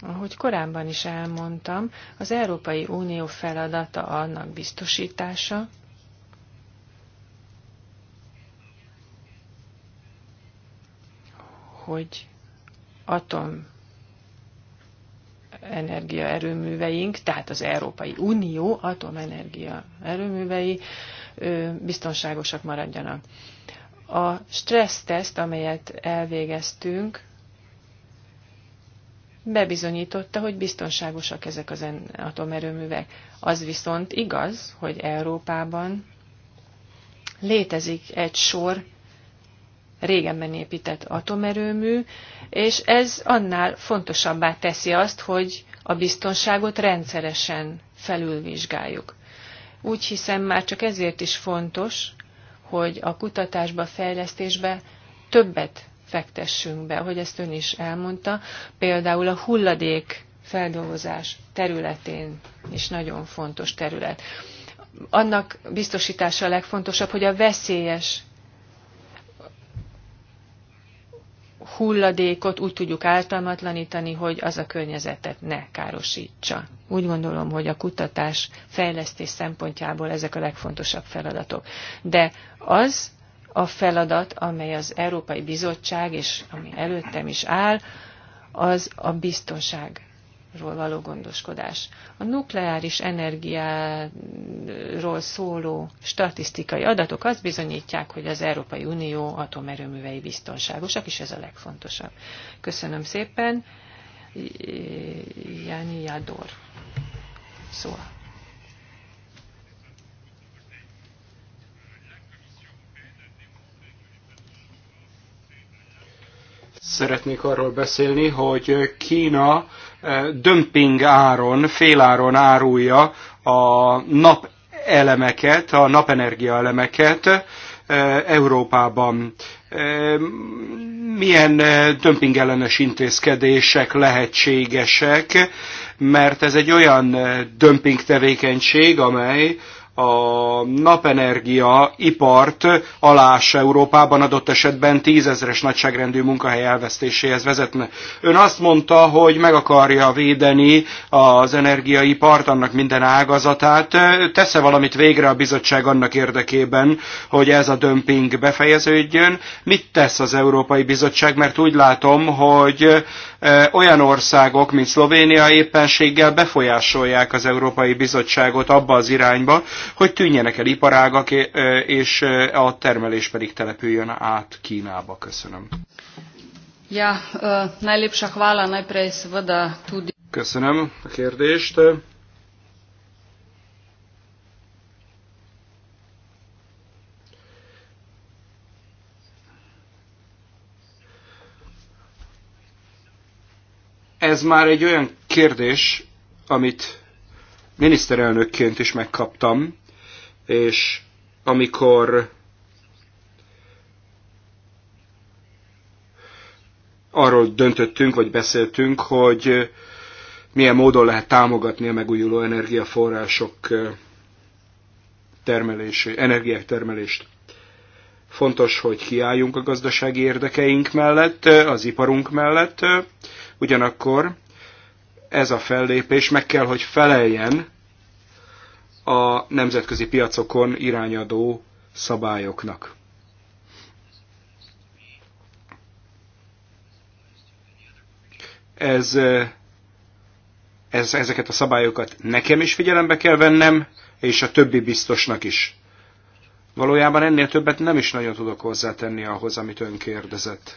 Speaker 4: Ahogy korábban is elmondtam, az Európai Unió feladata annak biztosítása, hogy atom energia erőműveink, tehát az Európai Unió atomenergia erőművei biztonságosak maradjanak. A stresszteszt, amelyet elvégeztünk, bebizonyította, hogy biztonságosak ezek az atomerőművek. Az viszont igaz, hogy Európában létezik egy sor régenben épített atomerőmű, és ez annál fontosabbá teszi azt, hogy a biztonságot rendszeresen felülvizsgáljuk. Úgy hiszem már csak ezért is fontos, hogy a kutatásba, fejlesztésbe többet fektessünk be, hogy ezt ön is elmondta. Például a hulladék feldolgozás területén is nagyon fontos terület. Annak biztosítása a legfontosabb, hogy a veszélyes hulladékot úgy tudjuk ártalmatlanítani, hogy az a környezetet ne károsítsa. Úgy gondolom, hogy a kutatás fejlesztés szempontjából ezek a legfontosabb feladatok. De az a feladat, amely az Európai Bizottság, és ami előttem is áll, az a biztonság energiáról való gondoskodás. A nukleáris energiáról szóló statisztikai adatok azt bizonyítják, hogy az Európai Unió atomerőművei biztonságosak, és ez a legfontosabb. Köszönöm szépen. Jani Jador szól.
Speaker 1: Szeretnék arról beszélni, hogy Kína dömping áron, féláron árulja a napelemeket, a napenergia elemeket Európában. Milyen dömpingellenes intézkedések lehetségesek, mert ez egy olyan dömping tevékenység, amely a napenergia ipart alás Európában adott esetben tízezres nagyságrendű munkahely elvesztéséhez vezetne. Ön azt mondta, hogy meg akarja védeni az energiaipart, annak minden ágazatát. Tesz-e valamit végre a bizottság annak érdekében, hogy ez a dömping befejeződjön? Mit tesz az Európai Bizottság? Mert úgy látom, hogy olyan országok, mint Szlovénia éppenséggel befolyásolják az Európai Bizottságot abba az irányba, hogy tűnjenek el iparágak, és a termelés pedig települjön át Kínába. Köszönöm.
Speaker 3: Ja, uh, hvala najprej seveda tudi.
Speaker 1: Köszönöm a kérdést. Ez már egy olyan kérdés, amit miniszterelnökként is megkaptam, és amikor arról döntöttünk, vagy beszéltünk, hogy milyen módon lehet támogatni a megújuló energiaforrások termelését, energiák termelést. Fontos, hogy kiálljunk a gazdasági érdekeink mellett, az iparunk mellett, Ugyanakkor ez a fellépés meg kell, hogy feleljen a nemzetközi piacokon irányadó szabályoknak. Ez, ez, ezeket a szabályokat nekem is figyelembe kell vennem, és a többi biztosnak is. Valójában ennél többet nem is nagyon tudok hozzátenni ahhoz, amit ön kérdezett.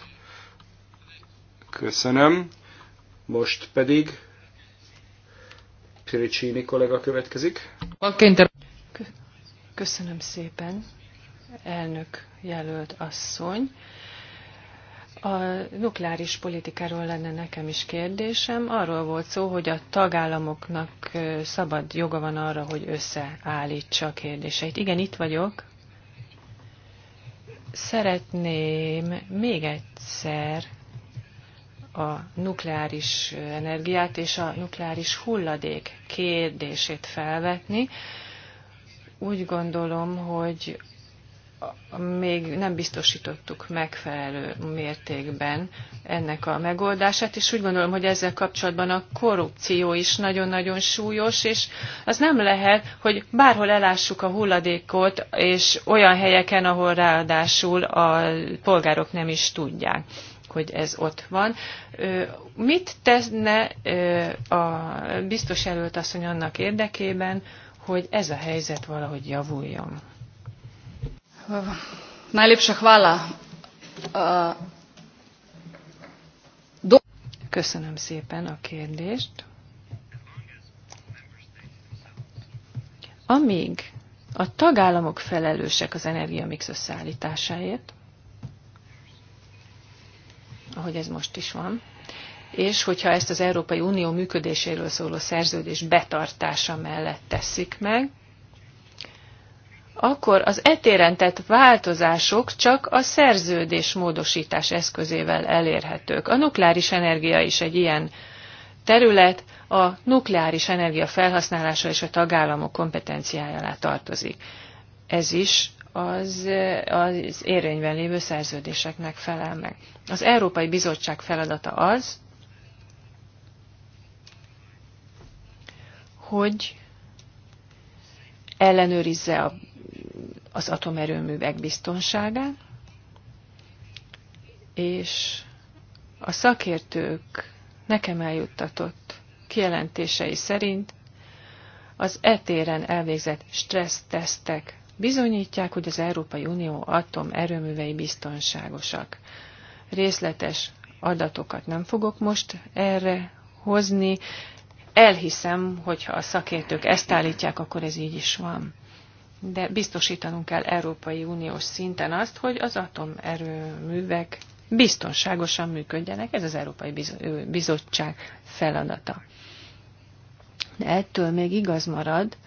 Speaker 1: Köszönöm. Most pedig Piricini kollega következik.
Speaker 4: Köszönöm szépen, elnök jelölt asszony. A nukleáris politikáról lenne nekem is kérdésem. Arról volt szó, hogy a tagállamoknak szabad joga van arra, hogy összeállítsa a kérdéseit. Igen, itt vagyok. Szeretném még egyszer a nukleáris energiát és a nukleáris hulladék kérdését felvetni. Úgy gondolom, hogy még nem biztosítottuk megfelelő mértékben ennek a megoldását, és úgy gondolom, hogy ezzel kapcsolatban a korrupció is nagyon-nagyon súlyos, és az nem lehet, hogy bárhol elássuk a hulladékot, és olyan helyeken, ahol ráadásul a polgárok nem is tudják hogy ez ott van. Mit tenne a biztos előtt asszony annak érdekében, hogy ez a helyzet valahogy javuljon?
Speaker 3: Najlepša hvala.
Speaker 4: Köszönöm szépen a kérdést. Amíg a tagállamok felelősek az energiamix összeállításáért, ahogy ez most is van, és hogyha ezt az Európai Unió működéséről szóló szerződés betartása mellett teszik meg, akkor az etérentett változások csak a szerződés módosítás eszközével elérhetők. A nukleáris energia is egy ilyen terület, a nukleáris energia felhasználása és a tagállamok kompetenciájánál tartozik. Ez is az, az érvényben lévő szerződéseknek felel meg. Az Európai Bizottság feladata az, hogy ellenőrizze a, az atomerőművek biztonságát, és a szakértők nekem eljuttatott kijelentései szerint az etéren elvégzett stressztesztek bizonyítják, hogy az Európai Unió atomerőművei biztonságosak. Részletes adatokat nem fogok most erre hozni. Elhiszem, hogyha a szakértők ezt állítják, akkor ez így is van. De biztosítanunk kell Európai Uniós szinten azt, hogy az atomerőművek biztonságosan működjenek. Ez az Európai Bizottság feladata. De ettől még igaz marad,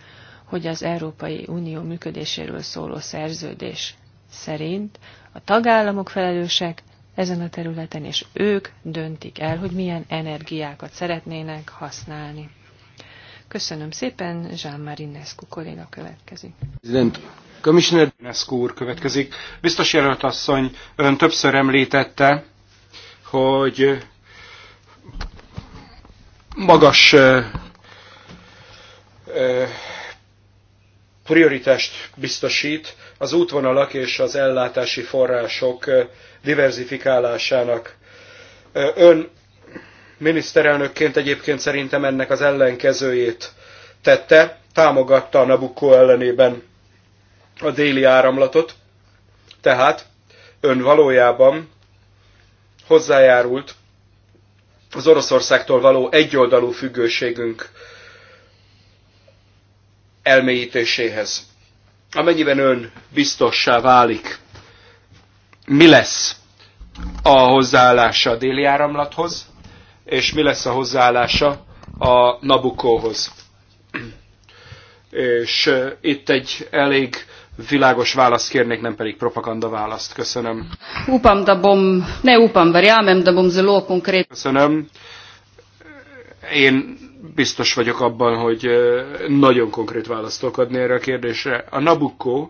Speaker 4: hogy az Európai Unió működéséről szóló szerződés szerint a tagállamok felelősek ezen a területen, és ők döntik el, hogy milyen energiákat szeretnének használni. Köszönöm szépen, Jean-Marie Nescu kolléga következik.
Speaker 1: President. Commissioner Nescu úr következik. Biztos jelölt asszony, ön többször említette, hogy magas eh, eh, prioritást biztosít az útvonalak és az ellátási források diverzifikálásának. Ön miniszterelnökként egyébként szerintem ennek az ellenkezőjét tette, támogatta a Nabucco ellenében a déli áramlatot, tehát ön valójában hozzájárult az Oroszországtól való egyoldalú függőségünk elmélyítéséhez. Amennyiben ön biztossá válik, mi lesz a hozzáállása a déli áramlathoz, és mi lesz a hozzáállása a Nabukóhoz. És itt egy elég világos választ kérnék, nem pedig propaganda választ. Köszönöm.
Speaker 3: Upam, da bom, ne upam, verjamem, da bom zelo konkrét.
Speaker 1: Köszönöm. Én biztos vagyok abban, hogy nagyon konkrét választ tudok adni erre a kérdésre. A Nabucco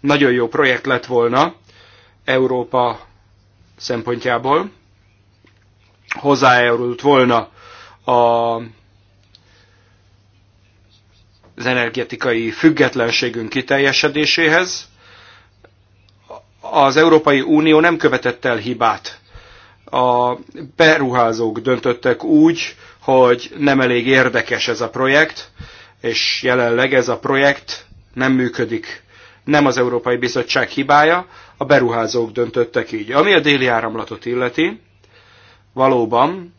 Speaker 1: nagyon jó projekt lett volna Európa szempontjából. Hozzájárult volna a, az energetikai függetlenségünk kiteljesedéséhez. Az Európai Unió nem követett el hibát a beruházók döntöttek úgy, hogy nem elég érdekes ez a projekt, és jelenleg ez a projekt nem működik. Nem az Európai Bizottság hibája, a beruházók döntöttek így. Ami a déli áramlatot illeti, valóban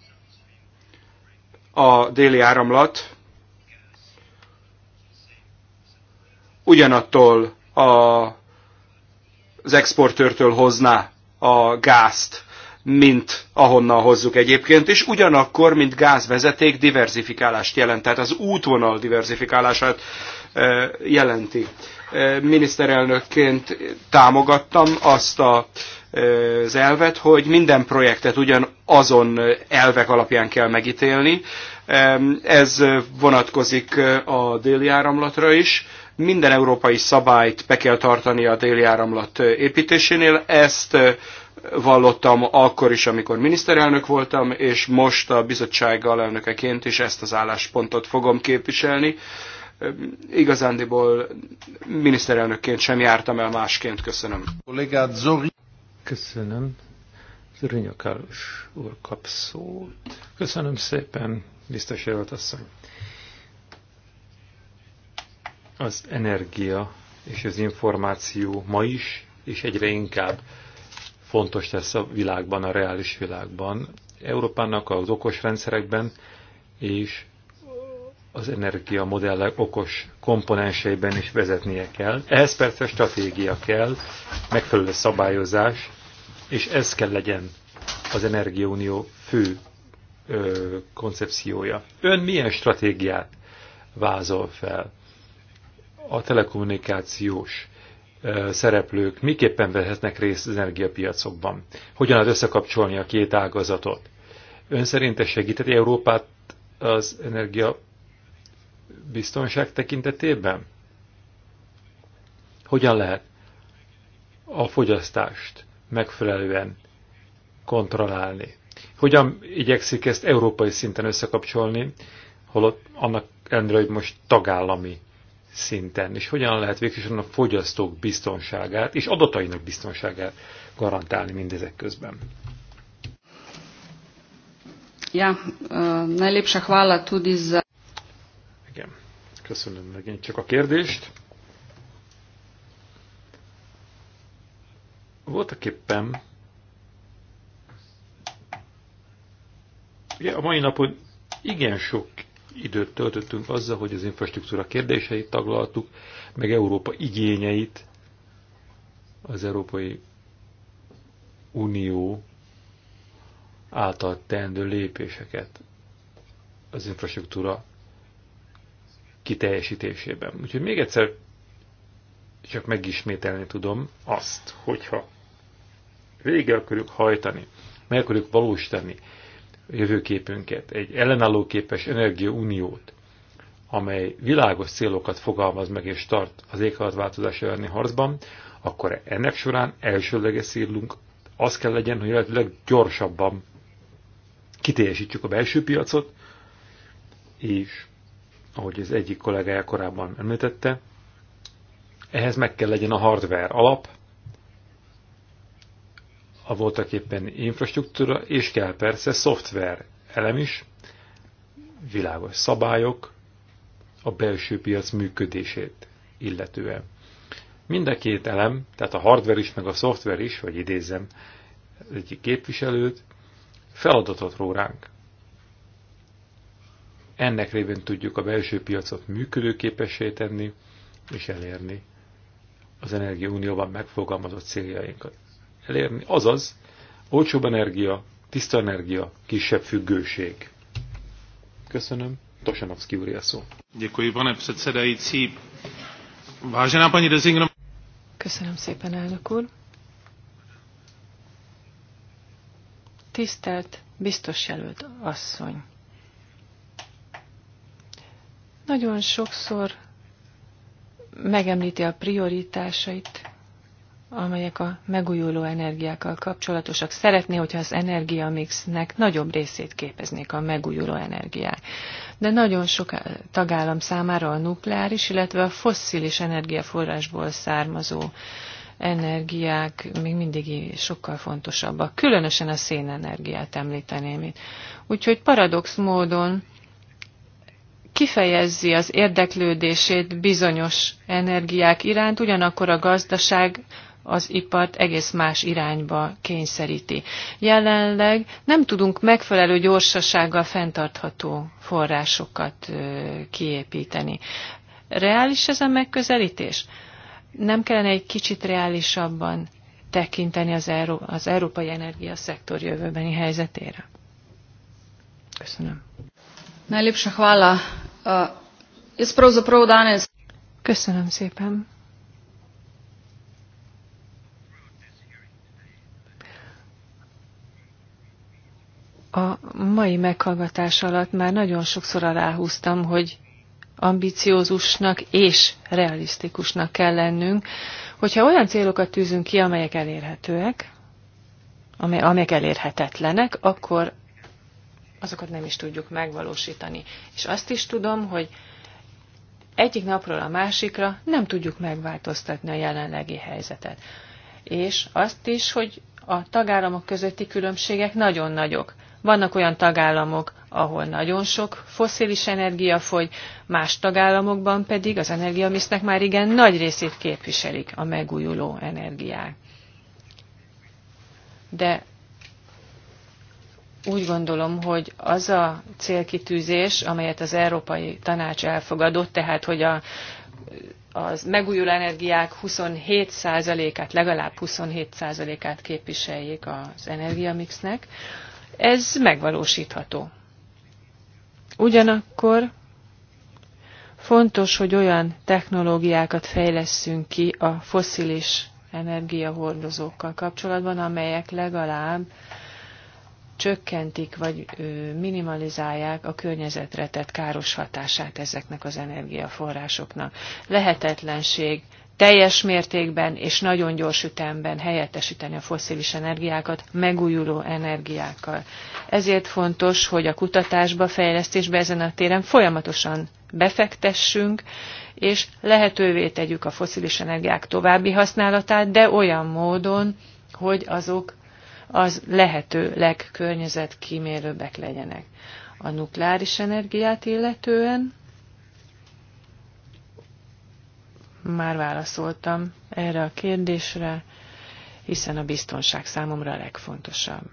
Speaker 1: a déli áramlat ugyanattól a, az exportőrtől hozná a gázt mint ahonnan hozzuk egyébként és ugyanakkor, mint gázvezeték diversifikálást jelent, tehát az útvonal diversifikálását eh, jelenti. Eh, miniszterelnökként támogattam azt a eh, az elvet, hogy minden projektet ugyanazon elvek alapján kell megítélni. Ez vonatkozik a déli áramlatra is. Minden európai szabályt be kell tartani a déli áramlat építésénél. Ezt vallottam akkor is, amikor miniszterelnök voltam, és most a bizottság alelnökeként is ezt az álláspontot fogom képviselni. Igazándiból miniszterelnökként sem jártam el másként. Köszönöm.
Speaker 2: Köszönöm. Zorinja Kálos úr kap szót. Köszönöm szépen, biztos jelölt asszony. Az energia és az információ ma is, és egyre inkább fontos lesz a világban, a reális világban. Európának az okos rendszerekben és az energia modellek okos komponenseiben is vezetnie kell. Ehhez persze stratégia kell, megfelelő szabályozás, és ez kell legyen az Energiaunió fő ö, koncepciója. Ön milyen stratégiát vázol fel? A telekommunikációs szereplők miképpen vehetnek részt az energiapiacokban? Hogyan lehet összekapcsolni a két ágazatot? Ön szerint segíteti Európát az energia biztonság tekintetében? Hogyan lehet a fogyasztást megfelelően kontrollálni? Hogyan igyekszik ezt európai szinten összekapcsolni, holott annak ellenére, hogy most tagállami szinten, és hogyan lehet végsősorban a fogyasztók biztonságát és adatainak biztonságát garantálni mindezek közben.
Speaker 3: Ja, uh, najlepša hvala tudi za...
Speaker 2: Igen, köszönöm megint csak a kérdést. Voltak éppen... Ugye a mai napon igen sok időt töltöttünk azzal, hogy az infrastruktúra kérdéseit taglaltuk, meg Európa igényeit, az Európai Unió által teendő lépéseket az infrastruktúra kiteljesítésében. Úgyhogy még egyszer csak megismételni tudom azt, hogyha végig akarjuk hajtani, meg akarjuk valósítani jövőképünket, egy ellenállóképes energiauniót, amely világos célokat fogalmaz meg és tart az éghajlatváltozás elleni harcban, akkor ennek során elsőleges célunk az kell legyen, hogy lehetőleg gyorsabban kiteljesítsük a belső piacot, és ahogy az egyik kollégája korábban említette, ehhez meg kell legyen a hardware alap, a voltak éppen infrastruktúra, és kell persze szoftver elem is, világos szabályok a belső piac működését illetően. Mind a két elem, tehát a hardware is, meg a szoftver is, vagy idézem egyik képviselőt, feladatot ró ránk. Ennek révén tudjuk a belső piacot működőképessé tenni és elérni az Energiaunióban megfogalmazott céljainkat elérni, azaz olcsóbb energia, tiszta energia, kisebb függőség. Köszönöm. Tosanovszki úr szó. Děkuji, pane předsedající. Vážená paní Dezingrom.
Speaker 4: Köszönöm szépen, elnök úr. Tisztelt biztos jelölt asszony. Nagyon sokszor megemlíti a prioritásait, amelyek a megújuló energiákkal kapcsolatosak. Szeretné, hogyha az energiamixnek nagyobb részét képeznék a megújuló energiák. De nagyon sok tagállam számára a nukleáris, illetve a fosszilis energiaforrásból származó energiák még mindig sokkal fontosabbak. Különösen a szénenergiát említeném itt. Úgyhogy paradox módon kifejezzi az érdeklődését bizonyos energiák iránt, ugyanakkor a gazdaság az ipart egész más irányba kényszeríti. Jelenleg nem tudunk megfelelő gyorsasággal fenntartható forrásokat kiépíteni. Reális ez a megközelítés? Nem kellene egy kicsit reálisabban tekinteni az, Euró- az európai energiaszektor jövőbeni helyzetére? Köszönöm.
Speaker 3: Najlepša hvala. Uh, jaz pravzaprav danes.
Speaker 4: Köszönöm szépen. A mai meghallgatás alatt már nagyon sokszor aláhúztam, hogy ambiciózusnak és realisztikusnak kell lennünk, hogyha olyan célokat tűzünk ki, amelyek elérhetőek, amelyek elérhetetlenek, akkor azokat nem is tudjuk megvalósítani. És azt is tudom, hogy egyik napról a másikra nem tudjuk megváltoztatni a jelenlegi helyzetet. És azt is, hogy a tagállamok közötti különbségek nagyon nagyok. Vannak olyan tagállamok, ahol nagyon sok foszilis energia fogy, más tagállamokban pedig az energiamisznek már igen nagy részét képviselik a megújuló energiák. De úgy gondolom, hogy az a célkitűzés, amelyet az Európai Tanács elfogadott, tehát hogy a, az megújuló energiák 27%-át, legalább 27%-át képviseljék az energiamixnek, ez megvalósítható. Ugyanakkor fontos, hogy olyan technológiákat fejlesszünk ki a foszilis energiahordozókkal kapcsolatban, amelyek legalább csökkentik vagy minimalizálják a környezetre tett káros hatását ezeknek az energiaforrásoknak. Lehetetlenség teljes mértékben és nagyon gyors ütemben helyettesíteni a foszilis energiákat megújuló energiákkal. Ezért fontos, hogy a kutatásba, fejlesztésbe ezen a téren folyamatosan befektessünk, és lehetővé tegyük a foszilis energiák további használatát, de olyan módon, hogy azok az lehető legkörnyezetkímélőbbek legyenek. A nukleáris energiát illetően már válaszoltam erre a kérdésre, hiszen a biztonság számomra a legfontosabb.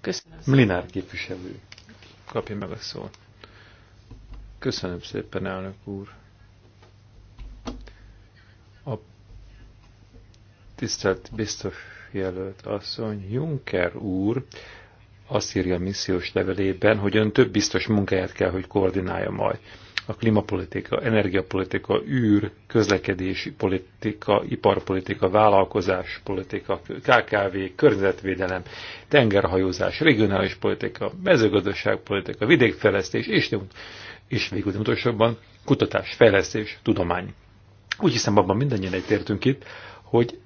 Speaker 4: Köszönöm szépen.
Speaker 2: Mlinár képviselő. Kapja meg a szót. Köszönöm szépen, elnök úr. A tisztelt biztos jelölt asszony, Juncker úr azt írja a missziós levelében, hogy ön több biztos munkáját kell, hogy koordinálja majd a klimapolitika, energiapolitika, űr, közlekedési politika, iparpolitika, vállalkozáspolitika, KKV, környezetvédelem, tengerhajózás, regionális politika, mezőgazdaságpolitika, vidékfejlesztés, és, és végül nem utolsóban kutatás, fejlesztés, tudomány. Úgy hiszem, abban mindannyian egyetértünk itt, hogy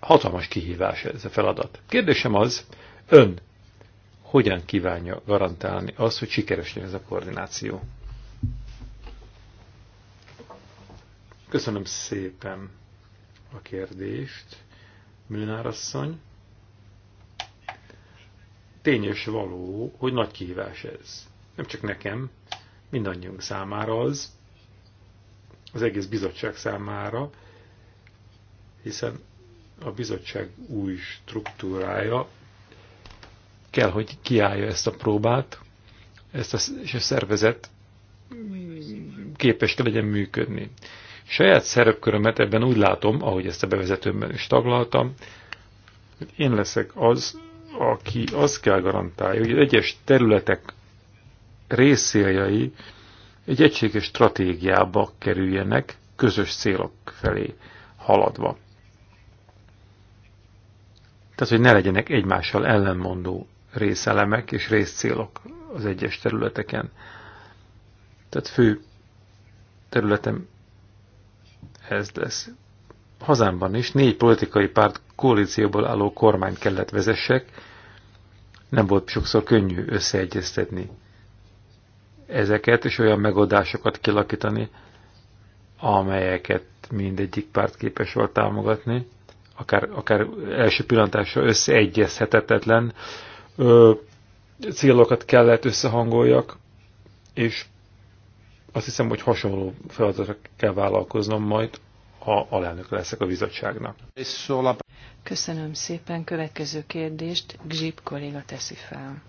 Speaker 2: hatalmas kihívás ez a feladat. Kérdésem az, ön hogyan kívánja garantálni azt, hogy sikeres legyen ez a koordináció? Köszönöm szépen a kérdést, asszony. Tény és való, hogy nagy kihívás ez. Nem csak nekem, mindannyiunk számára az, az egész bizottság számára, hiszen a bizottság új struktúrája kell, hogy kiállja ezt a próbát, ezt a, és a szervezet képes kell legyen működni. Saját szerepkörömet ebben úgy látom, ahogy ezt a bevezetőmben is taglaltam, hogy én leszek az, aki azt kell garantálja, hogy az egyes területek részéljai egy egységes stratégiába kerüljenek, közös célok felé haladva. Tehát, hogy ne legyenek egymással ellenmondó részelemek és részcélok az egyes területeken. Tehát fő területem ez lesz. Hazámban is négy politikai párt koalícióból álló kormány kellett vezessek, nem volt sokszor könnyű összeegyeztetni ezeket, és olyan megoldásokat kilakítani, amelyeket mindegyik párt képes volt támogatni, akár, akár első pillantásra összeegyezhetetlen ö, célokat kellett összehangoljak, és azt hiszem, hogy hasonló feladatra kell vállalkoznom majd, ha alelnök leszek a bizottságnak.
Speaker 4: Köszönöm szépen. Következő kérdést Gzsip kolléga teszi fel.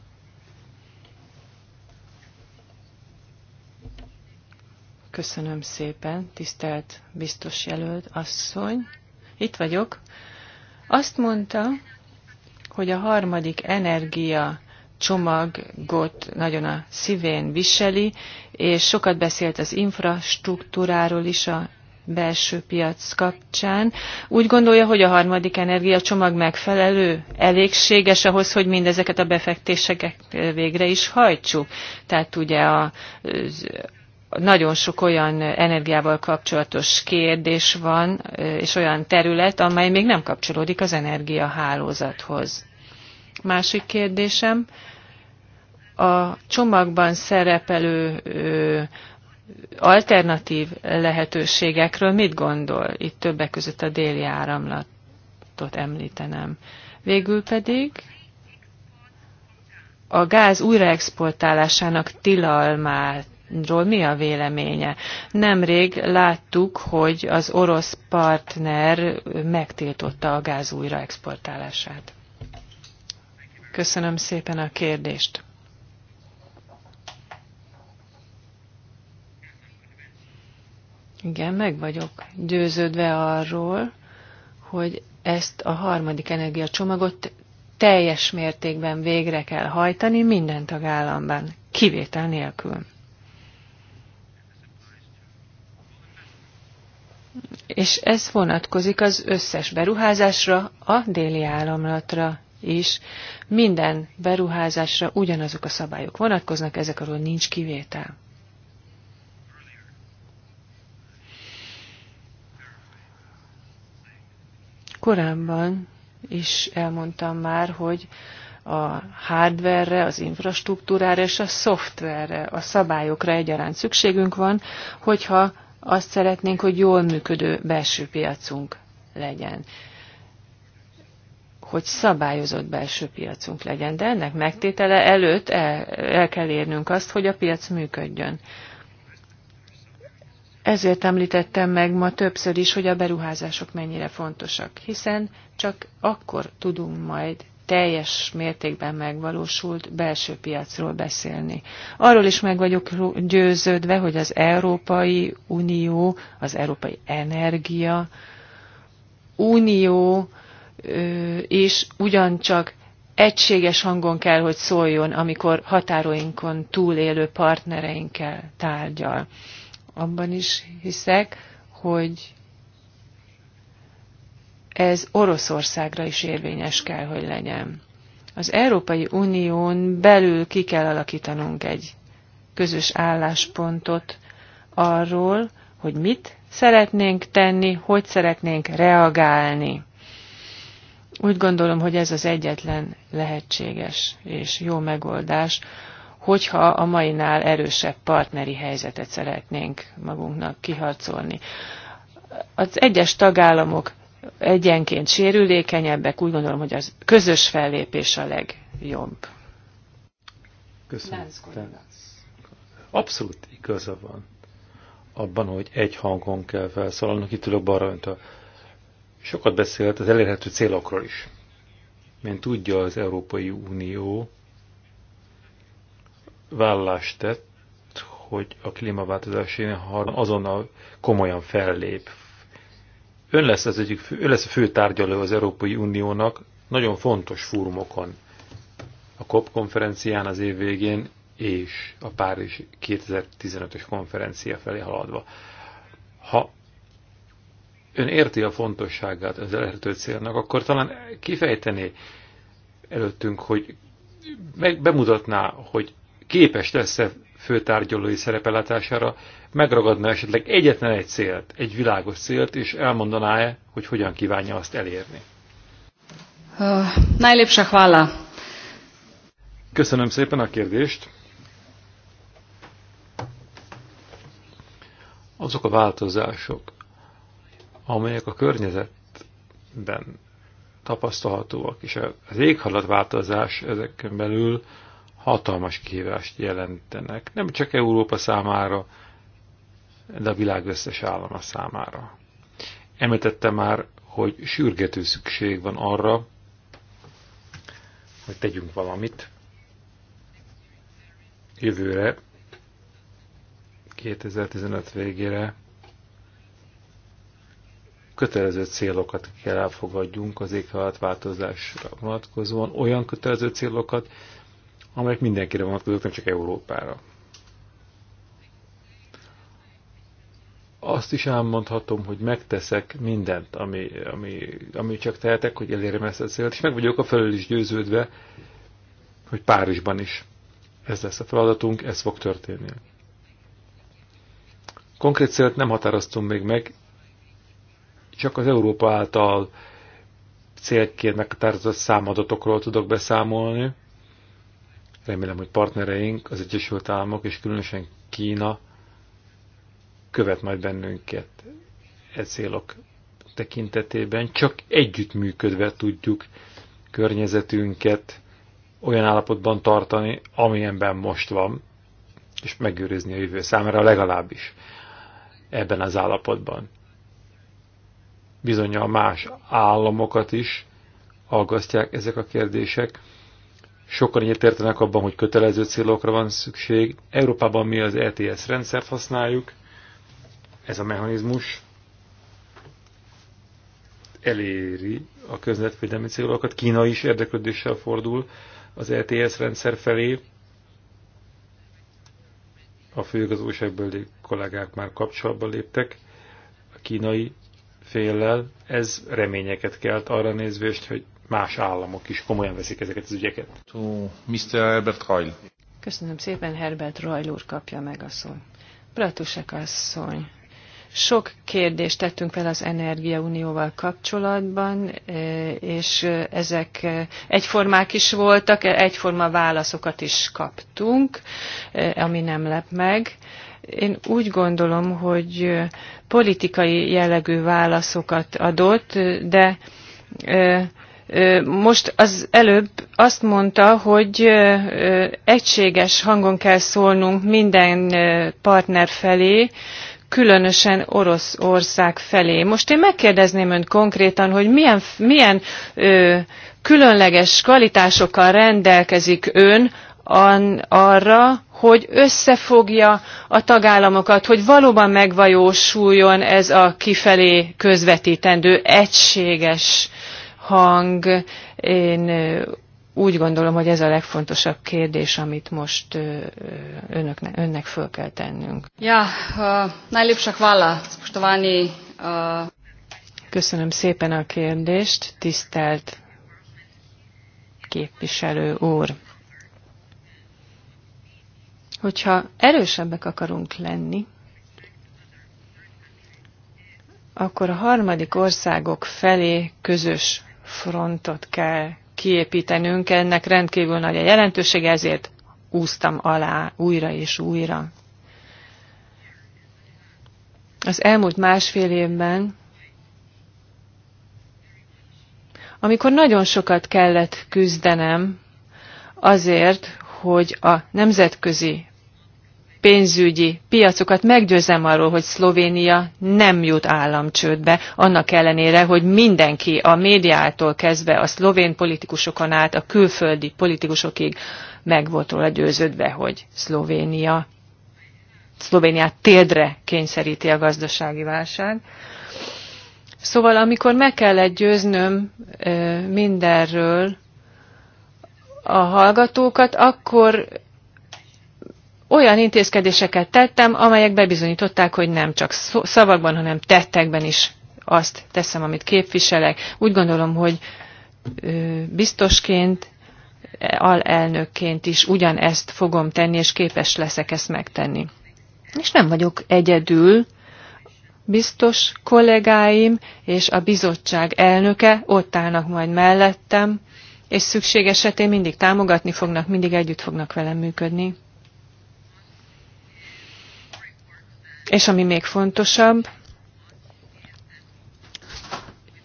Speaker 4: Köszönöm szépen, tisztelt biztos jelölt asszony. Itt vagyok. Azt mondta, hogy a harmadik energia csomagot nagyon a szívén viseli, és sokat beszélt az infrastruktúráról is a belső piac kapcsán. Úgy gondolja, hogy a harmadik energiacsomag megfelelő, elégséges ahhoz, hogy mindezeket a befektéseket végre is hajtsuk. Tehát ugye a, nagyon sok olyan energiával kapcsolatos kérdés van, és olyan terület, amely még nem kapcsolódik az energiahálózathoz. Másik kérdésem, a csomagban szerepelő alternatív lehetőségekről mit gondol? Itt többek között a déli áramlatot említenem. Végül pedig a gáz újraexportálásának tilalmáról mi a véleménye? Nemrég láttuk, hogy az orosz partner megtiltotta a gáz újraexportálását. Köszönöm szépen a kérdést. Igen, meg vagyok győződve arról, hogy ezt a harmadik energiacsomagot teljes mértékben végre kell hajtani minden tagállamban, kivétel nélkül. És ez vonatkozik az összes beruházásra, a déli államlatra is. Minden beruházásra ugyanazok a szabályok vonatkoznak, ezek arról nincs kivétel. Korábban is elmondtam már, hogy a hardverre, az infrastruktúrára és a szoftverre, a szabályokra egyaránt szükségünk van, hogyha azt szeretnénk, hogy jól működő belső piacunk legyen hogy szabályozott belső piacunk legyen, de ennek megtétele előtt el, el kell érnünk azt, hogy a piac működjön. Ezért említettem meg ma többször is, hogy a beruházások mennyire fontosak, hiszen csak akkor tudunk majd teljes mértékben megvalósult belső piacról beszélni. Arról is meg vagyok győződve, hogy az Európai Unió, az Európai Energia Unió is ugyancsak egységes hangon kell, hogy szóljon, amikor határoinkon túlélő partnereinkkel tárgyal abban is hiszek, hogy ez Oroszországra is érvényes kell, hogy legyen. Az Európai Unión belül ki kell alakítanunk egy közös álláspontot arról, hogy mit szeretnénk tenni, hogy szeretnénk reagálni. Úgy gondolom, hogy ez az egyetlen lehetséges és jó megoldás hogyha a mainál erősebb partneri helyzetet szeretnénk magunknak kiharcolni. Az egyes tagállamok egyenként sérülékenyebbek, úgy gondolom, hogy az közös fellépés a legjobb. Köszönöm.
Speaker 2: Abszolút igaza van abban, hogy egy hangon kell felszólalni. Itt ülök balra a Sokat beszélt az elérhető célokról is. Mint tudja az Európai Unió, vállást tett, hogy a klímaváltozás azonnal komolyan fellép. Ön lesz, az egyik, ön lesz a fő tárgyaló az Európai Uniónak nagyon fontos fórumokon. A COP konferencián az év végén és a Párizs 2015-ös konferencia felé haladva. Ha ön érti a fontosságát az elérhető célnak, akkor talán kifejteni előttünk, hogy meg bemutatná, hogy képes lesz-e főtárgyalói szerepelátására, megragadna esetleg egyetlen egy célt, egy világos célt, és elmondaná-e, hogy hogyan kívánja azt elérni.
Speaker 3: Uh, Najlépse hvála.
Speaker 2: Köszönöm szépen a kérdést. Azok a változások, amelyek a környezetben tapasztalhatóak, és az éghajlatváltozás ezeken belül hatalmas kihívást jelentenek, nem csak Európa számára, de a világ összes állama számára. Említette már, hogy sürgető szükség van arra, hogy tegyünk valamit. Jövőre, 2015 végére kötelező célokat kell elfogadjunk az éghajlatváltozásra vonatkozóan, olyan kötelező célokat, amelyek mindenkire vonatkoznak, nem csak Európára. Azt is elmondhatom, hogy megteszek mindent, ami, ami, ami csak tehetek, hogy elérjem ezt a célt, és meg vagyok a felől is győződve, hogy Párizsban is ez lesz a feladatunk, ez fog történni. Konkrét célt nem határoztunk még meg, csak az Európa által célként meghatározott számadatokról tudok beszámolni. Remélem, hogy partnereink, az Egyesült Államok és különösen Kína követ majd bennünket e célok tekintetében. Csak együttműködve tudjuk környezetünket olyan állapotban tartani, amilyenben most van, és megőrizni a jövő számára legalábbis ebben az állapotban. Bizony a más államokat is aggasztják ezek a kérdések, Sokan értenek abban, hogy kötelező célokra van szükség. Európában mi az ETS rendszert használjuk, ez a mechanizmus eléri a közvetvédelmi célokat. Kína is érdeklődéssel fordul az ETS rendszer felé. A főigazóságbeli kollégák már kapcsolatba léptek a kínai féllel. Ez reményeket kelt arra nézvést, hogy más államok is komolyan veszik ezeket az ügyeket. To Mr. Herbert Reul.
Speaker 4: Köszönöm szépen, Herbert Reul úr kapja meg a szót. Bratusek asszony, sok kérdést tettünk fel az Energiaunióval kapcsolatban, e, és ezek e, egyformák is voltak, e, egyforma válaszokat is kaptunk, ami nem lep meg. Én úgy gondolom, hogy politikai jellegű válaszokat adott, de most az előbb azt mondta, hogy egységes hangon kell szólnunk minden partner felé, különösen Oroszország felé. Most én megkérdezném önt konkrétan, hogy milyen, milyen ö, különleges kvalitásokkal rendelkezik ön an, arra, hogy összefogja a tagállamokat, hogy valóban megvajósuljon ez a kifelé közvetítendő egységes hang. Én úgy gondolom, hogy ez a legfontosabb kérdés, amit most önöknek, önnek föl kell tennünk.
Speaker 3: Ja, najlipsak vala, vála,
Speaker 4: Köszönöm szépen a kérdést, tisztelt képviselő úr. Hogyha erősebbek akarunk lenni, akkor a harmadik országok felé közös frontot kell kiépítenünk, ennek rendkívül nagy a jelentősége, ezért úsztam alá újra és újra. Az elmúlt másfél évben, amikor nagyon sokat kellett küzdenem azért, hogy a nemzetközi pénzügyi piacokat, meggyőzem arról, hogy Szlovénia nem jut államcsődbe, annak ellenére, hogy mindenki a médiától kezdve a szlovén politikusokon át a külföldi politikusokig meg volt róla győződve, hogy Szlovénia, Szlovéniát térdre kényszeríti a gazdasági válság. Szóval amikor meg kellett győznöm mindenről a hallgatókat, akkor olyan intézkedéseket tettem, amelyek bebizonyították, hogy nem csak szavakban, hanem tettekben is azt teszem, amit képviselek. Úgy gondolom, hogy biztosként, e, alelnökként is ugyanezt fogom tenni, és képes leszek ezt megtenni. És nem vagyok egyedül, biztos kollégáim és a bizottság elnöke ott állnak majd mellettem, és szükség esetén mindig támogatni fognak, mindig együtt fognak velem működni. és ami még fontosabb,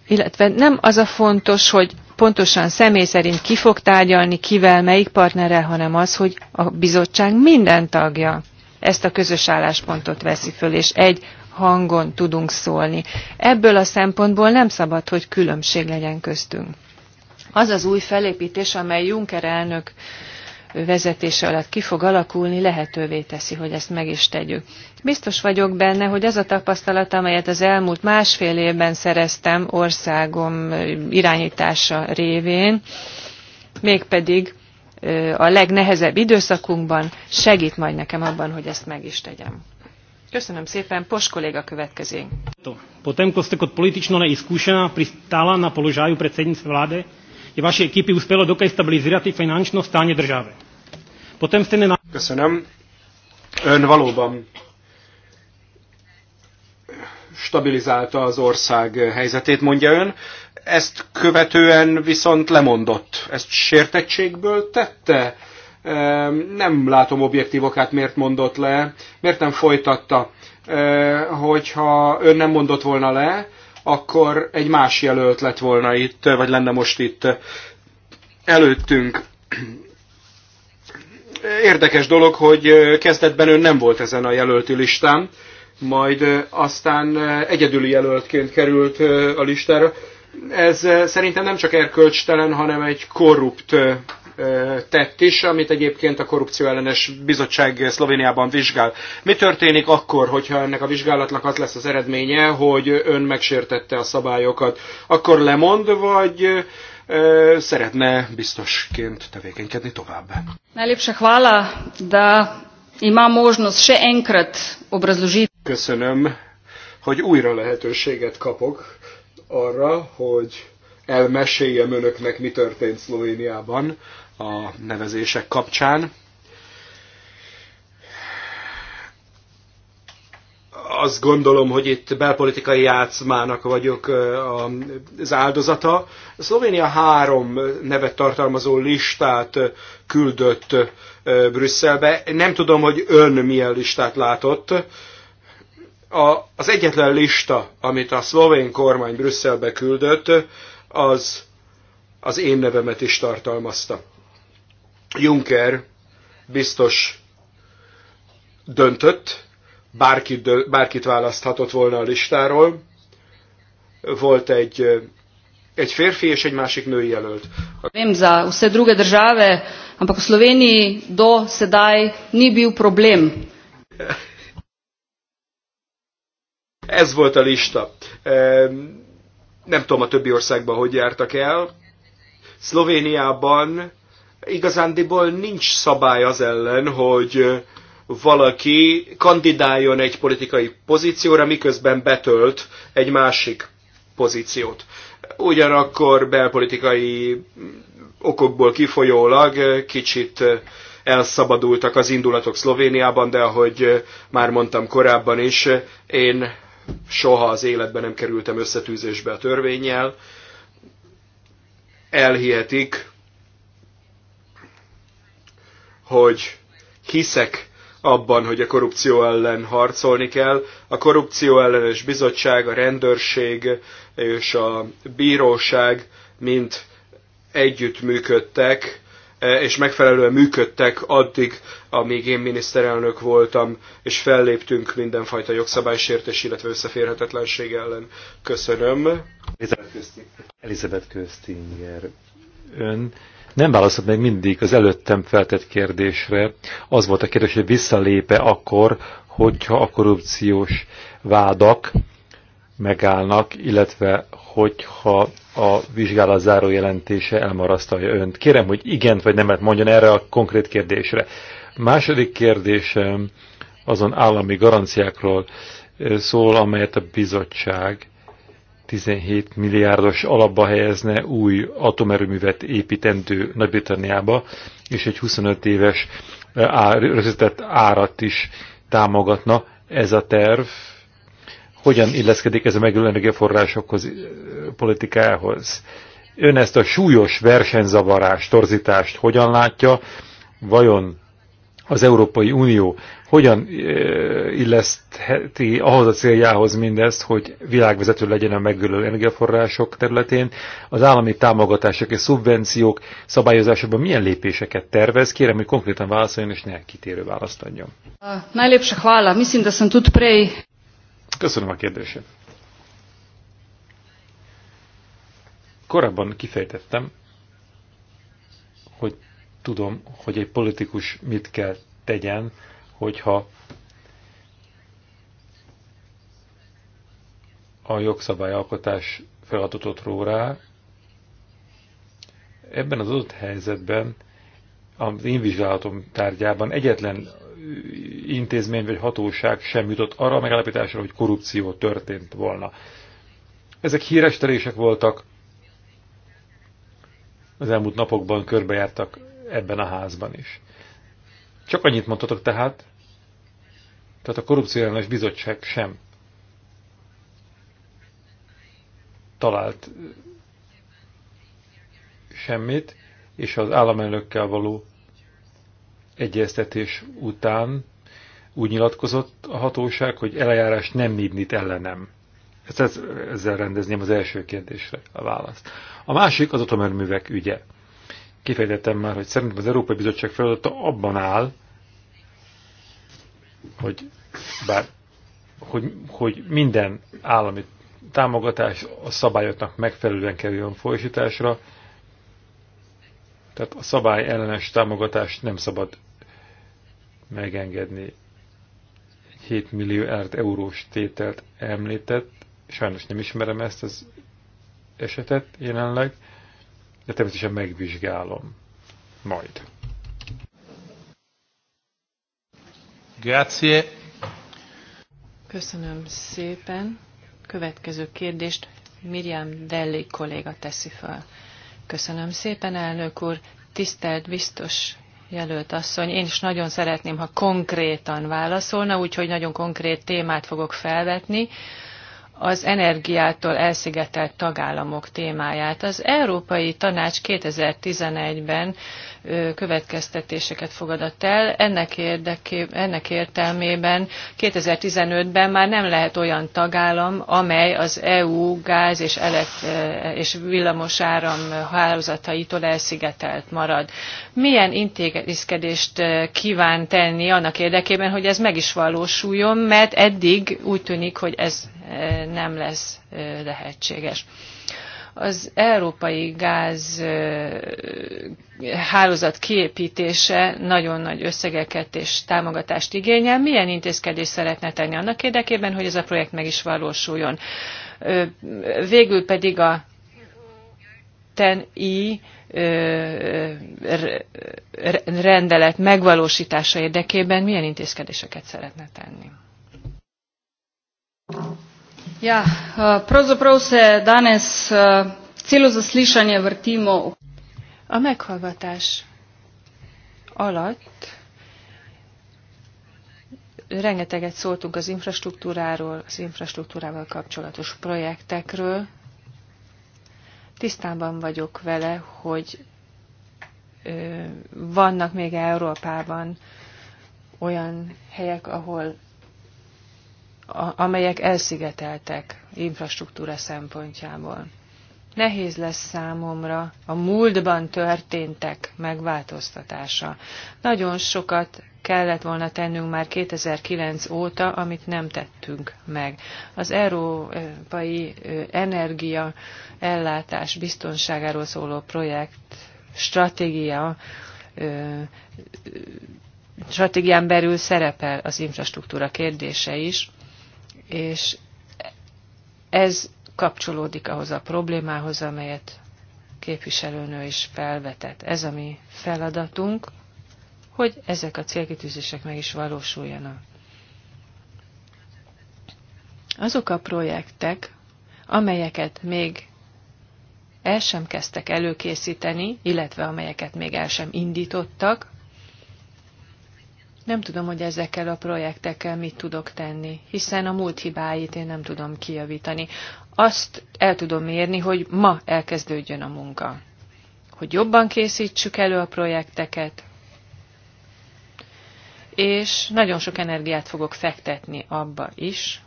Speaker 4: illetve nem az a fontos, hogy pontosan személy szerint ki fog tárgyalni, kivel, melyik partnerrel, hanem az, hogy a bizottság minden tagja ezt a közös álláspontot veszi föl, és egy hangon tudunk szólni. Ebből a szempontból nem szabad, hogy különbség legyen köztünk. Az az új felépítés, amely Juncker elnök vezetése alatt ki fog alakulni, lehetővé teszi, hogy ezt meg is tegyük. Biztos vagyok benne, hogy az a tapasztalat, amelyet az elmúlt másfél évben szereztem országom irányítása révén, mégpedig a legnehezebb időszakunkban segít majd nekem abban, hogy ezt meg is tegyem. Köszönöm szépen, Pos kolléga következik.
Speaker 2: Potem, ko ste kot politično neizkušena pristala na položaju predsednice vláde, je vaše ekipi uspelo dokaj stabilizirati finančno stanje države. Köszönöm.
Speaker 1: Ön valóban stabilizálta az ország helyzetét, mondja ön. Ezt követően viszont lemondott. Ezt sértettségből tette? Nem látom objektív okát, miért mondott le, miért nem folytatta. Hogyha ön nem mondott volna le, akkor egy más jelölt lett volna itt, vagy lenne most itt előttünk. Érdekes dolog, hogy kezdetben ön nem volt ezen a jelölti listán, majd aztán egyedüli jelöltként került a listára. Ez szerintem nem csak erkölcstelen, hanem egy korrupt tett is, amit egyébként a korrupció ellenes bizottság Szlovéniában vizsgál. Mi történik akkor, hogyha ennek a vizsgálatnak az lesz az eredménye, hogy ön megsértette a szabályokat? Akkor lemond, vagy szeretne biztosként tevékenykedni tovább.
Speaker 3: Najlepša hvala, da ima možnost še enkrat obrazložiti.
Speaker 1: Köszönöm, hogy újra lehetőséget kapok arra, hogy elmeséljem önöknek, mi történt Szlovéniában a nevezések kapcsán. azt gondolom, hogy itt belpolitikai játszmának vagyok az áldozata. A Szlovénia három nevet tartalmazó listát küldött Brüsszelbe. Nem tudom, hogy ön milyen listát látott. A, az egyetlen lista, amit a szlovén kormány Brüsszelbe küldött, az az én nevemet is tartalmazta. Juncker biztos döntött, bárkit, bárkit választhatott volna a listáról. Volt egy, egy férfi és egy másik női jelölt.
Speaker 3: Vem za vse druge države, ampak v Sloveniji do sedaj ni bil problém.
Speaker 1: Ez volt a lista. Nem tudom a többi országban, hogy jártak el. Szlovéniában igazándiból nincs szabály az ellen, hogy valaki kandidáljon egy politikai pozícióra, miközben betölt egy másik pozíciót. Ugyanakkor belpolitikai okokból kifolyólag kicsit elszabadultak az indulatok Szlovéniában, de ahogy már mondtam korábban is, én soha az életben nem kerültem összetűzésbe a törvényjel. Elhihetik, hogy hiszek abban, hogy a korrupció ellen harcolni kell. A korrupció ellenes bizottság, a rendőrség és a bíróság mind együtt működtek, és megfelelően működtek addig, amíg én miniszterelnök voltam, és felléptünk mindenfajta jogszabálysértés, illetve összeférhetetlenség ellen. Köszönöm. Elizabeth Köztinger. Elizabeth Köztinger.
Speaker 2: Ön nem válaszolt meg mindig az előttem feltett kérdésre. Az volt a kérdés, hogy visszalépe akkor, hogyha a korrupciós vádak megállnak, illetve hogyha a vizsgálat záró jelentése elmarasztalja önt. Kérem, hogy igen vagy nemet mondjon erre a konkrét kérdésre. Második kérdésem azon állami garanciákról szól, amelyet a bizottság 17 milliárdos alapba helyezne új atomerőművet építendő Nagy-Britanniába, és egy 25 éves ár, rögzített árat is támogatna ez a terv. Hogyan illeszkedik ez a megülő energiaforrásokhoz, politikához? Ön ezt a súlyos versenyzavarást, torzítást hogyan látja? Vajon az Európai Unió hogyan illesztheti ahhoz a céljához mindezt, hogy világvezető legyen a megölő energiaforrások területén, az állami támogatások és szubvenciók szabályozásában milyen lépéseket tervez? Kérem, hogy konkrétan válaszoljon, és ne kitérő választ adjon. Köszönöm a kérdését. Korábban kifejtettem, tudom, hogy egy politikus mit kell tegyen, hogyha a jogszabályalkotás feladatot ró rá. Ebben az adott helyzetben, az én vizsgálatom tárgyában egyetlen intézmény vagy hatóság sem jutott arra a megállapításra, hogy korrupció történt volna. Ezek híres terések voltak, az elmúlt napokban körbejártak ebben a házban is. Csak annyit mondhatok tehát, tehát a korrupciós bizottság sem talált eh, semmit, és az államelnökkel való egyeztetés után úgy nyilatkozott a hatóság, hogy elejárás nem nyitnit ellenem. ezzel rendezném az első kérdésre a választ. A másik az atomerművek ügye. Kifejtettem már, hogy szerintem az Európai Bizottság feladata abban áll, hogy bár hogy, hogy minden állami támogatás a szabályoknak megfelelően kerüljön folyosításra, tehát a szabály ellenes támogatást nem szabad megengedni. 7 millió eurós tételt említett, sajnos nem ismerem ezt az esetet jelenleg, de természetesen megvizsgálom majd.
Speaker 4: Grazie. Köszönöm szépen. Következő kérdést Miriam Delli kolléga teszi fel. Köszönöm szépen, elnök úr. Tisztelt biztos jelölt asszony, én is nagyon szeretném, ha konkrétan válaszolna, úgyhogy nagyon konkrét témát fogok felvetni az energiától elszigetelt tagállamok témáját. Az Európai Tanács 2011-ben következtetéseket fogadott el. Ennek, érdeké, ennek értelmében 2015-ben már nem lehet olyan tagállam, amely az EU gáz és, elekt, és villamos áram hálózataitól elszigetelt marad. Milyen intézkedést kíván tenni annak érdekében, hogy ez meg is valósuljon, mert eddig úgy tűnik, hogy ez nem lesz lehetséges. Az európai gáz hálózat kiépítése nagyon nagy összegeket és támogatást igényel. Milyen intézkedést szeretne tenni annak érdekében, hogy ez a projekt meg is valósuljon? Végül pedig a TEN-I rendelet megvalósítása érdekében milyen intézkedéseket szeretne tenni?
Speaker 3: Ja, eh, pravzaprav se danes eh, celo zaslišanje vrtimo. A meghallgatás alatt
Speaker 4: rengeteget szóltunk az infrastruktúráról, az infrastruktúrával kapcsolatos projektekről. Tisztában vagyok vele, hogy vannak még Európában olyan helyek, ahol amelyek elszigeteltek infrastruktúra szempontjából. Nehéz lesz számomra a múltban történtek megváltoztatása. Nagyon sokat kellett volna tennünk már 2009 óta, amit nem tettünk meg. Az európai energia ellátás biztonságáról szóló projekt stratégia stratégián belül szerepel az infrastruktúra kérdése is, és ez kapcsolódik ahhoz a problémához, amelyet képviselőnő is felvetett. Ez a mi feladatunk, hogy ezek a célkitűzések meg is valósuljanak. Azok a projektek, amelyeket még el sem kezdtek előkészíteni, illetve amelyeket még el sem indítottak, nem tudom, hogy ezekkel a projektekkel mit tudok tenni, hiszen a múlt hibáit én nem tudom kijavítani. Azt el tudom érni, hogy ma elkezdődjön a munka. Hogy jobban készítsük elő a projekteket, és nagyon sok energiát fogok fektetni abba is,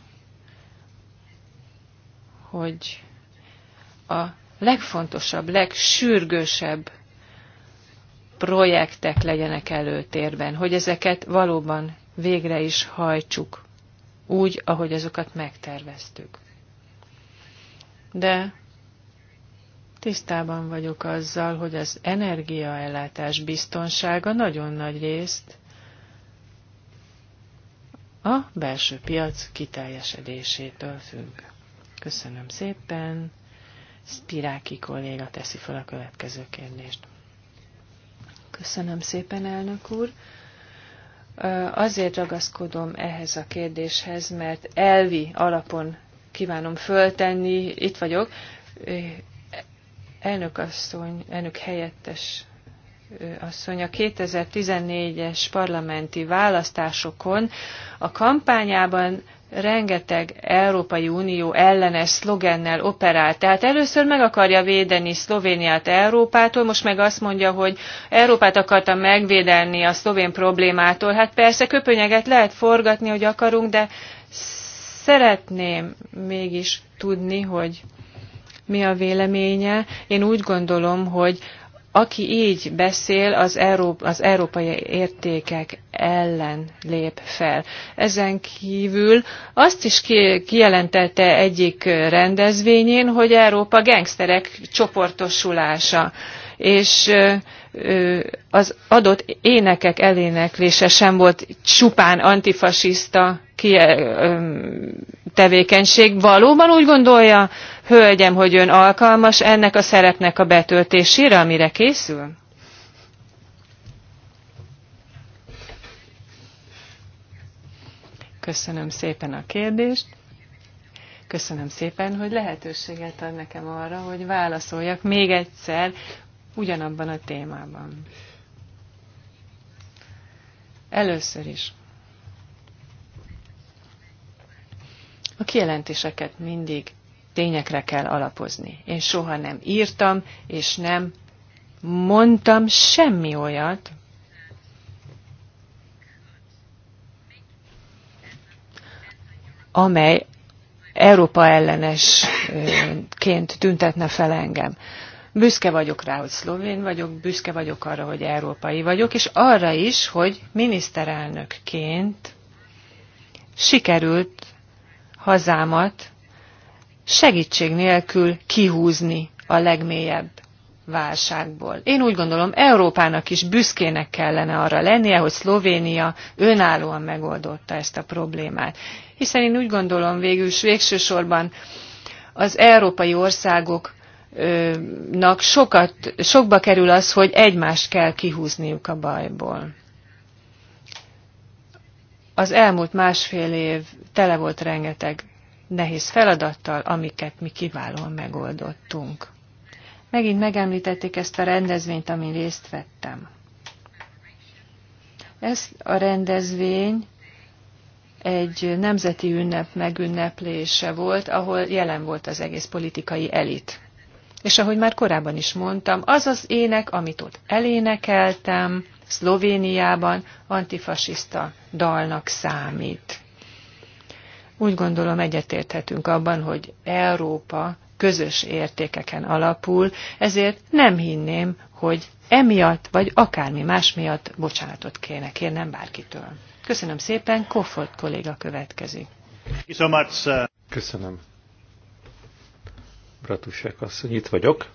Speaker 4: hogy a legfontosabb, legsürgősebb projektek legyenek előtérben, hogy ezeket valóban végre is hajtsuk, úgy, ahogy azokat megterveztük. De tisztában vagyok azzal, hogy az energiaellátás biztonsága nagyon nagy részt a belső piac kiteljesedésétől függ. Köszönöm szépen. Spiráki kolléga teszi fel a következő kérdést. Köszönöm szépen, elnök úr. Azért ragaszkodom ehhez a kérdéshez, mert elvi alapon kívánom föltenni, itt vagyok, elnök asszony, elnök helyettes asszony, a 2014-es parlamenti választásokon a kampányában rengeteg Európai Unió ellenes szlogennel operál. Tehát először meg akarja védeni Szlovéniát Európától, most meg azt mondja, hogy Európát akarta megvédelni a szlovén problémától. Hát persze köpönyeget lehet forgatni, hogy akarunk, de szeretném mégis tudni, hogy mi a véleménye. Én úgy gondolom, hogy aki így beszél, az, Európa, az európai értékek ellen lép fel. Ezen kívül azt is kijelentette egyik rendezvényén, hogy Európa gengszterek csoportosulása. És az adott énekek eléneklése sem volt csupán antifasiszta tevékenység. Valóban úgy gondolja, hölgyem, hogy ön alkalmas ennek a szerepnek a betöltésére, amire készül? Köszönöm szépen a kérdést. Köszönöm szépen, hogy lehetőséget ad nekem arra, hogy válaszoljak még egyszer ugyanabban a témában. Először is. A kijelentéseket mindig tényekre kell alapozni. Én soha nem írtam, és nem mondtam semmi olyat, amely Európa ellenesként tüntetne fel engem. Büszke vagyok rá, hogy szlovén vagyok, büszke vagyok arra, hogy európai vagyok, és arra is, hogy miniszterelnökként sikerült hazámat segítség nélkül kihúzni a legmélyebb válságból. Én úgy gondolom, Európának is büszkének kellene arra lennie, hogy Szlovénia önállóan megoldotta ezt a problémát. Hiszen én úgy gondolom végül végső sorban az európai országok nak sokat, sokba kerül az, hogy egymást kell kihúzniuk a bajból. Az elmúlt másfél év tele volt rengeteg nehéz feladattal, amiket mi kiválóan megoldottunk. Megint megemlítették ezt a rendezvényt, amin részt vettem. Ez a rendezvény egy nemzeti ünnep megünneplése volt, ahol jelen volt az egész politikai elit. És ahogy már korábban is mondtam, az az ének, amit ott elénekeltem, Szlovéniában antifasiszta dalnak számít. Úgy gondolom egyetérthetünk abban, hogy Európa közös értékeken alapul, ezért nem hinném, hogy emiatt vagy akármi más miatt bocsánatot kéne kérnem bárkitől. Köszönöm szépen, Koffort kolléga következik.
Speaker 2: Köszönöm. Bratusek asszony, itt vagyok.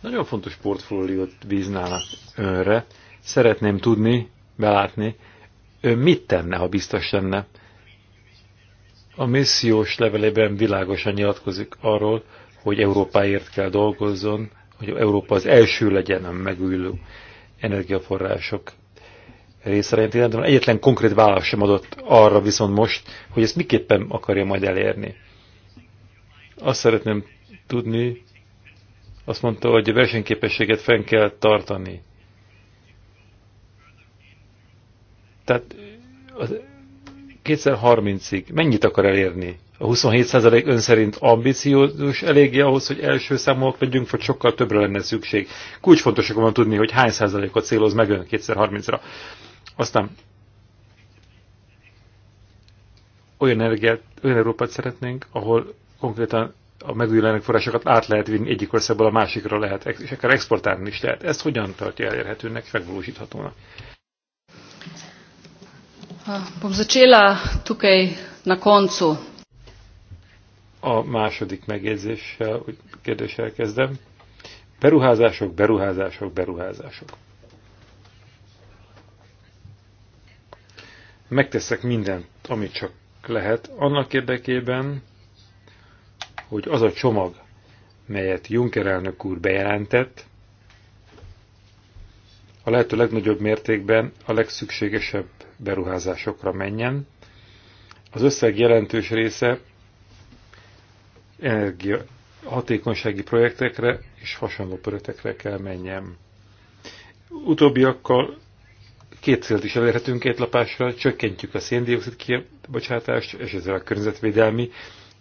Speaker 2: Nagyon fontos portfóliót bíznának önre. Szeretném tudni, belátni, ön mit tenne, ha biztos lenne. A missziós levelében világosan nyilatkozik arról, hogy Európáért kell dolgozzon, hogy Európa az első legyen a megújuló energiaforrások részarányt illetve egyetlen konkrét választ sem adott arra viszont most, hogy ezt miképpen akarja majd elérni. Azt szeretném tudni, azt mondta, hogy a versenyképességet fenn kell tartani. Tehát 2030-ig mennyit akar elérni? A 27% ön szerint ambiciózus eléggé ahhoz, hogy első számúak legyünk, vagy sokkal többre lenne szükség? Kulcsfontosak van tudni, hogy hány százalékot céloz meg ön 2030-ra. Aztán olyan energiát, olyan Európát szeretnénk, ahol konkrétan a megújuló energiaforrásokat át lehet vinni egyik országból a másikra lehet, és akár exportálni is lehet. Ezt hogyan tartja elérhetőnek, megvalósíthatónak?
Speaker 3: Ah, bom začela tukaj na koncu.
Speaker 2: A második megjegyzéssel, kérdéssel kezdem. Beruházások, beruházások, beruházások. Megteszek mindent, amit csak lehet, annak érdekében, hogy az a csomag, melyet Juncker elnök úr bejelentett, a lehető legnagyobb mértékben a legszükségesebb beruházásokra menjen. Az összeg jelentős része energia hatékonysági projektekre és hasonló projektekre kell menjen. Utóbbiakkal két célt is elérhetünk két lapásra, csökkentjük a széndiokszid kibocsátást, és ezzel a környezetvédelmi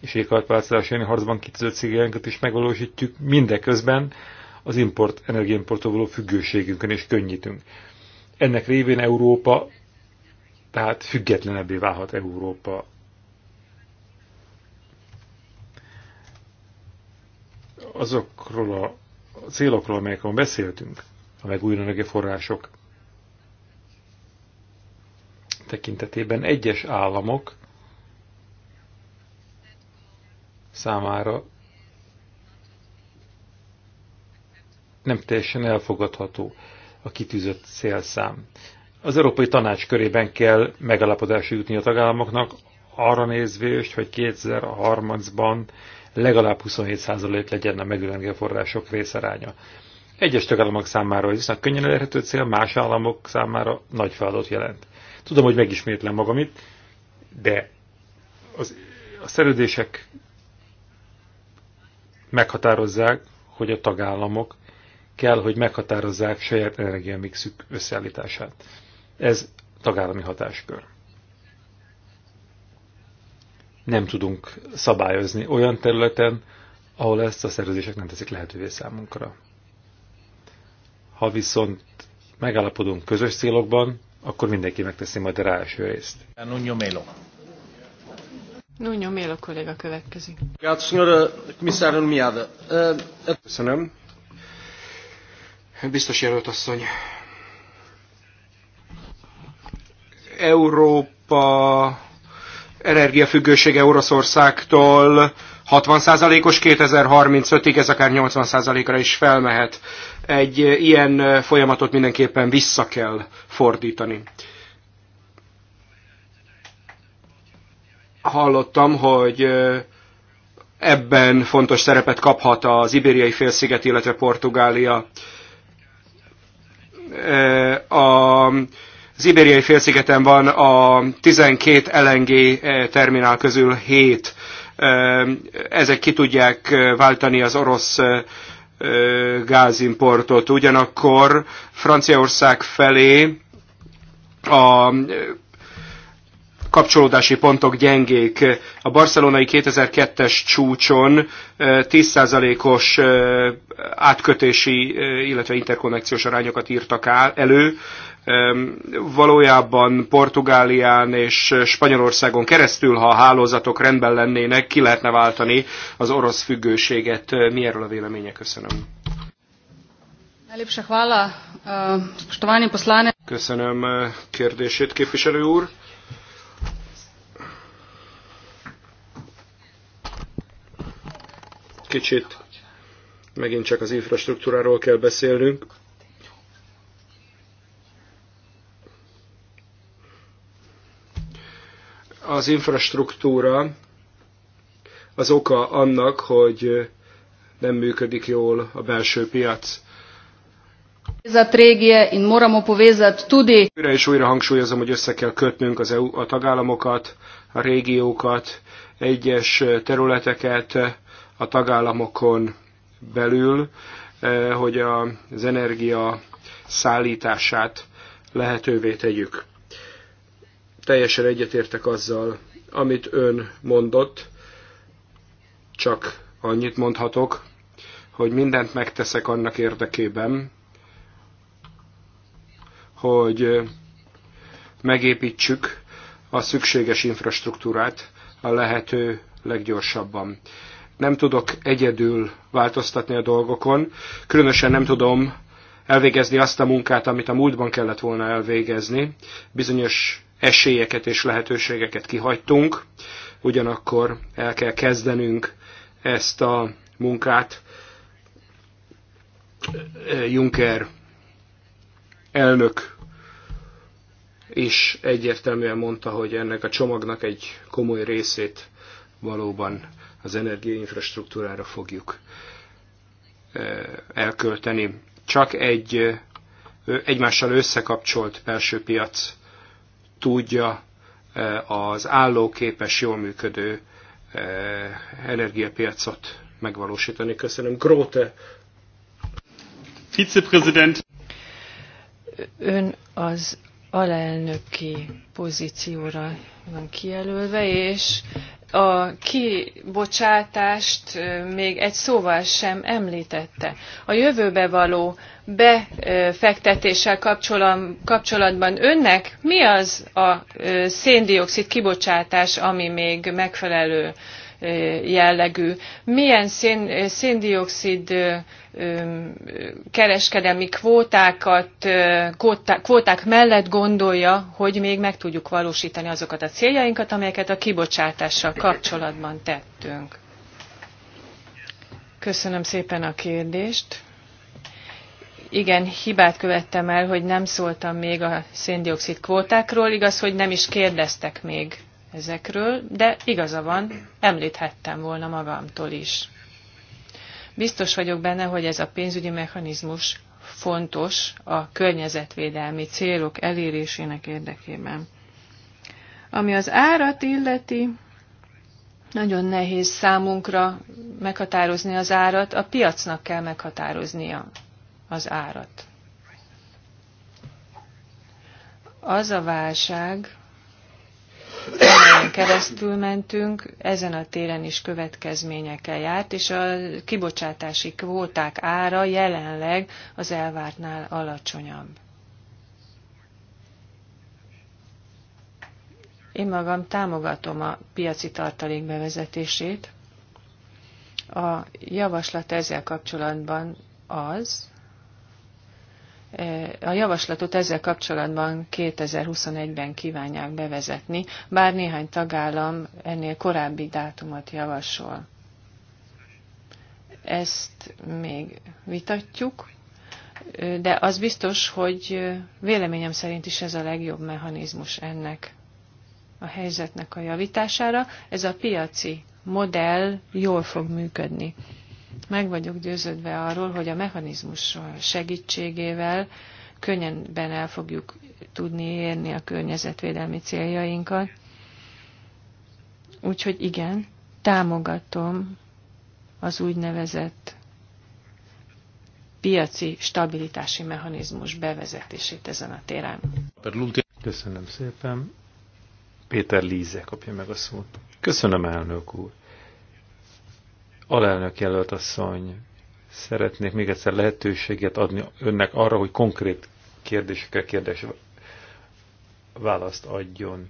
Speaker 2: és éghajlatváltozás elleni harcban kitűzött cégeinket is megvalósítjuk, mindeközben az import, energiaimportól való függőségünkön is könnyítünk. Ennek révén Európa, tehát függetlenebbé válhat Európa. Azokról a célokról, amelyekről beszéltünk, a megújuló energiaforrások tekintetében egyes államok számára nem teljesen elfogadható a kitűzött célszám. Az Európai Tanács körében kell megalapodásra jutni a tagállamoknak, arra nézvést, hogy 2030-ban legalább 27% legyen a megülengő források részaránya. Egyes tagállamok számára ez viszont könnyen elérhető cél, más államok számára nagy feladat jelent. Tudom, hogy megismétlem magam itt, de az, a szerződések meghatározzák, hogy a tagállamok kell, hogy meghatározzák saját energiamixük összeállítását. Ez tagállami hatáskör. Nem tudunk szabályozni olyan területen, ahol ezt a szerződések nem teszik lehetővé számunkra. Ha viszont megállapodunk közös célokban, akkor mindenki megteszi majd a első részt. Nuno
Speaker 4: Nuno Mélo kolléga következik.
Speaker 1: Eh, Köszönöm. Biztos jelölt asszony. Európa energiafüggősége Oroszországtól 60%-os 2035-ig, ez akár 80%-ra is felmehet. Egy ilyen folyamatot mindenképpen vissza kell fordítani. hallottam, hogy ebben fontos szerepet kaphat az ibériai félsziget, illetve Portugália. A, az ibériai félszigeten van a 12 LNG terminál közül 7. Ezek ki tudják váltani az orosz gázimportot. Ugyanakkor Franciaország felé a kapcsolódási pontok gyengék. A barcelonai 2002-es csúcson 10%-os átkötési, illetve interkonnekciós arányokat írtak elő. Valójában Portugálián és Spanyolországon keresztül, ha a hálózatok rendben lennének, ki lehetne váltani az orosz függőséget. Mi erről a véleménye? Köszönöm. Köszönöm kérdését, képviselő úr. kicsit. Megint csak az infrastruktúráról kell beszélnünk. Az infrastruktúra az oka annak, hogy nem működik jól a belső piac. Újra és újra hangsúlyozom, hogy össze kell kötnünk az EU, a tagállamokat, a régiókat, egyes területeket, a tagállamokon belül, eh, hogy az energia szállítását lehetővé tegyük. Teljesen egyetértek azzal, amit ön mondott, csak annyit mondhatok, hogy mindent megteszek annak érdekében, hogy eh, megépítsük a szükséges infrastruktúrát a lehető leggyorsabban nem tudok egyedül változtatni a dolgokon, különösen nem tudom elvégezni azt a munkát, amit a múltban kellett volna elvégezni. Bizonyos esélyeket és lehetőségeket kihagytunk, ugyanakkor el kell kezdenünk ezt a munkát. Juncker elnök is egyértelműen mondta, hogy ennek a csomagnak egy komoly részét valóban az energiainfrastruktúrára fogjuk elkölteni. Csak egy egymással összekapcsolt belső piac tudja az állóképes, jól működő energiapiacot megvalósítani. Köszönöm. Gróte!
Speaker 3: Viceprezident!
Speaker 1: Ön
Speaker 4: az alelnöki pozícióra van kijelölve, és a kibocsátást még egy szóval sem említette. A jövőbe való befektetéssel kapcsolatban önnek mi az a széndiokszid kibocsátás, ami még megfelelő jellegű. Milyen szén, széndiokszid kereskedelmi kvótákat, kvóták, kvóták mellett gondolja, hogy még meg tudjuk valósítani azokat a céljainkat, amelyeket a kibocsátással kapcsolatban tettünk. Köszönöm szépen a kérdést. Igen, hibát követtem el, hogy nem szóltam még a széndiokszid kvótákról. Igaz, hogy nem is kérdeztek még ezekről, de igaza van, említhettem volna magamtól is. Biztos vagyok benne, hogy ez a pénzügyi mechanizmus fontos a környezetvédelmi célok elérésének érdekében. Ami az árat illeti, nagyon nehéz számunkra meghatározni az árat, a piacnak kell meghatároznia az árat. Az a válság, amelyen keresztül mentünk, ezen a téren is következményekkel járt, és a kibocsátási kvóták ára jelenleg az elvártnál alacsonyabb. Én magam támogatom a piaci tartalék bevezetését. A javaslat ezzel kapcsolatban az, Eh, a javaslatot ezzel kapcsolatban 2021-ben kívánják bevezetni, bár néhány tagállam ennél korábbi dátumot javasol. Ezt még vitatjuk, de az biztos, hogy véleményem szerint is ez a legjobb mechanizmus ennek a helyzetnek a javítására. Ez a piaci modell jól fog működni. Meg vagyok győződve arról, hogy a mechanizmus segítségével könnyenben el fogjuk tudni érni a környezetvédelmi céljainkat. Úgyhogy igen, támogatom az úgynevezett piaci stabilitási mechanizmus bevezetését ezen a téren.
Speaker 2: Köszönöm szépen. Péter Líze kapja meg a szót. Köszönöm, elnök úr. Alelnök jelölt asszony, szeretnék még egyszer lehetőséget adni önnek arra, hogy konkrét kérdésekre kérdés választ adjon,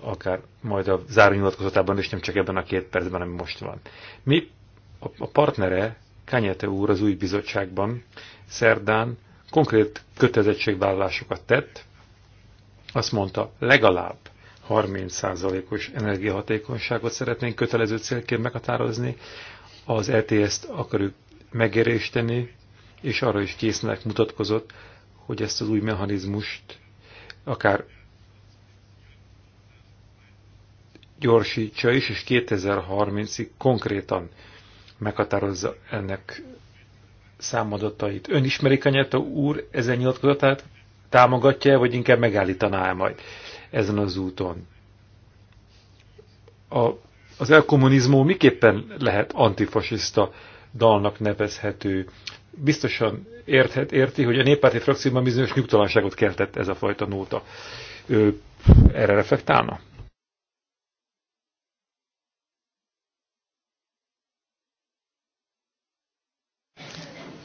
Speaker 2: akár majd a zárónyilatkozatában is, nem csak ebben a két percben, ami most van. Mi, a, a partnere, Kányete úr az új bizottságban szerdán konkrét kötelezettségvállalásokat tett, azt mondta, legalább 30%-os energiahatékonyságot szeretnénk kötelező célként meghatározni, az ETS-t akarjuk megerősíteni, és arra is késznek mutatkozott, hogy ezt az új mechanizmust akár gyorsítsa is, és 2030-ig konkrétan meghatározza ennek számadatait. Ön ismeri Kanyata úr ezen nyilatkozatát? Támogatja-e, vagy inkább megállítaná -e majd? ezen az úton. A, az elkommunizmó miképpen lehet antifasiszta dalnak nevezhető? Biztosan érthet, érti, hogy a néppárti frakcióban bizonyos nyugtalanságot keltett ez a fajta nóta. Ő erre reflektálna?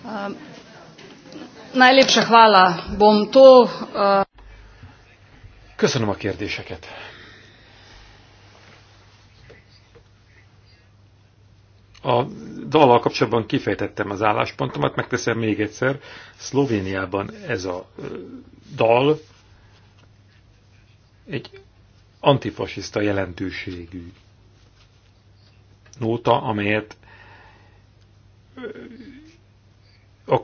Speaker 3: Uh, najlepša hvala. Bom to. Uh...
Speaker 2: Köszönöm a kérdéseket. A dallal kapcsolatban kifejtettem az álláspontomat, megteszem még egyszer. Szlovéniában ez a dal egy antifasiszta jelentőségű nóta, amelyet a,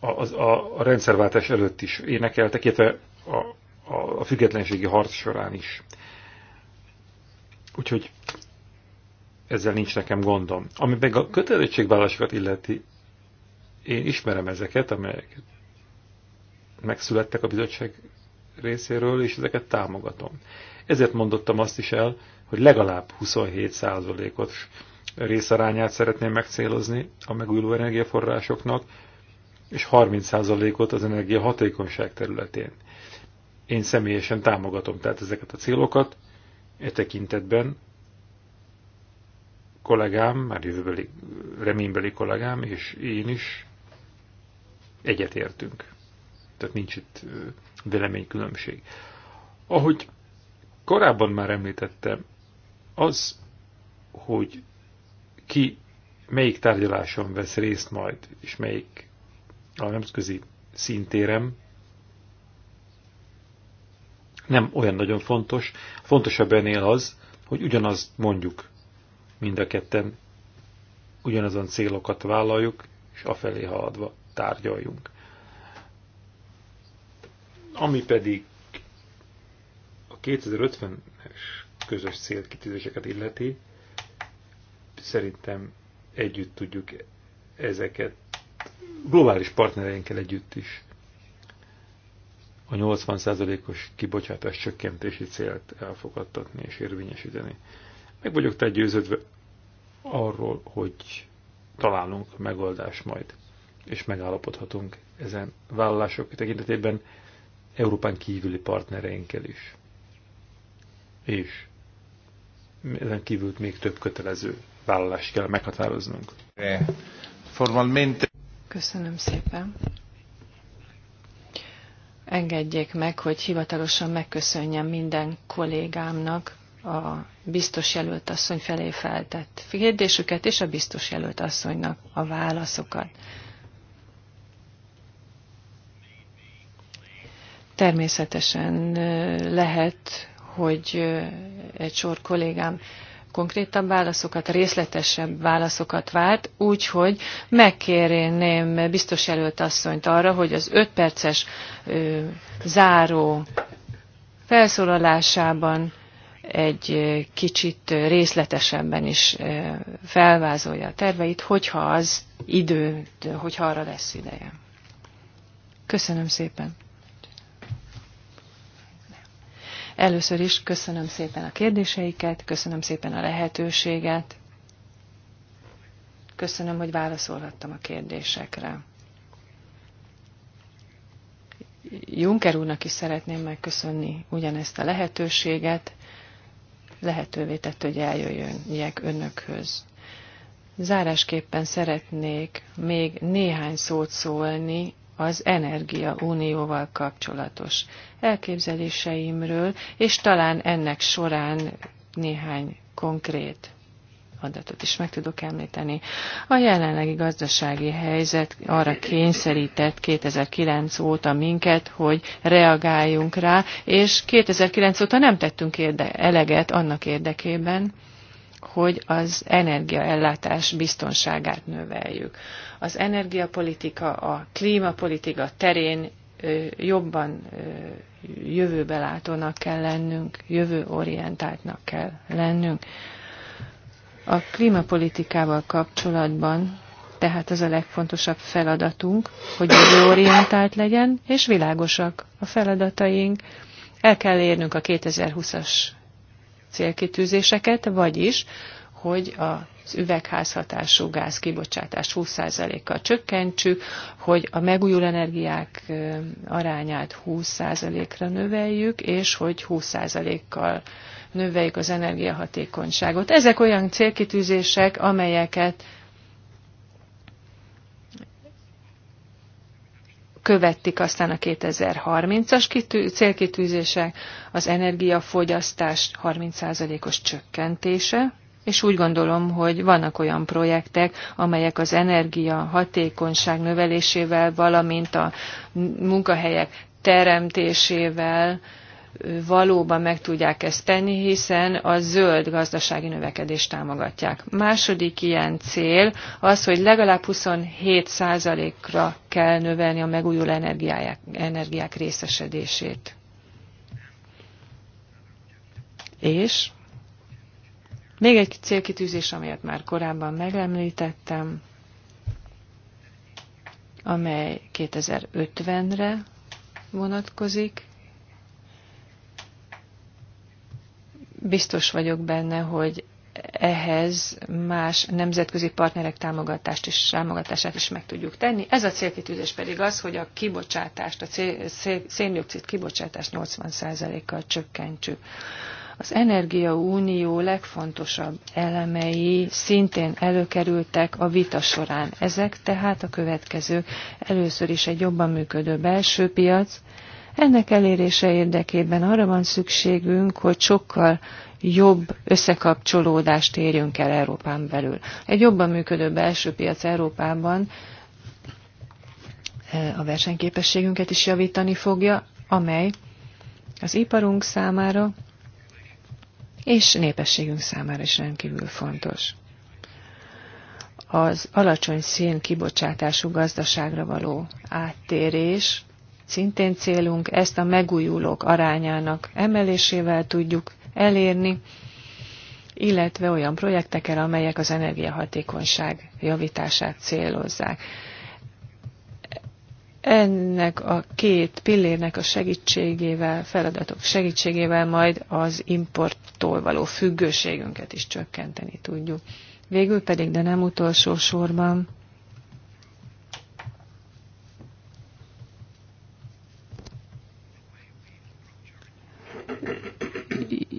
Speaker 2: a, a, a rendszerváltás előtt is énekeltek, illetve a, a, függetlenségi harc során is. Úgyhogy ezzel nincs nekem gondom. Ami meg a kötelezettségvállalásokat illeti, én ismerem ezeket, amelyek megszülettek a bizottság részéről, és ezeket támogatom. Ezért mondottam azt is el, hogy legalább 27 ot részarányát szeretném megcélozni a megújuló energiaforrásoknak, és 30%-ot az energia hatékonyság területén. Én személyesen támogatom tehát ezeket a célokat, e tekintetben kollégám, már jövőbeli, reménybeli kollégám, és én is egyetértünk. Tehát nincs itt véleménykülönbség. Ahogy korábban már említettem, az, hogy ki melyik tárgyaláson vesz részt majd, és melyik a nemzetközi szintérem, nem olyan nagyon fontos. Fontosabb ennél az, hogy ugyanazt mondjuk mind a ketten, ugyanazon célokat vállaljuk, és afelé haladva tárgyaljunk. Ami pedig a 2050-es közös célkitűzéseket illeti, szerintem együtt tudjuk ezeket globális partnereinkkel együtt is a 80%-os kibocsátás csökkentési célt elfogadtatni és érvényesíteni. Meg vagyok te győződve arról, hogy találunk megoldást majd, és megállapodhatunk ezen vállalások tekintetében Európán kívüli partnereinkkel is. És ezen kívül még több kötelező vállalást kell meghatároznunk. Formalmente.
Speaker 4: Köszönöm szépen engedjék meg, hogy hivatalosan megköszönjem minden kollégámnak a biztos jelölt asszony felé feltett kérdésüket, és a biztos jelölt asszonynak a válaszokat. Természetesen lehet, hogy egy sor kollégám konkrétabb válaszokat, részletesebb válaszokat várt, úgyhogy megkérném biztos előtt asszonyt arra, hogy az 5 perces ö, záró felszólalásában egy kicsit részletesebben is felvázolja a terveit, hogyha az időt, hogyha arra lesz ideje. Köszönöm szépen! Először is köszönöm szépen a kérdéseiket, köszönöm szépen a lehetőséget, köszönöm, hogy válaszolhattam a kérdésekre. Juncker úrnak is szeretném megköszönni ugyanezt a lehetőséget, lehetővé tett, hogy eljöjjönjek önökhöz. Zárásképpen szeretnék még néhány szót szólni az Energia Unióval kapcsolatos elképzeléseimről, és talán ennek során néhány konkrét adatot is meg tudok említeni. A jelenlegi gazdasági helyzet arra kényszerített 2009 óta minket, hogy reagáljunk rá, és 2009 óta nem tettünk érde eleget annak érdekében, hogy az energiaellátás biztonságát növeljük az energiapolitika, a klímapolitika terén jobban jövőbelátónak kell lennünk, jövőorientáltnak kell lennünk. A klímapolitikával kapcsolatban tehát ez a legfontosabb feladatunk, hogy jövőorientált legyen, és világosak a feladataink. El kell érnünk a 2020-as célkitűzéseket, vagyis, hogy a az üvegházhatású gáz 20%-kal csökkentsük, hogy a megújuló energiák arányát 20%-ra növeljük, és hogy 20%-kal növeljük az energiahatékonyságot. Ezek olyan célkitűzések, amelyeket követtik aztán a 2030-as célkitűzések, az energiafogyasztás 30%-os csökkentése, és úgy gondolom, hogy vannak olyan projektek, amelyek az energia hatékonyság növelésével, valamint a munkahelyek teremtésével valóban meg tudják ezt tenni, hiszen a zöld gazdasági növekedést támogatják. Második ilyen cél az, hogy legalább 27%-ra kell növelni a megújuló energiák, energiák részesedését. És még egy célkitűzés, amelyet már korábban megemlítettem, amely 2050-re vonatkozik. Biztos vagyok benne, hogy ehhez más nemzetközi partnerek támogatást és támogatását is meg tudjuk tenni. Ez a célkitűzés pedig az, hogy a kibocsátást, a széndiokszid kibocsátást 80%-kal csökkentsük. Az Energiaunió legfontosabb elemei szintén előkerültek a vita során. Ezek tehát a következők. Először is egy jobban működő belső piac. Ennek elérése érdekében arra van szükségünk, hogy sokkal jobb összekapcsolódást érjünk el Európán belül. Egy jobban működő belső piac Európában eh, a versenyképességünket is javítani fogja, amely az iparunk számára és népességünk számára is rendkívül fontos. Az alacsony szén kibocsátású gazdaságra való áttérés szintén célunk, ezt a megújulók arányának emelésével tudjuk elérni, illetve olyan projektekkel, amelyek az energiahatékonyság javítását célozzák ennek a két pillérnek a segítségével, feladatok segítségével majd az importtól való függőségünket is csökkenteni tudjuk. Végül pedig, de nem utolsó sorban,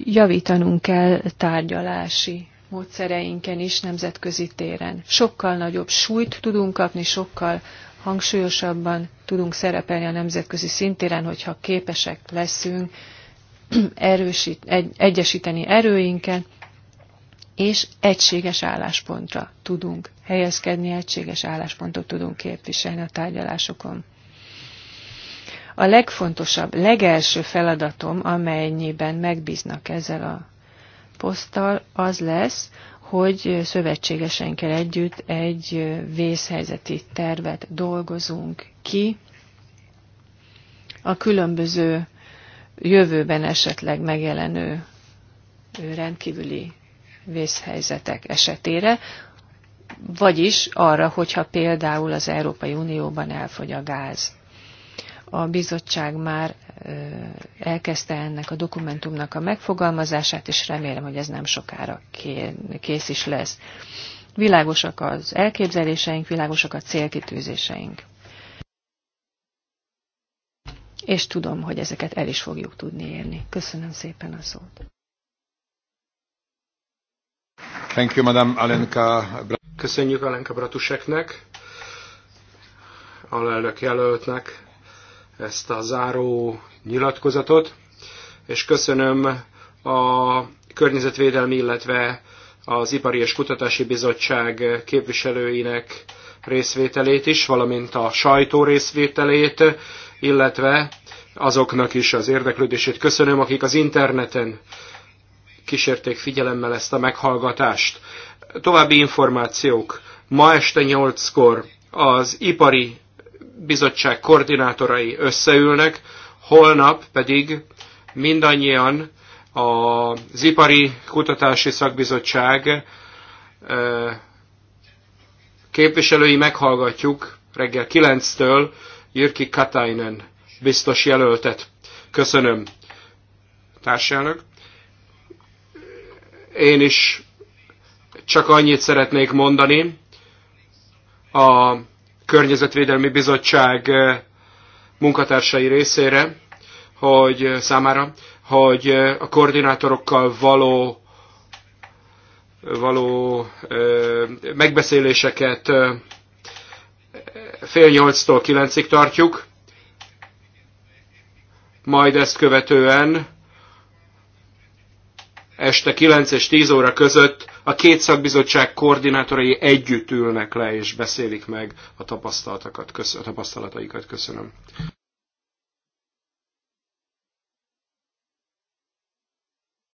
Speaker 4: javítanunk kell tárgyalási módszereinken is nemzetközi téren. Sokkal nagyobb súlyt tudunk kapni, sokkal hangsúlyosabban tudunk szerepelni a nemzetközi szintéren, hogyha képesek leszünk erősít, egy, egyesíteni erőinket, és egységes álláspontra tudunk helyezkedni, egységes álláspontot tudunk képviselni a tárgyalásokon. A legfontosabb, legelső feladatom, amelynyiben megbíznak ezzel a poszttal, az lesz, hogy szövetségesenkkel együtt egy vészhelyzeti tervet dolgozunk ki. A különböző jövőben esetleg megjelenő rendkívüli vészhelyzetek esetére, vagyis arra, hogyha például az Európai Unióban elfogy a gáz a bizottság már elkezdte ennek a dokumentumnak a megfogalmazását, és remélem, hogy ez nem sokára kész is lesz. Világosak az elképzeléseink, világosak a célkitűzéseink. És tudom, hogy ezeket el is fogjuk tudni érni. Köszönöm szépen a szót.
Speaker 1: Thank you, Madame Alenka. Köszönjük Alenka Bratuseknek, alelnök jelöltnek ezt a záró nyilatkozatot, és köszönöm a Környezetvédelmi, illetve az Ipari és Kutatási Bizottság képviselőinek részvételét is, valamint a sajtó részvételét, illetve azoknak is az érdeklődését köszönöm, akik az interneten kísérték figyelemmel ezt a meghallgatást. További információk. Ma este 8-kor az Ipari bizottság koordinátorai összeülnek, holnap pedig mindannyian az Ipari Kutatási Szakbizottság képviselői meghallgatjuk reggel 9-től Jürki Katainen biztos jelöltet. Köszönöm, társelnök. Én is csak annyit szeretnék mondani a Környezetvédelmi Bizottság eh, munkatársai részére, hogy eh, számára, hogy eh, a koordinátorokkal való való megbeszéléseket fél nyolctól kilencig tartjuk, majd ezt követően este 9 és 10 óra között a két szakbizottság koordinátorai együtt ülnek le és beszélik meg a tapasztalatokat.
Speaker 3: Köszönöm, a tapasztalataikat. Köszönöm.